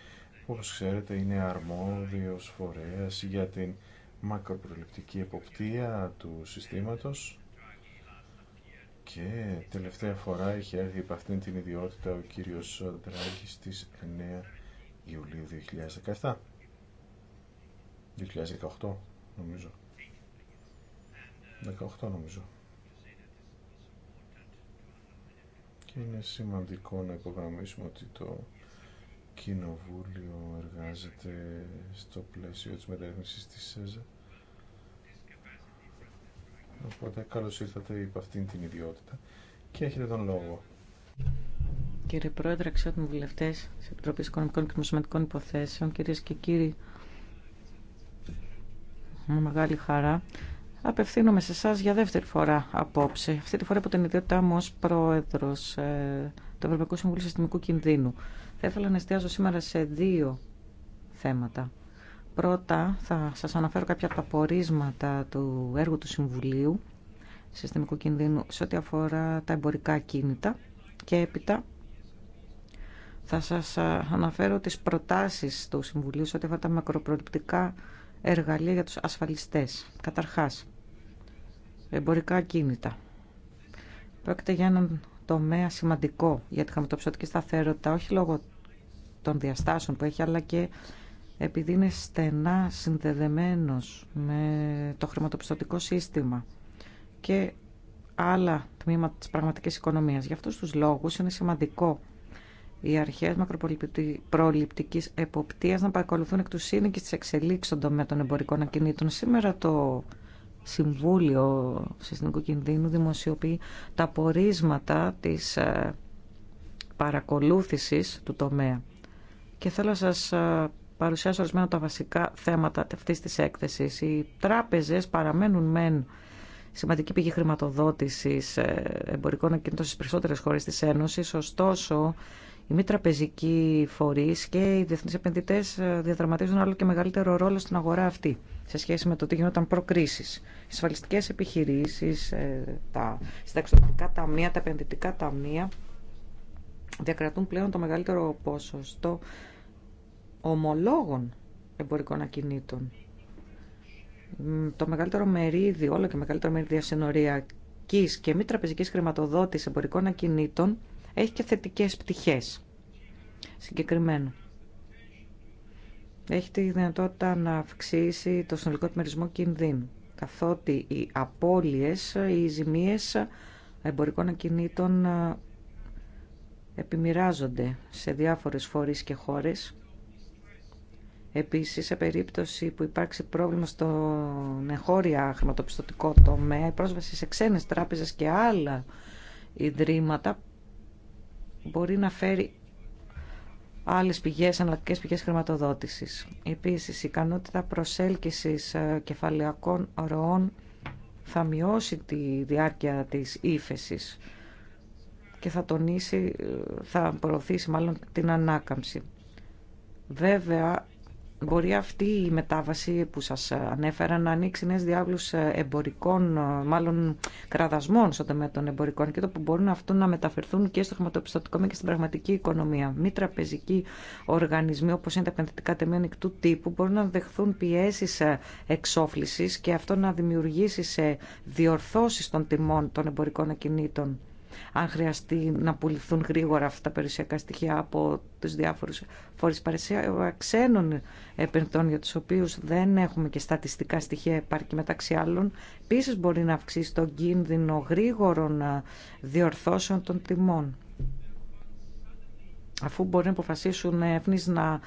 που όπως ξέρετε είναι αρμόδιος φορέας για την μακροπροληπτική εποπτεία του συστήματος και τελευταία φορά είχε έρθει υπ' αυτήν την ιδιότητα ο κύριος Ντράγκη στις 9 Ιουλίου 2017 2018 νομίζω 18 νομίζω. Και είναι σημαντικό να υπογραμμίσουμε ότι το Κοινοβούλιο εργάζεται στο πλαίσιο της μεταρρύθμισης της ΣΕΖΑ. Οπότε καλώς ήρθατε υπ' αυτήν την ιδιότητα και έχετε τον λόγο. Κύριε Πρόεδρε, αξιότιμοι βουλευτέ τη Επιτροπή Οικονομικών και Νομισματικών Υποθέσεων, κυρίε και κύριοι, με μεγάλη χαρά Απευθύνομαι σε εσά για δεύτερη φορά απόψε. Αυτή τη φορά από την ιδιότητά μου ω πρόεδρο ε, του Ευρωπαϊκού Συμβουλίου Συστημικού Κινδύνου. Θα ήθελα να εστιάζω σήμερα σε δύο θέματα. Πρώτα θα σα αναφέρω κάποια από τα πορίσματα του έργου του Συμβουλίου Συστημικού Κινδύνου σε ό,τι αφορά τα εμπορικά κίνητα και έπειτα θα σα ε, αναφέρω τι προτάσει του Συμβουλίου σε ό,τι αφορά τα μακροπροληπτικά εργαλεία για τους ασφαλιστές. Καταρχάς, εμπορικά κίνητα. Πρόκειται για έναν τομέα σημαντικό για τη χρηματοπιστωτική σταθερότητα, όχι λόγω των διαστάσεων που έχει, αλλά και επειδή είναι στενά συνδεδεμένος με το χρηματοπιστωτικό σύστημα και άλλα τμήματα της πραγματικής οικονομίας. Γι' αυτούς τους λόγους είναι σημαντικό οι αρχές μακροπροληπτικής εποπτείας να παρακολουθούν εκ του σύνοικης της εξελίξης στον τομέα των εμπορικών ακινήτων. Σήμερα το Συμβούλιο Συστημικού Κινδύνου δημοσιοποιεί τα πορίσματα της ε, παρακολούθησης του τομέα. Και θέλω να σας ε, παρουσιάσω ορισμένα τα βασικά θέματα αυτής της έκθεσης. Οι τράπεζες παραμένουν μεν σημαντική πηγή χρηματοδότησης ε, εμπορικών ακινήτων στις περισσότερες χώρες της Ένωσης, ωστόσο οι μη τραπεζικοί φορείς και οι διεθνείς επενδυτές διαδραματίζουν άλλο και μεγαλύτερο ρόλο στην αγορά αυτή σε σχέση με το τι γινόταν προκρίσει. Οι ασφαλιστικέ επιχειρήσεις, ε, τα συνταξιδοτικά ταμεία, τα επενδυτικά ταμεία διακρατούν πλέον το μεγαλύτερο ποσοστό ομολόγων εμπορικών ακινήτων. Το μεγαλύτερο μερίδιο, όλο και μεγαλύτερο μερίδιο συνοριακής και μη τραπεζική χρηματοδότηση εμπορικών ακινήτων έχει και θετικέ πτυχέ. Συγκεκριμένα έχει τη δυνατότητα να αυξήσει το συνολικό επιμερισμό κινδύνου, καθότι οι απώλειες, οι ζημίες εμπορικών ακινήτων ε, επιμοιράζονται σε διάφορες φορείς και χώρες. Επίσης, σε περίπτωση που υπάρξει πρόβλημα στο εγχώρια χρηματοπιστωτικό τομέα, η πρόσβαση σε ξένες τράπεζες και άλλα ιδρύματα μπορεί να φέρει άλλες πηγές, εναλλακτικές πηγές χρηματοδότησης. Επίσης, η ικανότητα προσέλκυσης ε, κεφαλαιακών ροών θα μειώσει τη διάρκεια της ύφεση και θα τονίσει, ε, θα προωθήσει μάλλον την ανάκαμψη. Βέβαια, μπορεί αυτή η μετάβαση που σας ανέφερα να ανοίξει νέες διάβλους εμπορικών, μάλλον κραδασμών στον τομέα των εμπορικών και το που μπορούν αυτό να μεταφερθούν και στο χρηματοπιστωτικό και στην πραγματική οικονομία. Μη τραπεζικοί οργανισμοί όπως είναι τα επενδυτικά τεμεία ανοιχτού τύπου μπορούν να δεχθούν πιέσεις εξόφλησης και αυτό να δημιουργήσει σε διορθώσεις των τιμών των εμπορικών ακινήτων αν χρειαστεί να πουληθούν γρήγορα αυτά τα περιουσιακά στοιχεία από τις διάφορες φορές παρεσία ξένων επενδυτών για τους οποίους δεν έχουμε και στατιστικά στοιχεία επάρκη μεταξύ άλλων επίση μπορεί να αυξήσει τον κίνδυνο γρήγορων ε, διορθώσεων των τιμών αφού μπορεί να αποφασίσουν εύνης να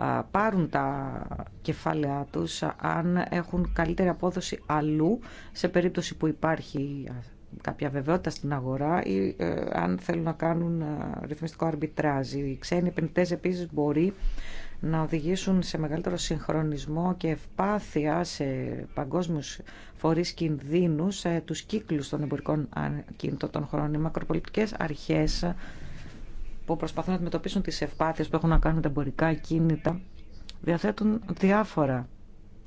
ε, πάρουν τα κεφάλαιά τους αν έχουν καλύτερη απόδοση αλλού σε περίπτωση που υπάρχει κάποια βεβαιότητα στην αγορά ή ε, αν θέλουν να κάνουν ε, ρυθμιστικό αρμπιτράζ. Οι ξένοι επενδυτέ επίση μπορεί να οδηγήσουν σε μεγαλύτερο συγχρονισμό και ευπάθεια σε παγκόσμιους φορείς κινδύνου σε τους κύκλους των εμπορικών κινητών των χρόνων. Οι μακροπολιτικές αρχές που προσπαθούν να αντιμετωπίσουν τις ευπάθειες που έχουν να κάνουν τα εμπορικά κινητά, διαθέτουν διάφορα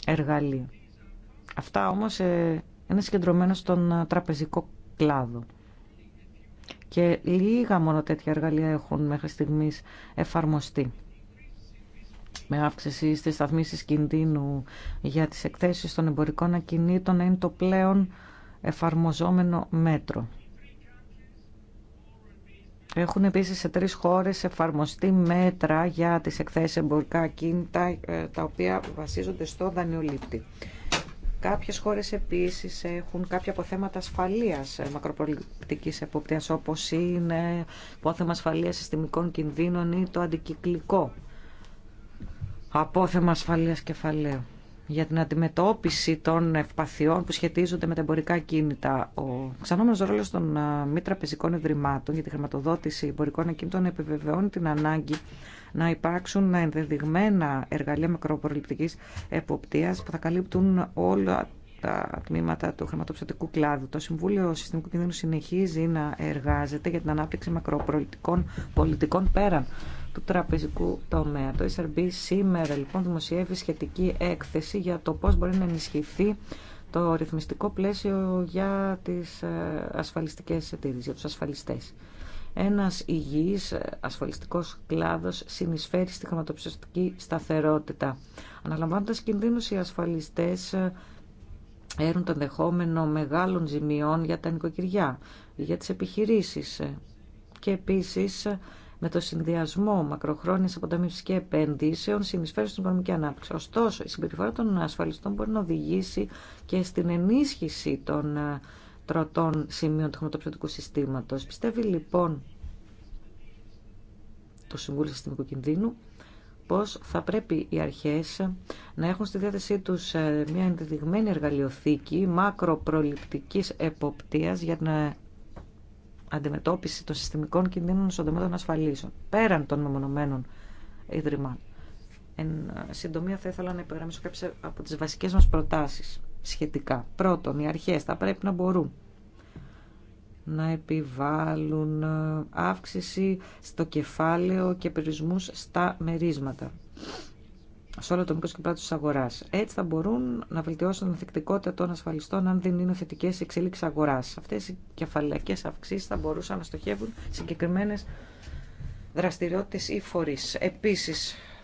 εργαλεία. Αυτά όμως ε, είναι συγκεντρωμένα στον ε, τραπεζικό κλάδο Και λίγα μόνο τέτοια εργαλεία έχουν μέχρι στιγμής εφαρμοστεί. Με αύξηση στις σταθμίσεις κινδύνου για τις εκθέσεις των εμπορικών ακινήτων είναι το πλέον εφαρμοζόμενο μέτρο. Έχουν επίσης σε τρεις χώρες εφαρμοστεί μέτρα για τις εκθέσεις εμπορικά κίνητα ε, τα οποία βασίζονται στο δανειολήπτη. Κάποιες χώρες επίσης έχουν κάποια αποθέματα ασφαλείας ε, μακροπολιτικής εποπτείας όπως είναι απόθεμα ασφαλείας συστημικών κινδύνων ή το αντικυκλικό απόθεμα ασφαλείας κεφαλαίου για την αντιμετώπιση των ευπαθειών που σχετίζονται με τα εμπορικά κίνητα. Ο ξανόμενο ρόλο των μη τραπεζικών ιδρυμάτων για τη χρηματοδότηση εμπορικών ακίνητων επιβεβαιώνει την ανάγκη να υπάρξουν ενδεδειγμένα εργαλεία μακροπροληπτικής εποπτείας που θα καλύπτουν όλα τα τμήματα του χρηματοπιστωτικού κλάδου. Το Συμβούλιο Συστημικού Κινδύνου συνεχίζει να εργάζεται για την ανάπτυξη μακροπροληπτικών πολιτικών πέραν του τραπεζικού τομέα. Το SRB σήμερα λοιπόν δημοσιεύει σχετική έκθεση για το πώς μπορεί να ενισχυθεί το ρυθμιστικό πλαίσιο για τις ε, ασφαλιστικές εταιρείες, για τους ασφαλιστές. Ένας υγιής ε, ασφαλιστικός κλάδος συνεισφέρει στη χρηματοπιστωτική σταθερότητα. Αναλαμβάνοντας κινδύνους οι ασφαλιστές ε, έρουν το ενδεχόμενο μεγάλων ζημιών για τα νοικοκυριά, για τις επιχειρήσεις και επίσης με το συνδυασμό μακροχρόνια αποταμίευση και επενδύσεων συνεισφέρει στην οικονομική ανάπτυξη. Ωστόσο, η συμπεριφορά των ασφαλιστών μπορεί να οδηγήσει και στην ενίσχυση των ε, τροτών σημείων του χρηματοπιστωτικού συστήματος. Πιστεύει λοιπόν το Συμβούλιο Συστημικού Κινδύνου πως θα πρέπει οι αρχές να έχουν στη διάθεσή τους ε, μια ενδεδειγμένη εργαλειοθήκη μακροπροληπτικής εποπτείας για να αντιμετώπιση των συστημικών κινδύνων στον τομέα των ασφαλίσεων, πέραν των μεμονωμένων ιδρυμάτων. Εν συντομία θα ήθελα να υπογραμμίσω κάποιε από τι βασικέ μα προτάσει. σχετικά. Πρώτον, οι αρχέ θα πρέπει να μπορούν να επιβάλλουν αύξηση στο κεφάλαιο και περιορισμού στα μερίσματα σε όλο το μήκο και πλάτο τη αγορά. Έτσι θα μπορούν να βελτιώσουν την ανθεκτικότητα των ασφαλιστών αν δεν είναι θετικέ οι εξελίξει αγορά. Αυτέ οι κεφαλαϊκέ αυξήσει θα μπορούσαν να στοχεύουν συγκεκριμένε δραστηριότητε ή φορεί. Επίση,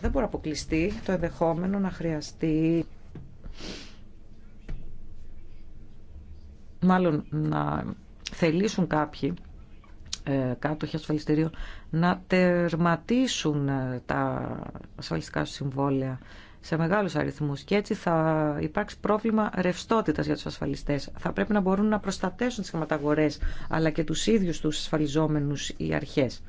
δεν μπορεί να αποκλειστεί το ενδεχόμενο να χρειαστεί. Μάλλον να θελήσουν κάποιοι ε, κάτοχοι ασφαλιστηρίων να τερματίσουν ε, τα ασφαλιστικά συμβόλαια σε μεγάλους αριθμούς και έτσι θα υπάρξει πρόβλημα ρευστότητας για τους ασφαλιστές. Θα πρέπει να μπορούν να προστατέσουν τις χρηματαγορές αλλά και τους ίδιους τους ασφαλιζόμενους οι αρχές.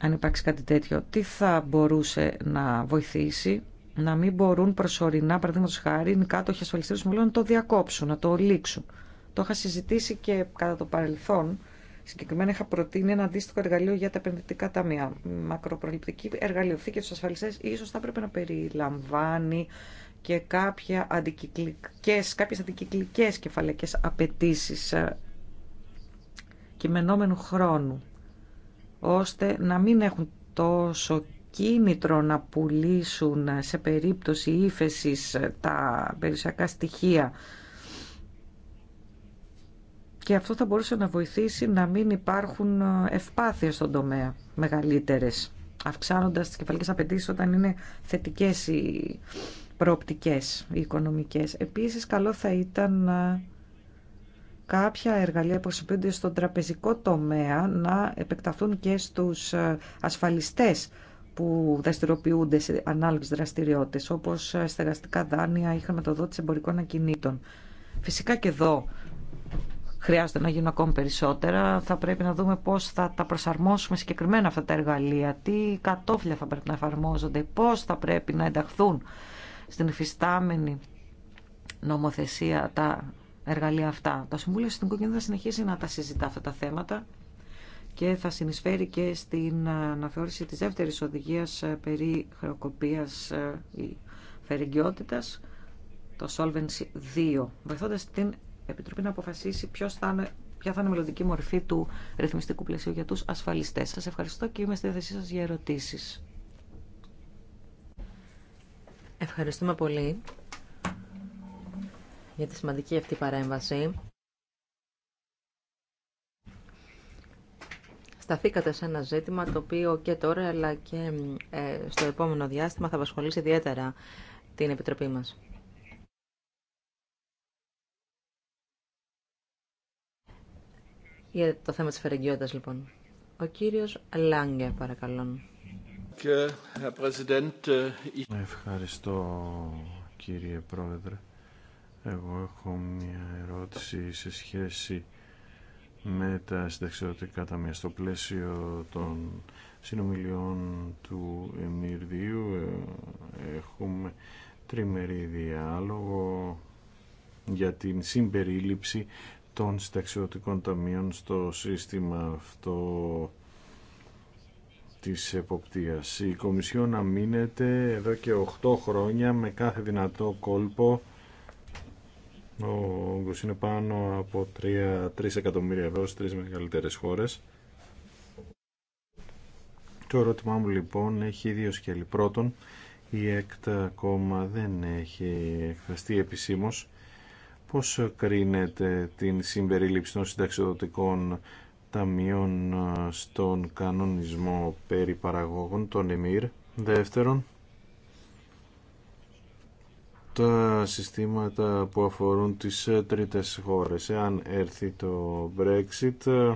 Αν υπάρξει κάτι τέτοιο, τι θα μπορούσε να βοηθήσει να μην μπορούν προσωρινά, παραδείγματο χάρη, οι κάτοχοι ασφαλιστήρων να το διακόψουν, να το λήξουν. Το είχα συζητήσει και κατά το παρελθόν. Συγκεκριμένα είχα προτείνει ένα αντίστοιχο εργαλείο για τα επενδυτικά ταμεία. Μακροπροληπτική εργαλειοθήκη στους ασφαλιστέ. ίσως θα έπρεπε να περιλαμβάνει και κάποια αντικυκλικές, κάποιες αντικυκλικές κεφαλαικές απαιτήσει ε, κειμενόμενου χρόνου, ώστε να μην έχουν τόσο κίνητρο να πουλήσουν σε περίπτωση ύφεση ε, τα περιουσιακά στοιχεία και αυτό θα μπορούσε να βοηθήσει να μην υπάρχουν ε, ευπάθειες στον τομέα μεγαλύτερες, αυξάνοντας τις κεφαλικές απαιτήσει όταν είναι θετικές οι προοπτικές, οι οικονομικές. Επίσης, καλό θα ήταν ε, κάποια εργαλεία που χρησιμοποιούνται στον τραπεζικό τομέα να επεκταθούν και στους ε, ασφαλιστές που δραστηριοποιούνται σε ανάλογες δραστηριότητες, όπως στεγαστικά δάνεια ή χρηματοδότηση εμπορικών ακινήτων. Φυσικά και εδώ χρειάζεται να γίνουν ακόμη περισσότερα. Θα πρέπει να δούμε πώ θα τα προσαρμόσουμε συγκεκριμένα αυτά τα εργαλεία, τι κατόφλια θα πρέπει να εφαρμόζονται, πώ θα πρέπει να ενταχθούν στην υφιστάμενη νομοθεσία τα εργαλεία αυτά. Το Συμβούλιο στην Κοκκινή θα συνεχίσει να τα συζητά αυτά τα θέματα και θα συνεισφέρει και στην αναθεώρηση της δεύτερης οδηγίας ε, περί χρεοκοπίας ε, ή φερεγγιότητας, το Solvency 2, βοηθώντας την Επιτροπή να αποφασίσει ποια θα είναι η μελλοντική μορφή του ρυθμιστικού πλαισίου για τους ασφαλιστές. Σας ευχαριστώ και είμαι στη θέση σας για ερωτήσεις. Ευχαριστούμε πολύ για τη σημαντική αυτή παρέμβαση. Σταθήκατε σε ένα ζήτημα το οποίο και τώρα αλλά και ε, στο επόμενο διάστημα θα απασχολήσει ιδιαίτερα την Επιτροπή μας. για το θέμα της φερεγγιότητας λοιπόν. Ο κύριος Λάγκε παρακαλώ. Ε, Ευχαριστώ κύριε Πρόεδρε. Εγώ έχω μια ερώτηση σε σχέση με τα συνταξιδοτικά ταμεία στο πλαίσιο των συνομιλιών του Εμμυρδίου ε, έχουμε τριμερή διάλογο για την συμπερίληψη των συνταξιωτικών ταμείων στο σύστημα αυτό της εποπτείας. Η Κομισιόν μείνεται εδώ και 8 χρόνια με κάθε δυνατό κόλπο ο όγκος είναι πάνω από 3, 3 εκατομμύρια ευρώ στις τρεις μεγαλύτερες χώρες. Το ερώτημά μου λοιπόν έχει δύο σκέλη. Πρώτον, η ΕΚΤ ακόμα δεν έχει εκφραστεί επισήμως πώς κρίνεται την συμπερίληψη των συνταξιδοτικών ταμείων ε, στον κανονισμό περί παραγόγων τον ΕΜΙΡ. Δεύτερον, τα συστήματα που αφορούν τις ε, τρίτες χώρες. Εάν έρθει το Brexit, ε,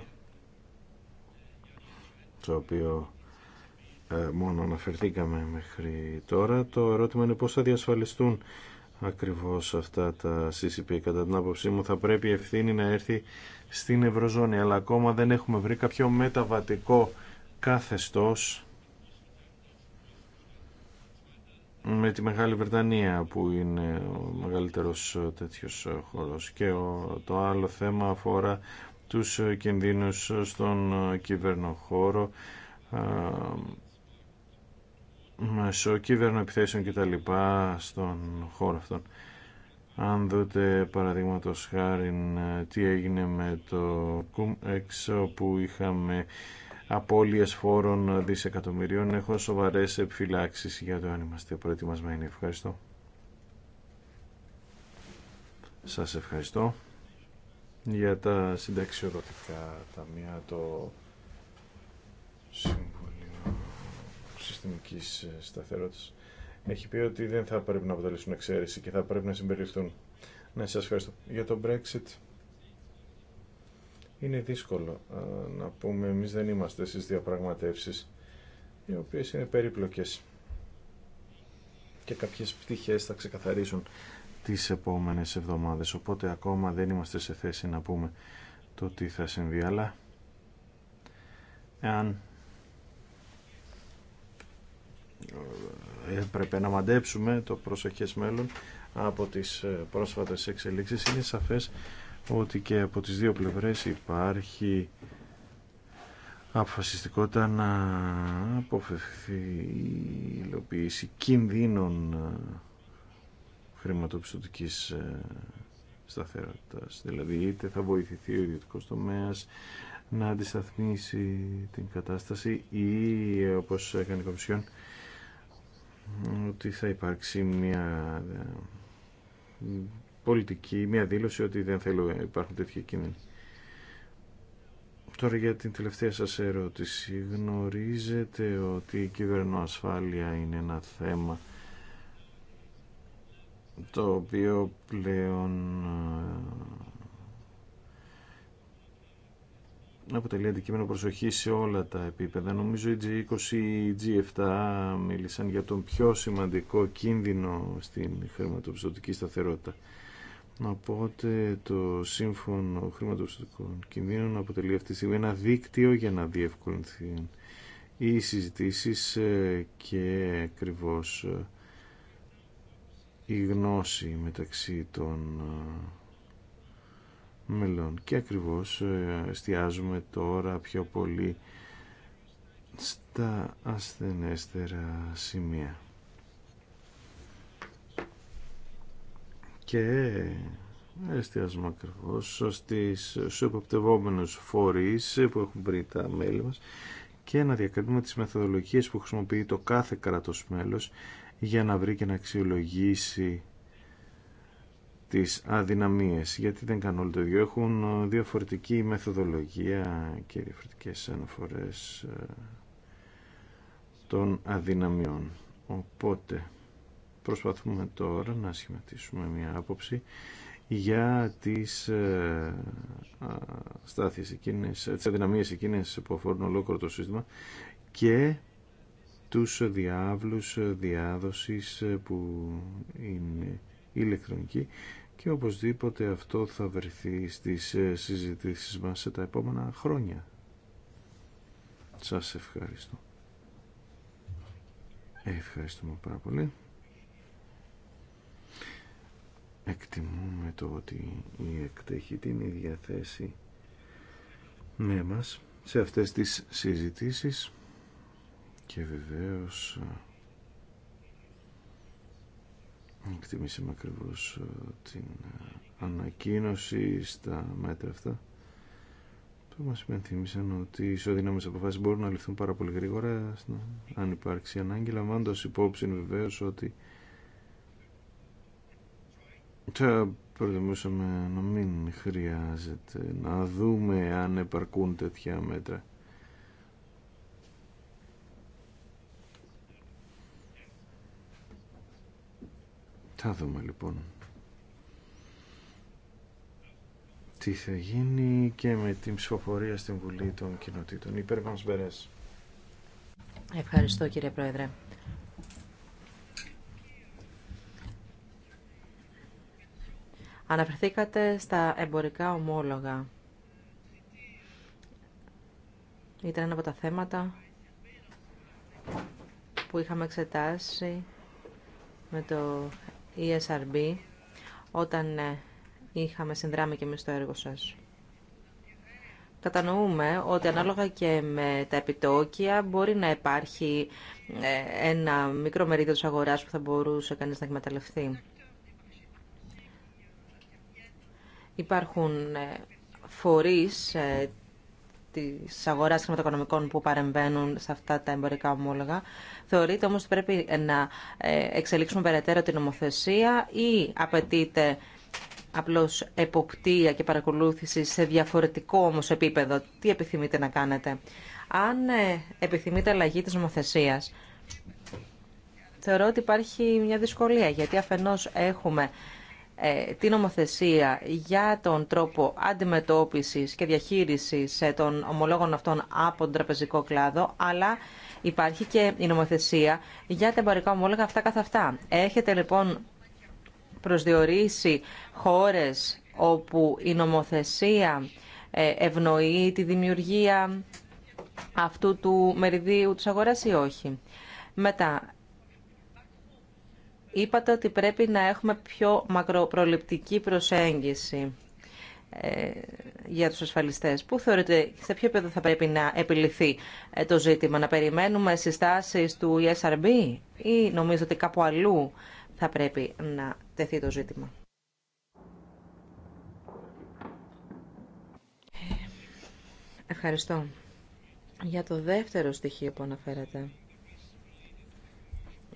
το οποίο μόνο αναφερθήκαμε μέχρι τώρα, το ερώτημα είναι πώς θα διασφαλιστούν ακριβώς αυτά τα CCP. Κατά την άποψή μου θα πρέπει η ευθύνη να έρθει στην Ευρωζώνη, αλλά ακόμα δεν έχουμε βρει κάποιο μεταβατικό καθεστώς με τη Μεγάλη Βρετανία που είναι ο μεγαλύτερος τέτοιος χώρος και το άλλο θέμα αφορά τους κινδύνους στον κυβερνοχώρο μέσω κύβερνο επιθέσεων λοιπά στον χώρο αυτόν. Αν δείτε παραδείγματο χάρη ε, τι έγινε με το έξω που είχαμε απώλειες φόρων δισεκατομμυρίων έχω σοβαρές επιφυλάξεις για το αν είμαστε προετοιμασμένοι. Ευχαριστώ. Σας ευχαριστώ για τα συνταξιοδοτικά ταμεία το Συμβούλιο συστημική ε, σταθερότητας έχει πει ότι δεν θα πρέπει να αποτελέσουν εξαίρεση και θα πρέπει να συμπεριληφθούν. Ναι, σα ευχαριστώ. Για το Brexit είναι δύσκολο ε, να πούμε εμείς δεν είμαστε στις διαπραγματεύσεις οι οποίες είναι περίπλοκες και κάποιες πτυχές θα ξεκαθαρίσουν τις επόμενες εβδομάδες οπότε ακόμα δεν είμαστε σε θέση να πούμε το τι θα συμβεί αλλά εάν έπρεπε να μαντέψουμε το προσεχές μέλλον από τις ε, πρόσφατες εξελίξεις είναι σαφές ότι και από τις δύο πλευρές υπάρχει αποφασιστικότητα να αποφευθεί η υλοποίηση κινδύνων ε, χρηματοπιστωτικής ε, σταθερότητας. Δηλαδή είτε θα βοηθηθεί ο ιδιωτικός τομέας να αντισταθμίσει την κατάσταση ή όπως έκανε η Κομισιόν ότι θα υπάρξει μια πολιτική, μια δήλωση ότι δεν θέλω υπάρχουν τέτοια κίνδυνοι. Τώρα για την τελευταία σας ερώτηση. Γνωρίζετε ότι η κυβερνοασφάλεια είναι ένα θέμα το οποίο πλέον αποτελεί αντικείμενο προσοχή σε όλα τα επίπεδα. Νομίζω οι G20 ή οι G7 μίλησαν για τον πιο σημαντικό κίνδυνο στην χρηματοπιστωτική σταθερότητα. Οπότε το σύμφωνο χρηματοπιστωτικών κινδύνων αποτελεί αυτή τη στιγμή ένα δίκτυο για να διευκολυνθεί οι συζητήσεις ε, και ακριβώ ε, η γνώση μεταξύ των ε, μελών. Και ακριβώς ε, εστιάζουμε τώρα πιο πολύ στα ασθενέστερα σημεία. Και εστιάζουμε ακριβώς στις εποπτευόμενους φορείς που έχουν βρει τα μέλη μας και να διακρίνουμε τις μεθοδολογίες που χρησιμοποιεί το κάθε κράτος μέλος για να βρει και να αξιολογήσει τις αδυναμίες γιατί δεν κάνουν όλοι το ίδιο έχουν ε, διαφορετική μεθοδολογία και διαφορετικέ αναφορές ε, των αδυναμιών οπότε προσπαθούμε τώρα να σχηματίσουμε μια άποψη για τις ε, στάθειες εκείνες, τις αδυναμίες εκείνες που αφορούν ολόκληρο το σύστημα και τους διάβλους διάδοσης που είναι ηλεκτρονική και οπωσδήποτε αυτό θα βρεθεί στις ε, συζητήσεις μας σε τα επόμενα χρόνια. Σας ευχαριστώ. Ευχαριστούμε πάρα πολύ. Εκτιμούμε το ότι η ΕΚΤ έχει την ίδια θέση με μας σε αυτές τις συζητήσεις και βεβαίως ε, Εκτιμήσαμε ακριβώ ε, την ε, ανακοίνωση στα μέτρα αυτά που μας υπενθύμησαν ότι οι ισοδύναμες αποφάσεις μπορούν να ληφθούν πάρα πολύ γρήγορα αν υπάρξει ανάγκη λαμβάνοντας υπόψη βεβαίω ότι θα προτιμούσαμε να μην χρειάζεται να δούμε αν επαρκούν τέτοια μέτρα Θα δούμε λοιπόν τι θα γίνει και με την ψηφοφορία στην Βουλή των Κοινοτήτων. Υπέρ Βανσμπερές. Ευχαριστώ κύριε Πρόεδρε. Αναφερθήκατε στα εμπορικά ομόλογα. Ήταν ένα από τα θέματα που είχαμε εξετάσει με το ESRB όταν ε, είχαμε συνδράμει και εμείς το έργο σας. Κατανοούμε ότι ανάλογα και με τα επιτόκια μπορεί να υπάρχει ε, ένα μικρό μερίδιο της αγοράς που θα μπορούσε κανείς να εκμεταλλευτεί. Υπάρχουν ε, φορείς Τη αγορά χρηματοοικονομικών που παρεμβαίνουν σε αυτά τα εμπορικά ομόλογα. Θεωρείτε όμως ότι πρέπει ε, να ε, εξελίξουμε περαιτέρω την νομοθεσία ή απαιτείται απλώς εποπτεία και παρακολούθηση σε διαφορετικό όμως επίπεδο. Τι επιθυμείτε να κάνετε. Αν ε, επιθυμείτε αλλαγή της νομοθεσία, θεωρώ ότι υπάρχει μια δυσκολία γιατί αφενός έχουμε ε, την νομοθεσία για τον τρόπο αντιμετώπισης και διαχείρισης ε, των ομολόγων αυτών από τον τραπεζικό κλάδο, αλλά υπάρχει και η νομοθεσία για τα εμπορικά ομόλογα αυτά καθ' αυτά. Έχετε λοιπόν προσδιορίσει χώρες όπου η νομοθεσία ε, ευνοεί τη δημιουργία αυτού του μεριδίου της αγοράς ή όχι. Μετά, είπατε ότι πρέπει να έχουμε πιο μακροπροληπτική προσέγγιση ε, για τους ασφαλιστές. Πού θεωρείτε, σε ποιο επίπεδο θα πρέπει να επιληθεί ε, το ζήτημα, να περιμένουμε συστάσεις του ESRB ή νομίζω ότι κάπου αλλού θα πρέπει να τεθεί το ζήτημα. Ε, ευχαριστώ. Για το δεύτερο στοιχείο που αναφέρατε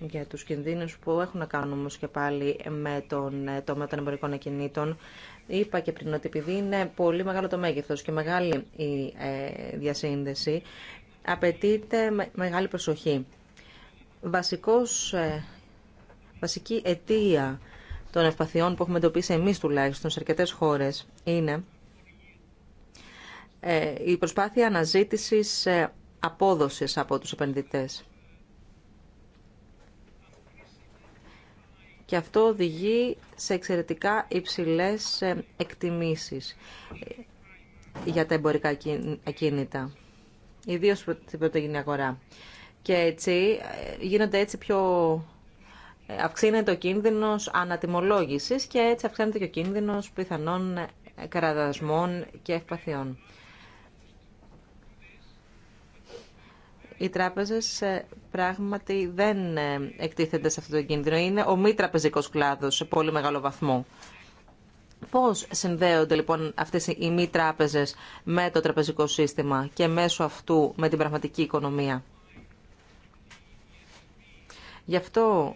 για τους κινδύνου που έχουν να κάνουν όμως και πάλι με τον ε, τομέα των εμπορικών ακινήτων. Είπα και πριν ότι επειδή είναι πολύ μεγάλο το μέγεθος και μεγάλη η ε, διασύνδεση, απαιτείται μεγάλη προσοχή. Βασικός, ε, βασική αιτία των ευπαθειών που έχουμε εντοπίσει εμείς τουλάχιστον σε αρκετές χώρες είναι η προσπάθεια αναζήτησης απόδοσης από τους επενδυτές. και αυτό οδηγεί σε εξαιρετικά υψηλές ε, εκτιμήσεις ε, για τα εμπορικά ακίνητα, ιδίως στην πρωτογενή αγορά. Και έτσι ε, γίνονται έτσι πιο... Αυξήνεται ο κίνδυνος ανατιμολόγησης και έτσι αυξάνεται και ο κίνδυνος πιθανών κραδασμών και ευπαθειών. οι τράπεζες ε, πράγματι δεν ε, εκτίθενται σε αυτό το κίνδυνο. Είναι ο μη τραπεζικό κλάδος σε πολύ μεγάλο βαθμό. Πώς συνδέονται λοιπόν αυτές οι μη τράπεζε με το τραπεζικό σύστημα και μέσω αυτού με την πραγματική οικονομία. Γι' αυτό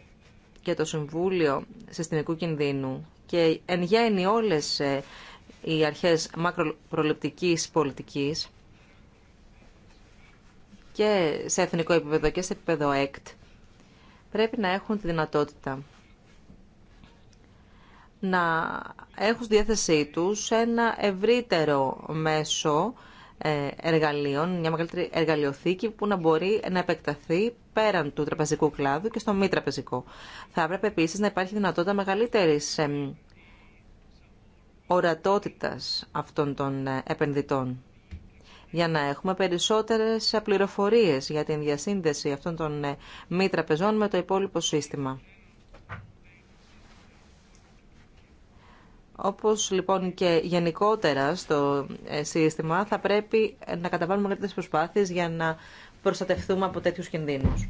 και το Συμβούλιο Συστημικού Κινδύνου και εν γέννη όλες ε, οι αρχές μακροπροληπτικής πολιτικής και σε εθνικό επίπεδο και σε επίπεδο ΕΚΤ πρέπει να έχουν τη δυνατότητα να έχουν στη διάθεσή τους ένα ευρύτερο μέσο ε, εργαλείων, μια μεγαλύτερη εργαλειοθήκη που να μπορεί να επεκταθεί πέραν του τραπεζικού κλάδου και στο μη τραπεζικό. Θα έπρεπε επίσης να υπάρχει δυνατότητα μεγαλύτερης ορατότητας αυτών των ε, επενδυτών για να έχουμε περισσότερες πληροφορίες για την διασύνδεση αυτών των ε, μη τραπεζών με το υπόλοιπο σύστημα. Όπως λοιπόν και γενικότερα στο ε, σύστημα θα πρέπει να καταβάλουμε κάποιες προσπάθειες για να προστατευτούμε από τέτοιους κινδύνους.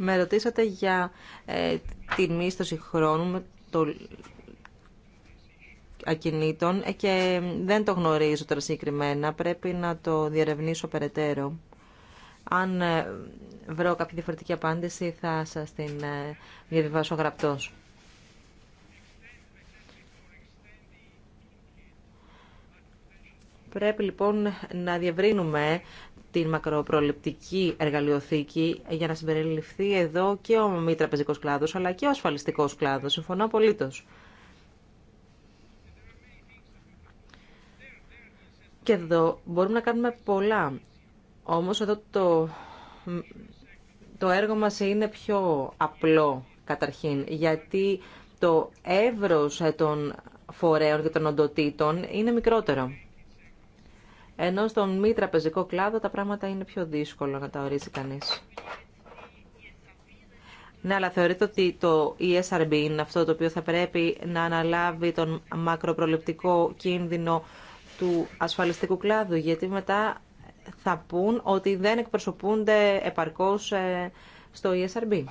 Με ρωτήσατε για ε, την μίσθωση χρόνου με το ακινήτων ε, και δεν το γνωρίζω τώρα συγκεκριμένα. Πρέπει να το διερευνήσω περαιτέρω. Αν ε, βρω κάποια διαφορετική απάντηση θα σας την διαβιβάσω γραπτός. Πρέπει λοιπόν να διευρύνουμε την μακροπροληπτική εργαλειοθήκη για να συμπεριληφθεί εδώ και ο μη τραπεζικό κλάδο αλλά και ο ασφαλιστικό κλάδο. Συμφωνώ απολύτω. Και εδώ μπορούμε να κάνουμε πολλά. Όμως εδώ το, το έργο μας είναι πιο απλό καταρχήν, γιατί το εύρος των φορέων και των οντοτήτων είναι μικρότερο. Ενώ στον μη τραπεζικό κλάδο τα πράγματα είναι πιο δύσκολο να τα ορίσει κανείς. Ναι, αλλά θεωρείτε ότι το ESRB είναι αυτό το οποίο θα πρέπει να αναλάβει τον μακροπροληπτικό κίνδυνο του ασφαλιστικού κλάδου, γιατί μετά θα πούν ότι δεν εκπροσωπούνται επαρκώς ε, στο ESRB.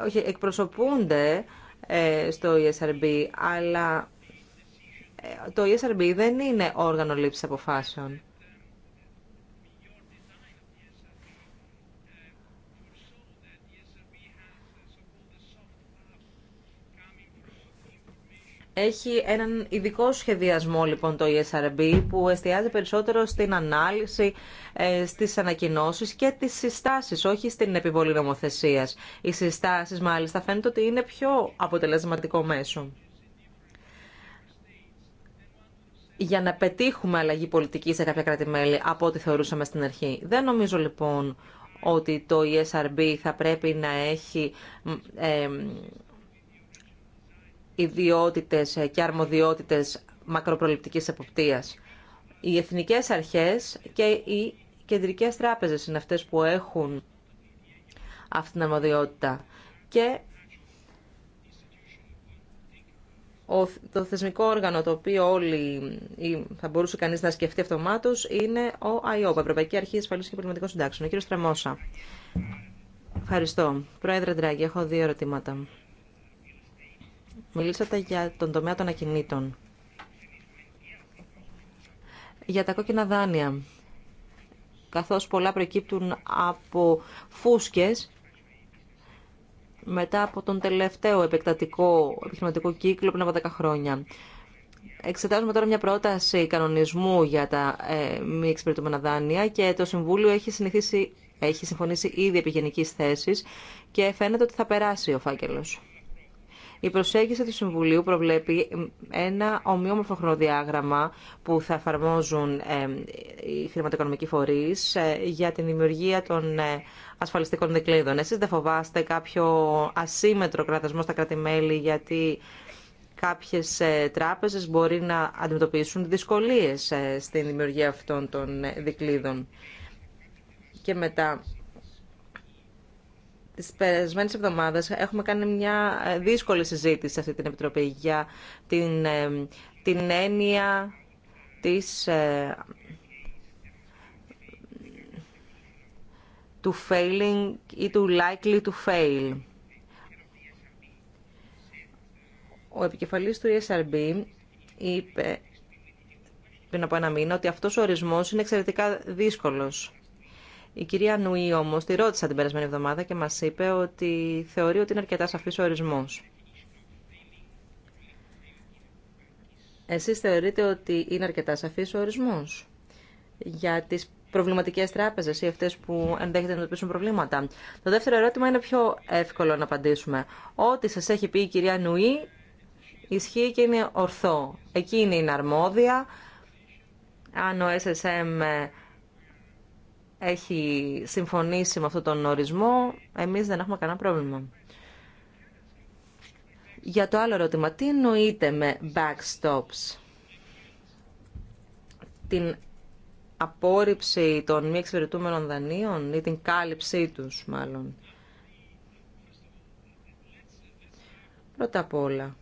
Όχι, εκπροσωπούνται, ε, στο ESRB, αλλά ε, το ESRB δεν είναι όργανο λήψης αποφάσεων. Έχει έναν ειδικό σχεδιασμό λοιπόν το ESRB που εστιάζει περισσότερο στην ανάλυση, ε, στις ανακοινώσεις και τις συστάσεις, όχι στην επιβολή νομοθεσίας. Οι συστάσεις μάλιστα φαίνεται ότι είναι πιο αποτελεσματικό μέσο. Για να πετύχουμε αλλαγή πολιτική σε κάποια κράτη-μέλη από ό,τι θεωρούσαμε στην αρχή. Δεν νομίζω λοιπόν ότι το ESRB θα πρέπει να έχει ε, ιδιότητε και αρμοδιότητες μακροπροληπτικής εποπτεία. Οι εθνικές αρχές και οι κεντρικέ τράπεζε είναι αυτές που έχουν αυτή την αρμοδιότητα. Και το θεσμικό όργανο το οποίο όλοι θα μπορούσε κανείς να σκεφτεί αυτομάτως είναι ο ΑΙΟΠΑ, Ευρωπαϊκή Αρχή Ασφαλής και Πολιτικών Συντάξεων. Ο κύριος Τραμόσα. Ευχαριστώ. Πρόεδρε Ντράγκη, έχω δύο ερωτήματα. Μιλήσατε για τον τομέα των ακινήτων. Για τα κόκκινα δάνεια, καθώς πολλά προκύπτουν από φούσκες, μετά από τον τελευταίο επεκτατικό επιχειρηματικό κύκλο πριν από 10 χρόνια. Εξετάζουμε τώρα μια πρόταση κανονισμού για τα ε, μη εξυπηρετούμενα δάνεια και το Συμβούλιο έχει, συνηθίσει, έχει συμφωνήσει ήδη επί γενικής θέσης και φαίνεται ότι θα περάσει ο φάκελος. Η προσέγγιση του Συμβουλίου προβλέπει ένα ομοιόμορφο χρονοδιάγραμμα που θα εφαρμόζουν οι χρηματοοικονομικοί φορείς ε, για την δημιουργία των ε, ασφαλιστικών δικλείδων. Εσείς δεν φοβάστε κάποιο ασύμετρο κρατασμό στα κράτη-μέλη γιατί κάποιες ε, τράπεζε μπορεί να αντιμετωπίσουν δυσκολίες στην δημιουργία αυτών των δικλείδων. Και μετά, Τις περασμένη εβδομάδα έχουμε κάνει μια ε, δύσκολη συζήτηση σε αυτή την Επιτροπή για την, ε, την έννοια της, ε, του failing ή του likely to fail. Ο επικεφαλής του ESRB είπε πριν από ένα μήνα ότι αυτός ο ορισμός είναι εξαιρετικά δύσκολος η κυρία Νουή όμως τη ρώτησα την περασμένη εβδομάδα και μας είπε ότι θεωρεί ότι είναι αρκετά σαφή ο ορισμό. Εσείς θεωρείτε ότι είναι αρκετά σαφής ο ορισμός για τις προβληματικές τράπεζες ή αυτές που ενδέχεται να αντιμετωπίσουν προβλήματα. Το δεύτερο ερώτημα είναι πιο εύκολο να απαντήσουμε. Ό,τι σας έχει πει η κυρία Νουή ισχύει και είναι ορθό. Εκείνη είναι αρμόδια. Αν ο SSM έχει συμφωνήσει με αυτόν τον ορισμό, εμείς δεν έχουμε κανένα πρόβλημα. Για το άλλο ερώτημα, τι εννοείται με backstops, την απόρριψη των μη εξυπηρετούμενων δανείων ή την κάλυψή τους μάλλον. Πρώτα απ' όλα,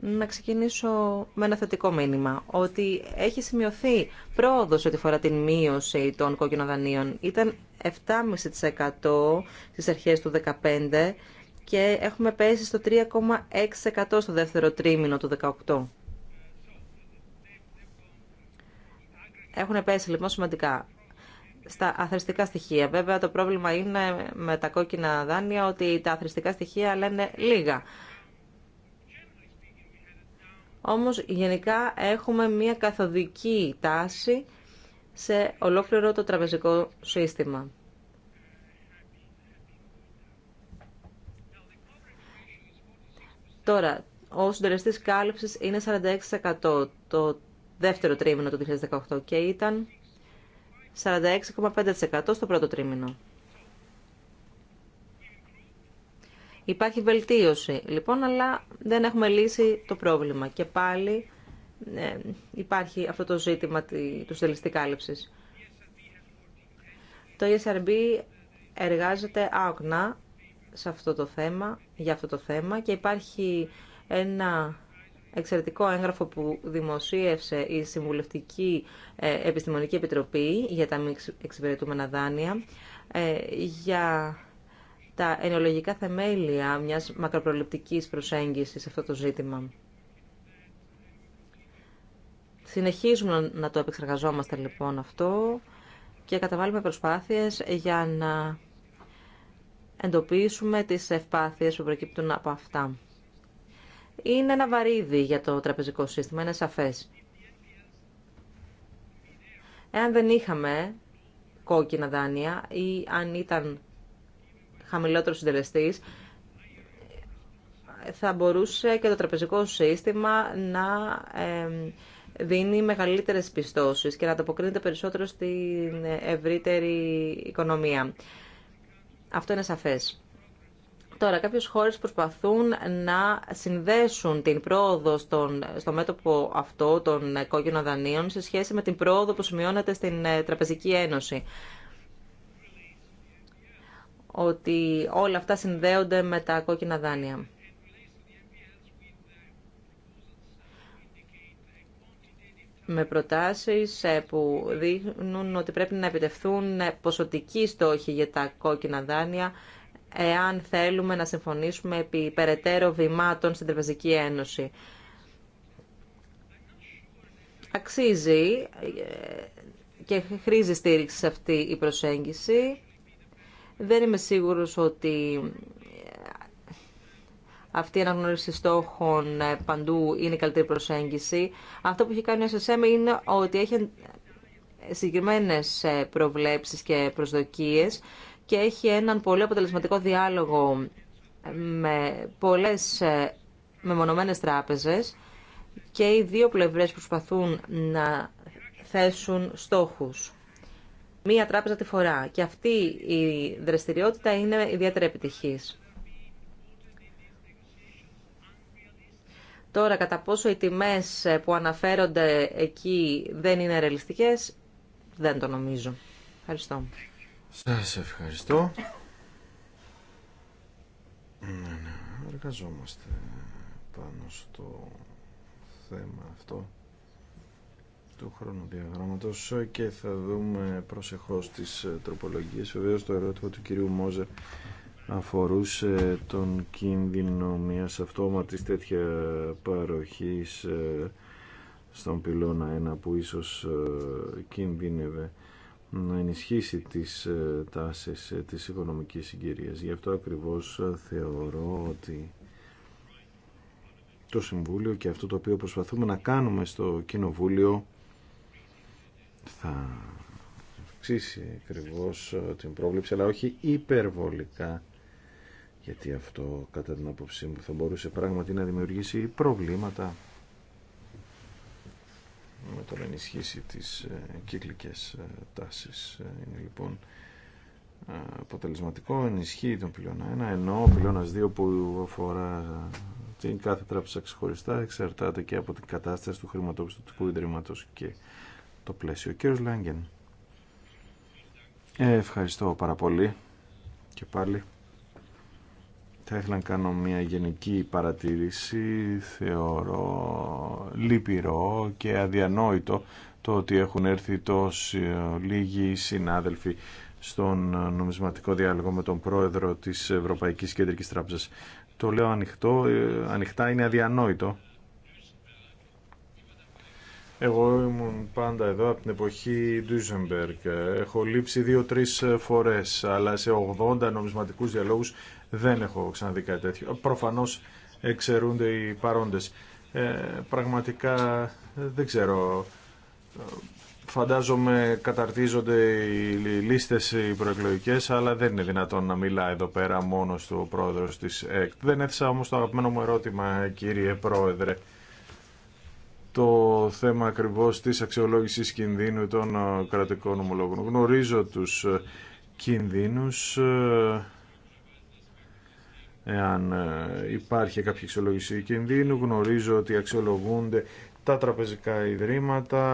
να ξεκινήσω με ένα θετικό μήνυμα, ότι έχει σημειωθεί πρόοδος ότι φορά την μείωση των κόκκινων δανείων. Ήταν 7,5% στις αρχές του 2015 και έχουμε πέσει στο 3,6% στο δεύτερο τρίμηνο του 2018. Έχουν πέσει λοιπόν σημαντικά στα αθρηστικά στοιχεία. Βέβαια το πρόβλημα είναι με τα κόκκινα δάνεια ότι τα αθρηστικά στοιχεία λένε λίγα. Όμως γενικά έχουμε μια καθοδική τάση σε ολόκληρο το τραπεζικό σύστημα. Τώρα, ο συντελεστής κάλυψης είναι 46% το δεύτερο τρίμηνο του 2018 και ήταν 46,5% στο πρώτο τρίμηνο. Υπάρχει βελτίωση, λοιπόν, αλλά δεν έχουμε λύσει το πρόβλημα. Και πάλι ε, υπάρχει αυτό το ζήτημα του στελιστή κάλυψης. Το ESRB εργάζεται άοκνα σε αυτό το θέμα, για αυτό το θέμα και υπάρχει ένα εξαιρετικό έγγραφο που δημοσίευσε η Συμβουλευτική ε, Επιστημονική Επιτροπή για τα μη εξυπηρετούμενα δάνεια ε, για τα ενολογικά θεμέλια μιας μακροπροληπτικής προσέγγισης σε αυτό το ζήτημα. Συνεχίζουμε να το επεξεργαζόμαστε λοιπόν αυτό και καταβάλουμε προσπάθειες για να εντοπίσουμε τις ευπάθειες που προκύπτουν από αυτά. Είναι ένα βαρύδι για το τραπεζικό σύστημα, είναι σαφές. Εάν δεν είχαμε κόκκινα δάνεια ή αν ήταν χαμηλότερος συντελεστής, θα μπορούσε και το τραπεζικό σύστημα να δίνει μεγαλύτερες πιστώσεις και να τοποκρίνεται περισσότερο στην ευρύτερη οικονομία. Αυτό είναι σαφές. Τώρα, κάποιε χώρε προσπαθούν να συνδέσουν την πρόοδο στο μέτωπο αυτό των κόκκινων δανείων σε σχέση με την πρόοδο που σημειώνεται στην ε, Τραπεζική Ένωση ότι όλα αυτά συνδέονται με τα κόκκινα δάνεια. με προτάσεις ε, που δείχνουν ότι πρέπει να επιτευθούν ε, ποσοτικοί στόχοι για τα κόκκινα δάνεια εάν θέλουμε να συμφωνήσουμε επί περαιτέρω βημάτων στην Τραπεζική Ένωση. Αξίζει ε, και χρήζει στήριξη σε αυτή η προσέγγιση. Δεν είμαι σίγουρος ότι ε, αυτή η αναγνώριση στόχων ε, παντού είναι η καλύτερη προσέγγιση. Αυτό που έχει κάνει ο SSM είναι ότι έχει ε, συγκεκριμένες προβλέψεις και προσδοκίες και έχει έναν πολύ αποτελεσματικό διάλογο με πολλές μεμονωμένες τράπεζες και οι δύο πλευρές προσπαθούν να θέσουν στόχους μία τράπεζα τη φορά. Και αυτή η δραστηριότητα είναι ιδιαίτερα επιτυχής. Τώρα, κατά πόσο οι τιμές που αναφέρονται εκεί δεν είναι ρεαλιστικές, δεν το νομίζω. Ευχαριστώ. Σας ευχαριστώ. Ναι, ναι, εργαζόμαστε πάνω στο θέμα αυτό του χρονοδιαγράμματος και θα δούμε προσεχώς τις ε, τροπολογίες. Βεβαίως το ερώτημα του κυρίου Μόζε αφορούσε ε, τον κίνδυνο μιας αυτόματης τέτοια παροχής ε, στον πυλώνα ένα που ίσως κινδύνευε να ενισχύσει τις τάσεις της οικονομικής συγκυρίας. Γι' αυτό ακριβώς θεωρώ ότι το Συμβούλιο και αυτό το οποίο προσπαθούμε να κάνουμε στο Κοινοβούλιο θα αυξήσει ακριβώ ε, την πρόβληψη αλλά όχι υπερβολικά γιατί αυτό κατά την άποψή μου θα μπορούσε πράγματι να δημιουργήσει προβλήματα με το να ενισχύσει τις ε, κύκλικες ε, τάσεις είναι λοιπόν αποτελεσματικό ενισχύει τον πυλώνα 1 ενώ ο πυλώνας 2 που αφορά την κάθε τράπεζα ξεχωριστά εξαρτάται και από την κατάσταση του χρηματοπιστωτικού ιδρύματο και το πλαίσιο. Κύριος ε, ευχαριστώ πάρα πολύ και πάλι. Θα ήθελα να κάνω μια γενική παρατήρηση. Θεωρώ λυπηρό και αδιανόητο το ότι έχουν έρθει τόσοι ε, λίγοι συνάδελφοι στον ε, νομισματικό διάλογο με τον πρόεδρο της Ευρωπαϊκής Κεντρικής Τράπεζας. Το λέω ανοιχτό, ανοιχτά είναι αδιανόητο εγώ ήμουν πάντα εδώ από την εποχη Ντουζενμπερκ. Ντούζεμπεργκ. Έχω λείψει δύο-τρει φορές, αλλά σε 80 νομισματικούς διαλόγου δεν έχω ξαναδεί κάτι τέτοιο. Προφανώ εξαιρούνται οι παρόντε. Ε, πραγματικά δεν ξέρω. Φαντάζομαι καταρτίζονται οι λίστες οι προεκλογικές, αλλά δεν είναι δυνατόν να μιλά εδώ πέρα μόνος του πρόεδρο τη. της ΕΚΤ. Δεν έθεσα όμως το αγαπημένο μου ερώτημα, κύριε πρόεδρε το θέμα ακριβώς της αξιολόγησης κινδύνου των ε, κρατικών ομολόγων. Γνωρίζω τους ε, κινδύνους ε, εάν υπάρχει κάποια αξιολόγηση κινδύνου. Γνωρίζω ότι αξιολογούνται τα τραπεζικά ιδρύματα,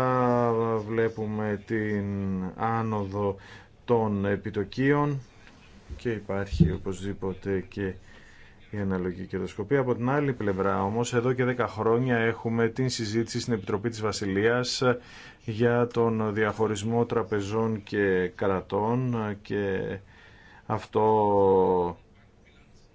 βλέπουμε την άνοδο των επιτοκίων και υπάρχει οπωσδήποτε και η αναλογική κερδοσκοπία. Από την άλλη πλευρά όμως εδώ και 10 χρόνια έχουμε την συζήτηση στην Επιτροπή της Βασιλείας για τον διαχωρισμό τραπεζών και κρατών και αυτό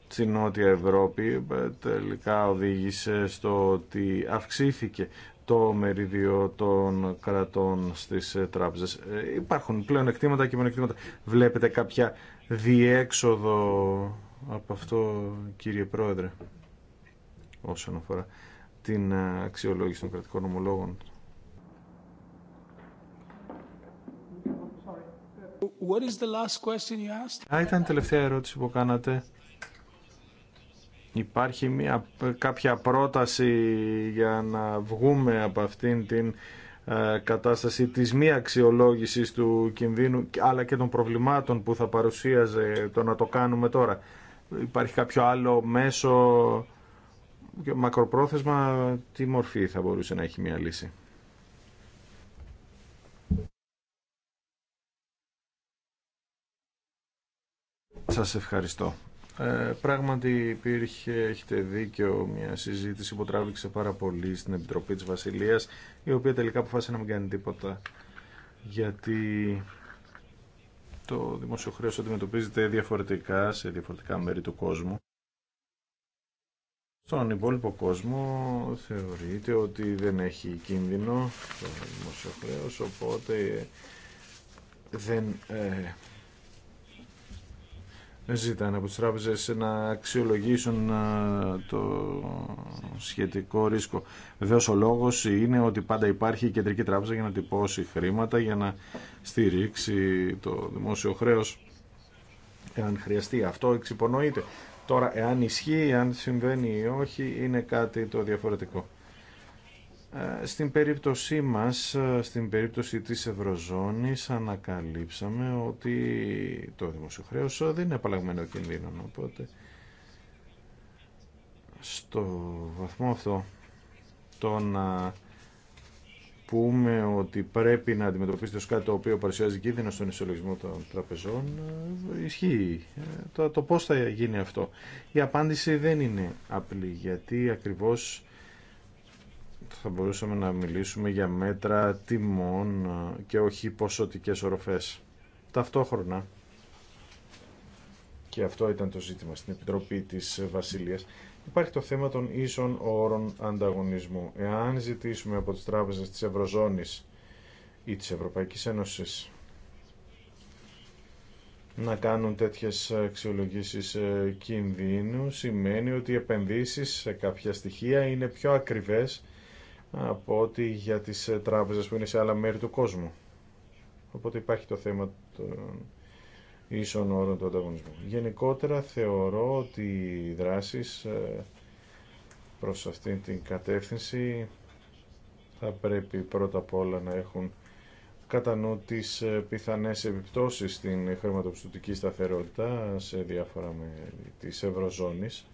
στην Νότια Ευρώπη τελικά οδήγησε στο ότι αυξήθηκε το μερίδιο των κρατών στις τράπεζες. Ε, υπάρχουν πλέον εκτίματα και μειονεκτήματα. Βλέπετε κάποια διέξοδο από αυτό κύριε Πρόεδρε όσον αφορά την ε, αξιολόγηση των κρατικών ομολόγων. What is the last question you asked? Α, τελευταία ερώτηση που κάνατε. Υπάρχει μια, κάποια πρόταση για να βγούμε από αυτήν την ε, κατάσταση της μη αξιολόγησης του κινδύνου αλλά και των προβλημάτων που θα παρουσίαζε το να το κάνουμε τώρα. Υπάρχει κάποιο άλλο μέσο μακροπρόθεσμα, τι μορφή θα μπορούσε να έχει μια λύση. Σας ευχαριστώ. Ε, πράγματι υπήρχε, έχετε δίκιο, μια συζήτηση που τράβηξε πάρα πολύ στην Επιτροπή της Βασιλείας, η οποία τελικά αποφάσισε να μην κάνει τίποτα, γιατί το δημόσιο χρεο αντιμετωπίζεται διαφορετικά σε διαφορετικά μέρη του κόσμου. Στον υπόλοιπο κόσμο θεωρείται ότι δεν έχει κίνδυνο το δημόσιο χρεο οπότε δεν ε, ζητάνε από τι τράπεζε να αξιολογήσουν ε, το σχετικό ρίσκο. Βεβαίω ο λόγο είναι ότι πάντα υπάρχει η κεντρική τράπεζα για να τυπώσει χρήματα, για να στηρίξει το δημόσιο χρέο Εάν χρειαστεί αυτό, εξυπονοείται. Τώρα, εάν ισχύει, αν συμβαίνει ή όχι, είναι κάτι το διαφορετικό. Ε, στην περίπτωσή μας, ε, στην περίπτωση της Ευρωζώνης, ανακαλύψαμε ότι το δημοσιοχρέος ε, δεν είναι απαλλαγμένο κίνδυνο. οπότε στο βαθμό αυτό το να πούμε ότι πρέπει να αντιμετωπίσετε ως κάτι το οποίο παρουσιάζει κίνδυνο στον ισολογισμό των τραπεζών ισχύει. Το, το πώς θα γίνει αυτό. Η απάντηση δεν είναι απλή γιατί ακριβώς θα μπορούσαμε να μιλήσουμε για μέτρα τιμών και όχι ποσοτικές οροφές. Ταυτόχρονα, και αυτό ήταν το ζήτημα στην Επιτροπή της Βασιλείας, υπάρχει το θέμα των ίσων όρων ανταγωνισμού. Εάν ζητήσουμε από τις τράπεζες της Ευρωζώνης ή της Ευρωπαϊκής Ένωσης να κάνουν τέτοιες αξιολογήσεις ε, κινδύνου σημαίνει ότι οι επενδύσεις σε κάποια στοιχεία είναι πιο ακριβές από ότι για τις ε, τράπεζες που είναι σε άλλα μέρη του κόσμου. Οπότε υπάρχει το θέμα των ίσων όρων του ανταγωνισμού. Γενικότερα θεωρώ ότι οι δράσεις ε, προς αυτήν την κατεύθυνση θα πρέπει πρώτα απ' όλα να έχουν κατά νου τις ε, πιθανές επιπτώσεις στην χρηματοπιστωτική σταθερότητα σε διάφορα μέρη της Ευρωζώνης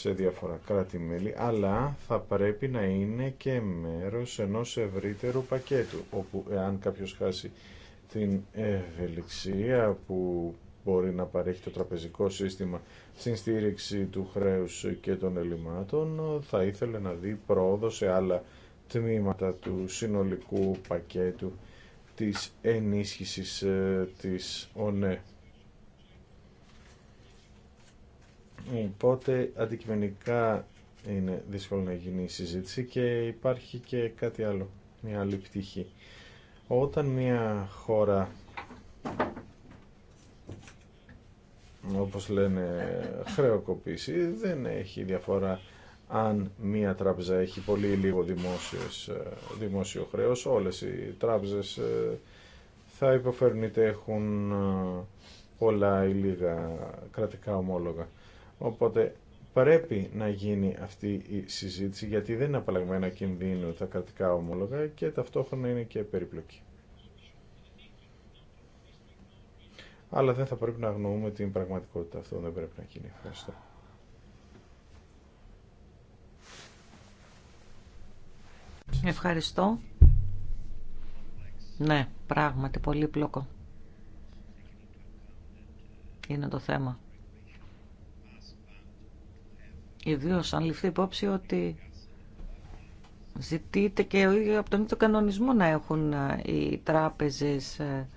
σε διάφορα κράτη-μέλη, αλλά θα πρέπει να είναι και μέρος ενός ευρύτερου πακέτου, όπου εάν κάποιος χάσει την ευελιξία που μπορεί να παρέχει το τραπεζικό σύστημα στην στήριξη του χρέους και των ελλημάτων, θα ήθελε να δει πρόοδο σε άλλα τμήματα του συνολικού πακέτου της ενίσχυσης ε, της ΟΝΕ. Οπότε αντικειμενικά είναι δύσκολο να γίνει η συζήτηση και υπάρχει και κάτι άλλο, μια άλλη πτυχή. Όταν μια χώρα όπως λένε χρεοκοπήσει δεν έχει διαφορά αν μία τράπεζα έχει πολύ λίγο δημόσιες, ε, δημόσιο χρέος όλες οι τράπεζες ε, θα υποφέρουν είτε έχουν ε, πολλά ή λίγα κρατικά ομόλογα. Οπότε πρέπει να γίνει αυτή η συζήτηση γιατί δεν είναι απαλλαγμένα κινδύνου τα κρατικά ομόλογα και ταυτόχρονα είναι και περιπλοκή. Αλλά δεν θα πρέπει να αγνοούμε την πραγματικότητα. Αυτό δεν πρέπει να γίνει. Ευχαριστώ. Ευχαριστώ. Ναι, πράγματι, πολύ πλόκο. Είναι το θέμα. Ιδίω αν ληφθεί υπόψη ότι ζητείται και ο από τον ίδιο κανονισμό να έχουν ε, οι τράπεζες ε,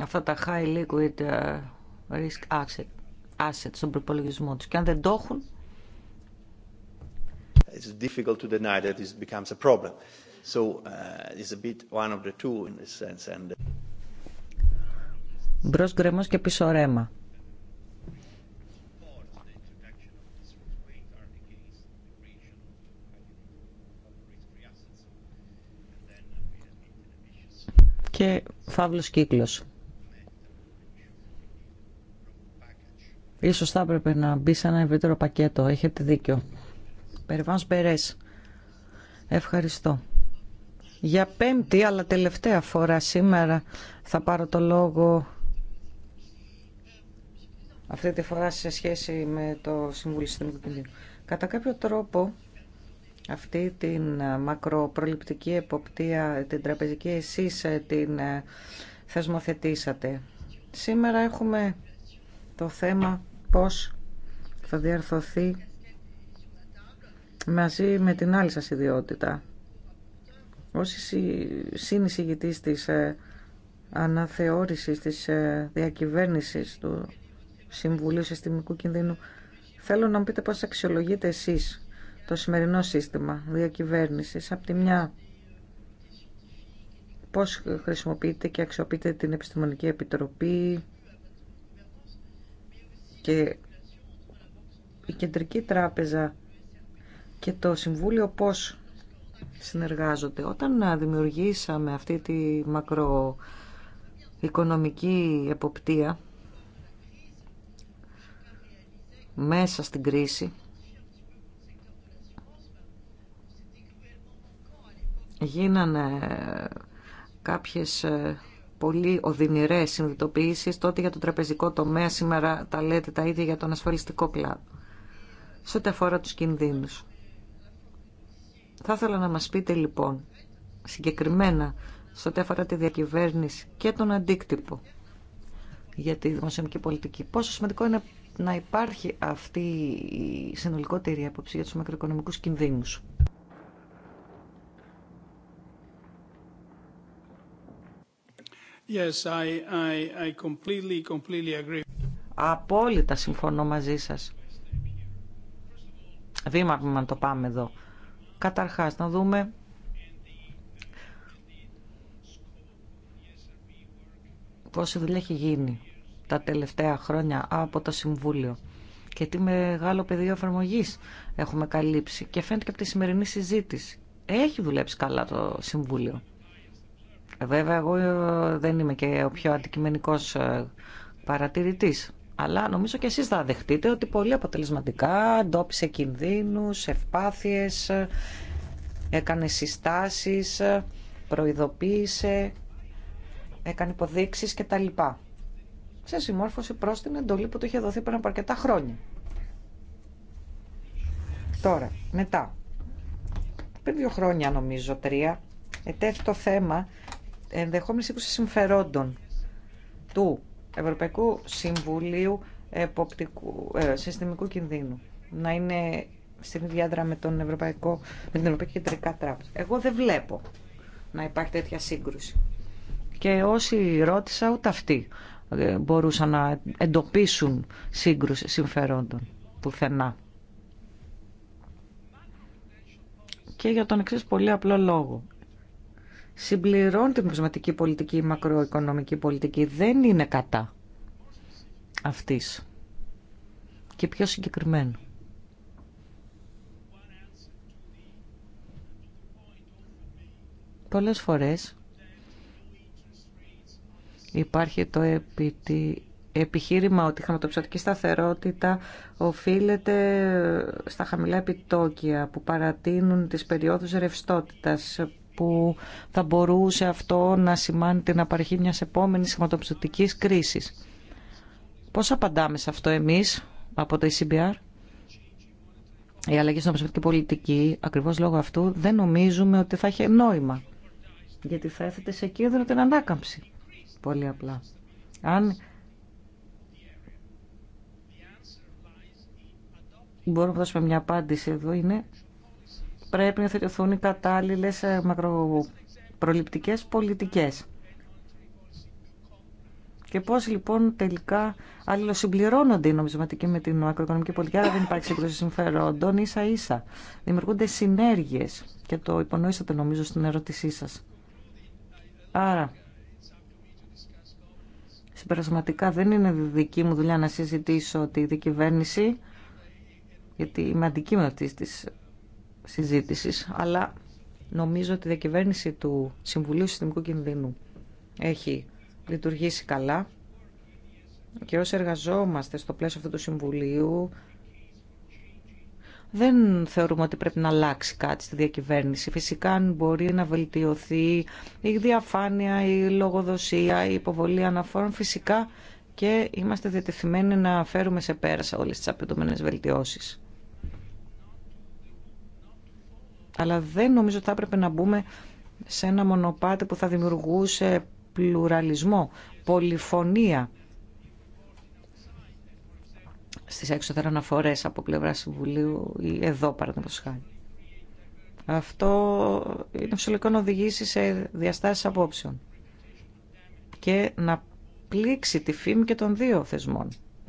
αυτά τα high liquid ε, risk assets στον προπολογισμό τους. Και αν δεν το έχουν, it's Μπρος γκρεμός και πίσω ρέμα. και φαύλος κύκλος. Ίσως θα έπρεπε να μπει σε ένα ευρύτερο πακέτο. Έχετε δίκιο. Περιβάνς Μπερές. Ευχαριστώ. Για πέμπτη, αλλά τελευταία φορά σήμερα θα πάρω το λόγο αυτή τη φορά σε σχέση με το Συμβούλιο Συστημικού Κατά κάποιο τρόπο αυτή την ε, μακροπροληπτική εποπτεία, την τραπεζική, εσείς ε, την ε, θεσμοθετήσατε. Σήμερα έχουμε το θέμα πώς θα διαρθωθεί μαζί με την άλλη σας ιδιότητα. Ως συνεισηγητής της αναθεώρησης της διακυβέρνησης του Συμβουλίου Συστημικού Κινδύνου, θέλω να μου πείτε πώς αξιολογείτε εσείς το σημερινό σύστημα διακυβέρνησης. Από τη μια πώς χρησιμοποιείται και αξιοποιείται την Επιστημονική Επιτροπή και η Κεντρική Τράπεζα και το Συμβούλιο πώς συνεργάζονται. Όταν δημιουργήσαμε αυτή τη μακροοικονομική εποπτεία μέσα στην κρίση γίνανε κάποιες ε, πολύ οδυνηρές συνειδητοποιήσεις τότε για το τραπεζικό τομέα, σήμερα τα λέτε τα ίδια για τον ασφαλιστικό κλάδο. Σε ό,τι αφορά τους κινδύνους. Θα ήθελα να μας πείτε λοιπόν συγκεκριμένα σε ό,τι αφορά τη διακυβέρνηση και τον αντίκτυπο για τη δημοσιονομική πολιτική. Πόσο σημαντικό είναι να υπάρχει αυτή η συνολικότερη άποψη για τους μακροοικονομικούς κινδύνους. Yes, I, I, I completely, completely agree. Απόλυτα συμφωνώ μαζί σας. Βήμα που το πάμε εδώ. Καταρχάς, να δούμε πόση δουλειά έχει γίνει τα τελευταία χρόνια από το Συμβούλιο και τι μεγάλο πεδίο εφαρμογή έχουμε καλύψει και φαίνεται και από τη σημερινή συζήτηση. Έχει δουλέψει καλά το Συμβούλιο. Βέβαια, εγώ ε, δεν είμαι και ο πιο αντικειμενικό ε, παρατηρητής. Αλλά νομίζω και εσείς θα δεχτείτε ότι πολύ αποτελεσματικά αντόπισε κινδύνους, ευπάθειες, ε, έκανε συστάσεις, προειδοποίησε, έκανε υποδείξεις κτλ. Σε συμμόρφωση προς την εντολή που του είχε δοθεί πριν από αρκετά χρόνια. Τώρα, μετά, πριν δύο χρόνια νομίζω, τρία, ετέθη το θέμα ενδεχόμενη σύγκρουση συμφερόντων του Ευρωπαϊκού Συμβουλίου Εποπτικού, ε, Συστημικού Κινδύνου να είναι στην διάδρα με, τον Ευρωπαϊκό, με την Ευρωπαϊκή Κεντρικά Τράπεζα. Εγώ δεν βλέπω να υπάρχει τέτοια σύγκρουση. Και όσοι ρώτησα, ούτε αυτοί ε, μπορούσαν να εντοπίσουν σύγκρουση συμφερόντων πουθενά. Και για τον εξή πολύ απλό λόγο συμπληρώνει την πνευματική πολιτική η μακροοικονομική πολιτική. Δεν είναι κατά αυτής. Και πιο συγκεκριμένο. Πολλές φορές υπάρχει το επιχείρημα ότι η χρηματοπιστωτική σταθερότητα οφείλεται στα χαμηλά επιτόκια που παρατείνουν τις περιόδους ρευστότητας που θα μπορούσε αυτό να σημάνει την απαρχή μιας επόμενης χρηματοπιστωτικής κρίσης. Πώς απαντάμε σε αυτό εμείς από το ECBR? Η αλλαγή στην νομισματική πολιτική, ακριβώς λόγω αυτού, δεν νομίζουμε ότι θα έχει νόημα. Γιατί θα έθετε σε κίνδυνο την ανάκαμψη. Πολύ απλά. Αν μπορούμε να δώσουμε μια απάντηση εδώ είναι πρέπει να θεωρηθούν οι κατάλληλες ε, μακροπροληπτικές πολιτικές. Και πώς λοιπόν τελικά αλληλοσυμπληρώνονται οι νομισματικοί με την μακροοικονομική πολιτική, άρα δεν υπάρχει σύγκρουση συμφερόντων, ίσα ίσα. Δημιουργούνται συνέργειες και το υπονοήσατε νομίζω στην ερώτησή σας. Άρα, συμπερασματικά δεν είναι δική μου δουλειά να συζητήσω τη κυβέρνηση, γιατί είμαι αντικείμενο αυτή τη συζήτησης, αλλά νομίζω ότι η διακυβέρνηση του Συμβουλίου Συστημικού Κινδύνου έχει λειτουργήσει καλά και όσοι εργαζόμαστε στο πλαίσιο αυτού του Συμβουλίου δεν θεωρούμε ότι πρέπει να αλλάξει κάτι στη διακυβέρνηση. Φυσικά μπορεί να βελτιωθεί η διαφάνεια, η λογοδοσία, η υποβολή αναφόρων φυσικά και είμαστε διατεθειμένοι να φέρουμε σε πέρασα όλες τις απαιτούμενες βελτιώσεις. αλλά δεν νομίζω ότι θα έπρεπε να μπούμε σε ένα μονοπάτι που θα δημιουργούσε πλουραλισμό, πολυφωνία στις έξωτερα αναφορές από πλευρά Συμβουλίου ή εδώ παραδείγματος χάρη. Αυτό είναι φυσιολογικό να οδηγήσει σε διαστάσεις απόψεων και να πλήξει τη φήμη και των δύο θεσμών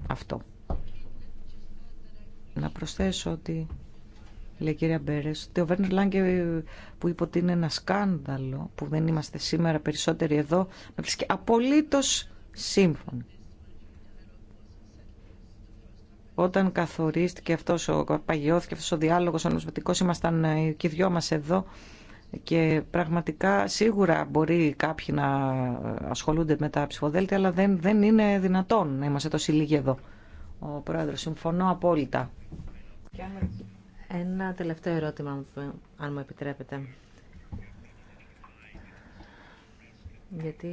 αυτό. Να προσθέσω ότι λέει η κυρία Μπέρες, ότι ο Βέρνερ Λάγκε που είπε ότι είναι ένα σκάνδαλο που δεν είμαστε σήμερα περισσότεροι εδώ, με βρίσκει απολύτω σύμφωνο. Όταν καθορίστηκε αυτό ο, παγιώθηκε αυτός ο διάλογος, ο νομισματικός, ήμασταν ε, και οι δυο μας εδώ και πραγματικά σίγουρα μπορεί κάποιοι να ασχολούνται με τα ψηφοδέλτια, αλλά δεν, δεν είναι δυνατόν να είμαστε τόσοι λίγοι εδώ. Ο Πρόεδρος, συμφωνώ απόλυτα. Ένα τελευταίο ερώτημα, αν μου επιτρέπετε. Γιατί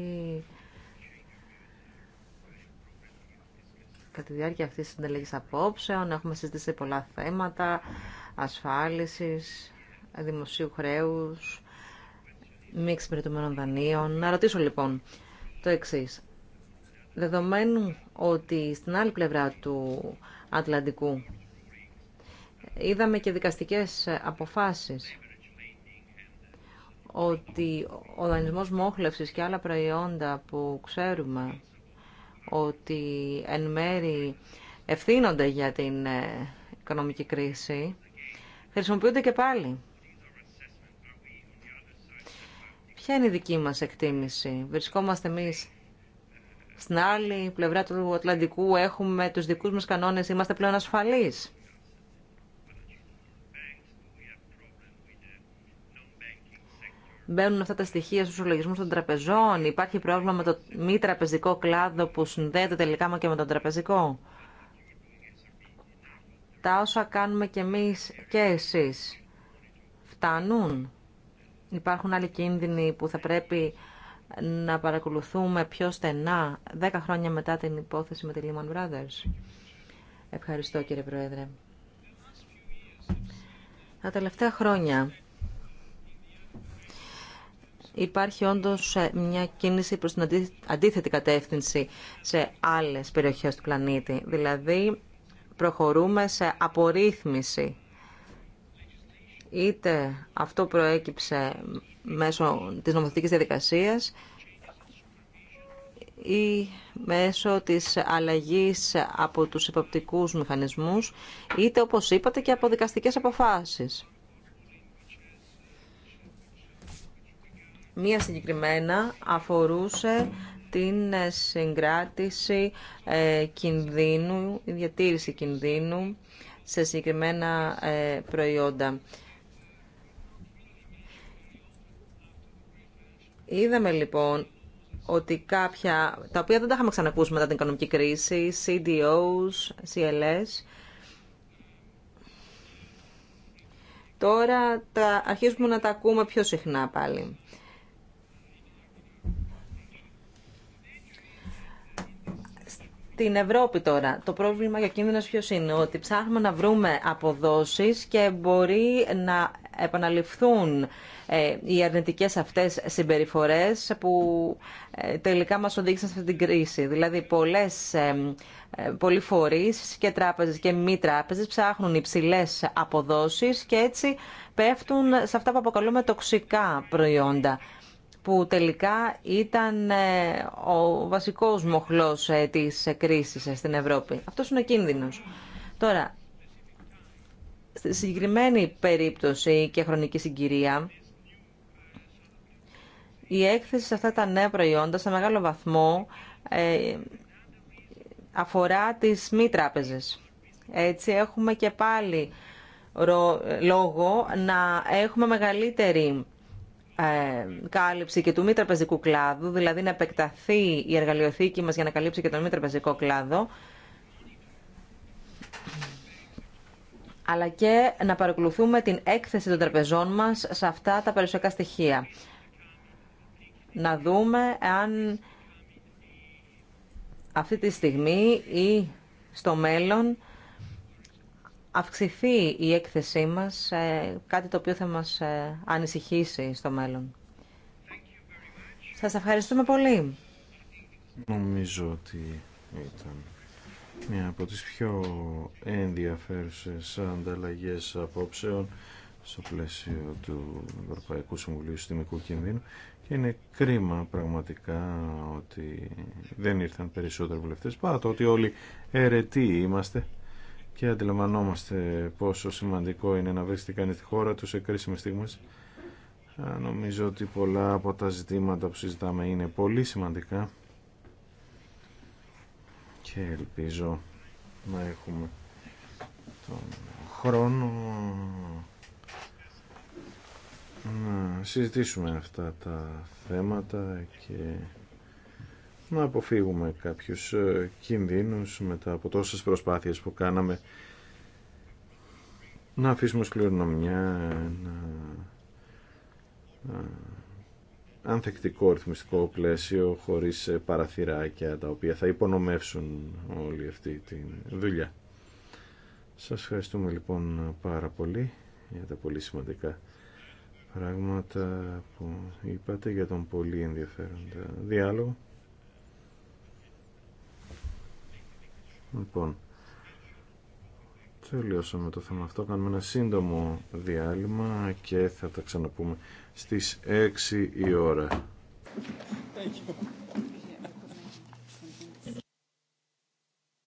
κατά τη διάρκεια αυτής της συνταλλαγής απόψεων έχουμε συζητήσει πολλά θέματα ασφάλισης, δημοσίου χρέους, μη εξυπηρετουμένων δανείων. Να ρωτήσω λοιπόν το εξής. Δεδομένου ότι στην άλλη πλευρά του Ατλαντικού είδαμε και δικαστικές αποφάσεις ότι ο δανεισμός μόχλευσης και άλλα προϊόντα που ξέρουμε ότι εν μέρη ευθύνονται για την ε, οικονομική κρίση, χρησιμοποιούνται και πάλι. Ποια είναι η δική μας εκτίμηση. Βρισκόμαστε εμείς στην άλλη πλευρά του Ατλαντικού, έχουμε τους δικούς μας κανόνες, είμαστε πλέον ασφαλείς. μπαίνουν αυτά τα στοιχεία στους ολογισμούς των τραπεζών, υπάρχει πρόβλημα με το μη τραπεζικό κλάδο που συνδέεται τελικά και με τον τραπεζικό. Τα όσα κάνουμε και εμείς και εσείς φτάνουν. Υπάρχουν άλλοι κίνδυνοι που θα πρέπει να παρακολουθούμε πιο στενά 10 χρόνια μετά την υπόθεση με τη Lehman Brothers. Ευχαριστώ κύριε Πρόεδρε. Τα τελευταία χρόνια υπάρχει όντω ε, μια κίνηση προ την αντίθετη κατεύθυνση σε άλλες περιοχές του πλανήτη. Δηλαδή, προχωρούμε σε απορρίθμιση. Είτε αυτό προέκυψε μέσω της νομοθετικής διαδικασίας ή μέσω της αλλαγής από τους υποπτικούς μηχανισμούς, είτε όπως είπατε και από δικαστικές αποφάσεις. Μία συγκεκριμένα αφορούσε την ε, συγκράτηση ε, κινδύνου, η διατήρηση κινδύνου σε συγκεκριμένα ε, προϊόντα. Είδαμε λοιπόν ότι κάποια, τα οποία δεν τα είχαμε ξανακούσει μετά την οικονομική κρίση, CDOs, CLS, τώρα τα αρχίζουμε να τα ακούμε πιο συχνά πάλι. την Ευρώπη τώρα. Το πρόβλημα για κίνδυνος ποιο είναι, ότι ψάχνουμε να βρούμε αποδόσεις και μπορεί να επαναληφθούν ε, οι αρνητικές αυτές συμπεριφορές που ε, τελικά μας οδήγησαν σε αυτή την κρίση. Δηλαδή πολλές, ε, πολλοί φορείς και τράπεζες και μη τράπεζες ψάχνουν υψηλέ αποδόσεις και έτσι πέφτουν σε αυτά που αποκαλούμε τοξικά προϊόντα που τελικά ήταν ε, ο βασικός μοχλός ε, της κρίσης ε, στην Ευρώπη. Αυτός είναι ο κίνδυνος. Τώρα, στη συγκεκριμένη περίπτωση και χρονική συγκυρία, η έκθεση σε αυτά τα νέα προϊόντα σε μεγάλο βαθμό αφορά τις μη τράπεζες. Έτσι έχουμε και πάλι λόγο να έχουμε μεγαλύτερη ε, κάλυψη και του μη τραπεζικού κλάδου, δηλαδή να επεκταθεί η εργαλειοθήκη μας για να καλύψει και τον μη τραπεζικό κλάδο, αλλά και να παρακολουθούμε την έκθεση των τραπεζών μας σε αυτά τα περιουσιακά στοιχεία. Να δούμε αν αυτή τη στιγμή ή στο μέλλον αυξηθεί η έκθεσή μας, ε, κάτι το οποίο θα μας ε, ανησυχήσει στο μέλλον. Σας ευχαριστούμε πολύ. Νομίζω ότι ήταν μια από τις πιο ενδιαφέρουσες ανταλλαγές απόψεων στο πλαίσιο του Ευρωπαϊκού Συμβουλίου Συστημικού Κινδύνου και είναι κρίμα πραγματικά ότι δεν ήρθαν περισσότεροι βουλευτές παρά το ότι όλοι αιρετοί είμαστε και αντιλαμβανόμαστε πόσο σημαντικό είναι να βρίσκεται κανείς τη χώρα του σε κρίσιμε στιγμέ. Ε, νομίζω ότι πολλά από τα ζητήματα που συζητάμε είναι πολύ σημαντικά και ελπίζω να έχουμε τον χρόνο να συζητήσουμε αυτά τα θέματα και να αποφύγουμε κάποιους ε, κινδύνους μετά από τόσες προσπάθειες που κάναμε να αφήσουμε σκληρονομιά ένα ε, ανθεκτικό ρυθμιστικό πλαίσιο χωρίς ε, παραθυράκια τα οποία θα υπονομεύσουν όλη αυτή τη δουλειά. Σας ευχαριστούμε λοιπόν πάρα πολύ για τα πολύ σημαντικά πράγματα που είπατε για τον πολύ ενδιαφέροντα διάλογο. Λοιπόν, τελειώσαμε το θέμα αυτό. Κάνουμε ένα σύντομο διάλειμμα και θα τα ξαναπούμε στις 6 η ώρα.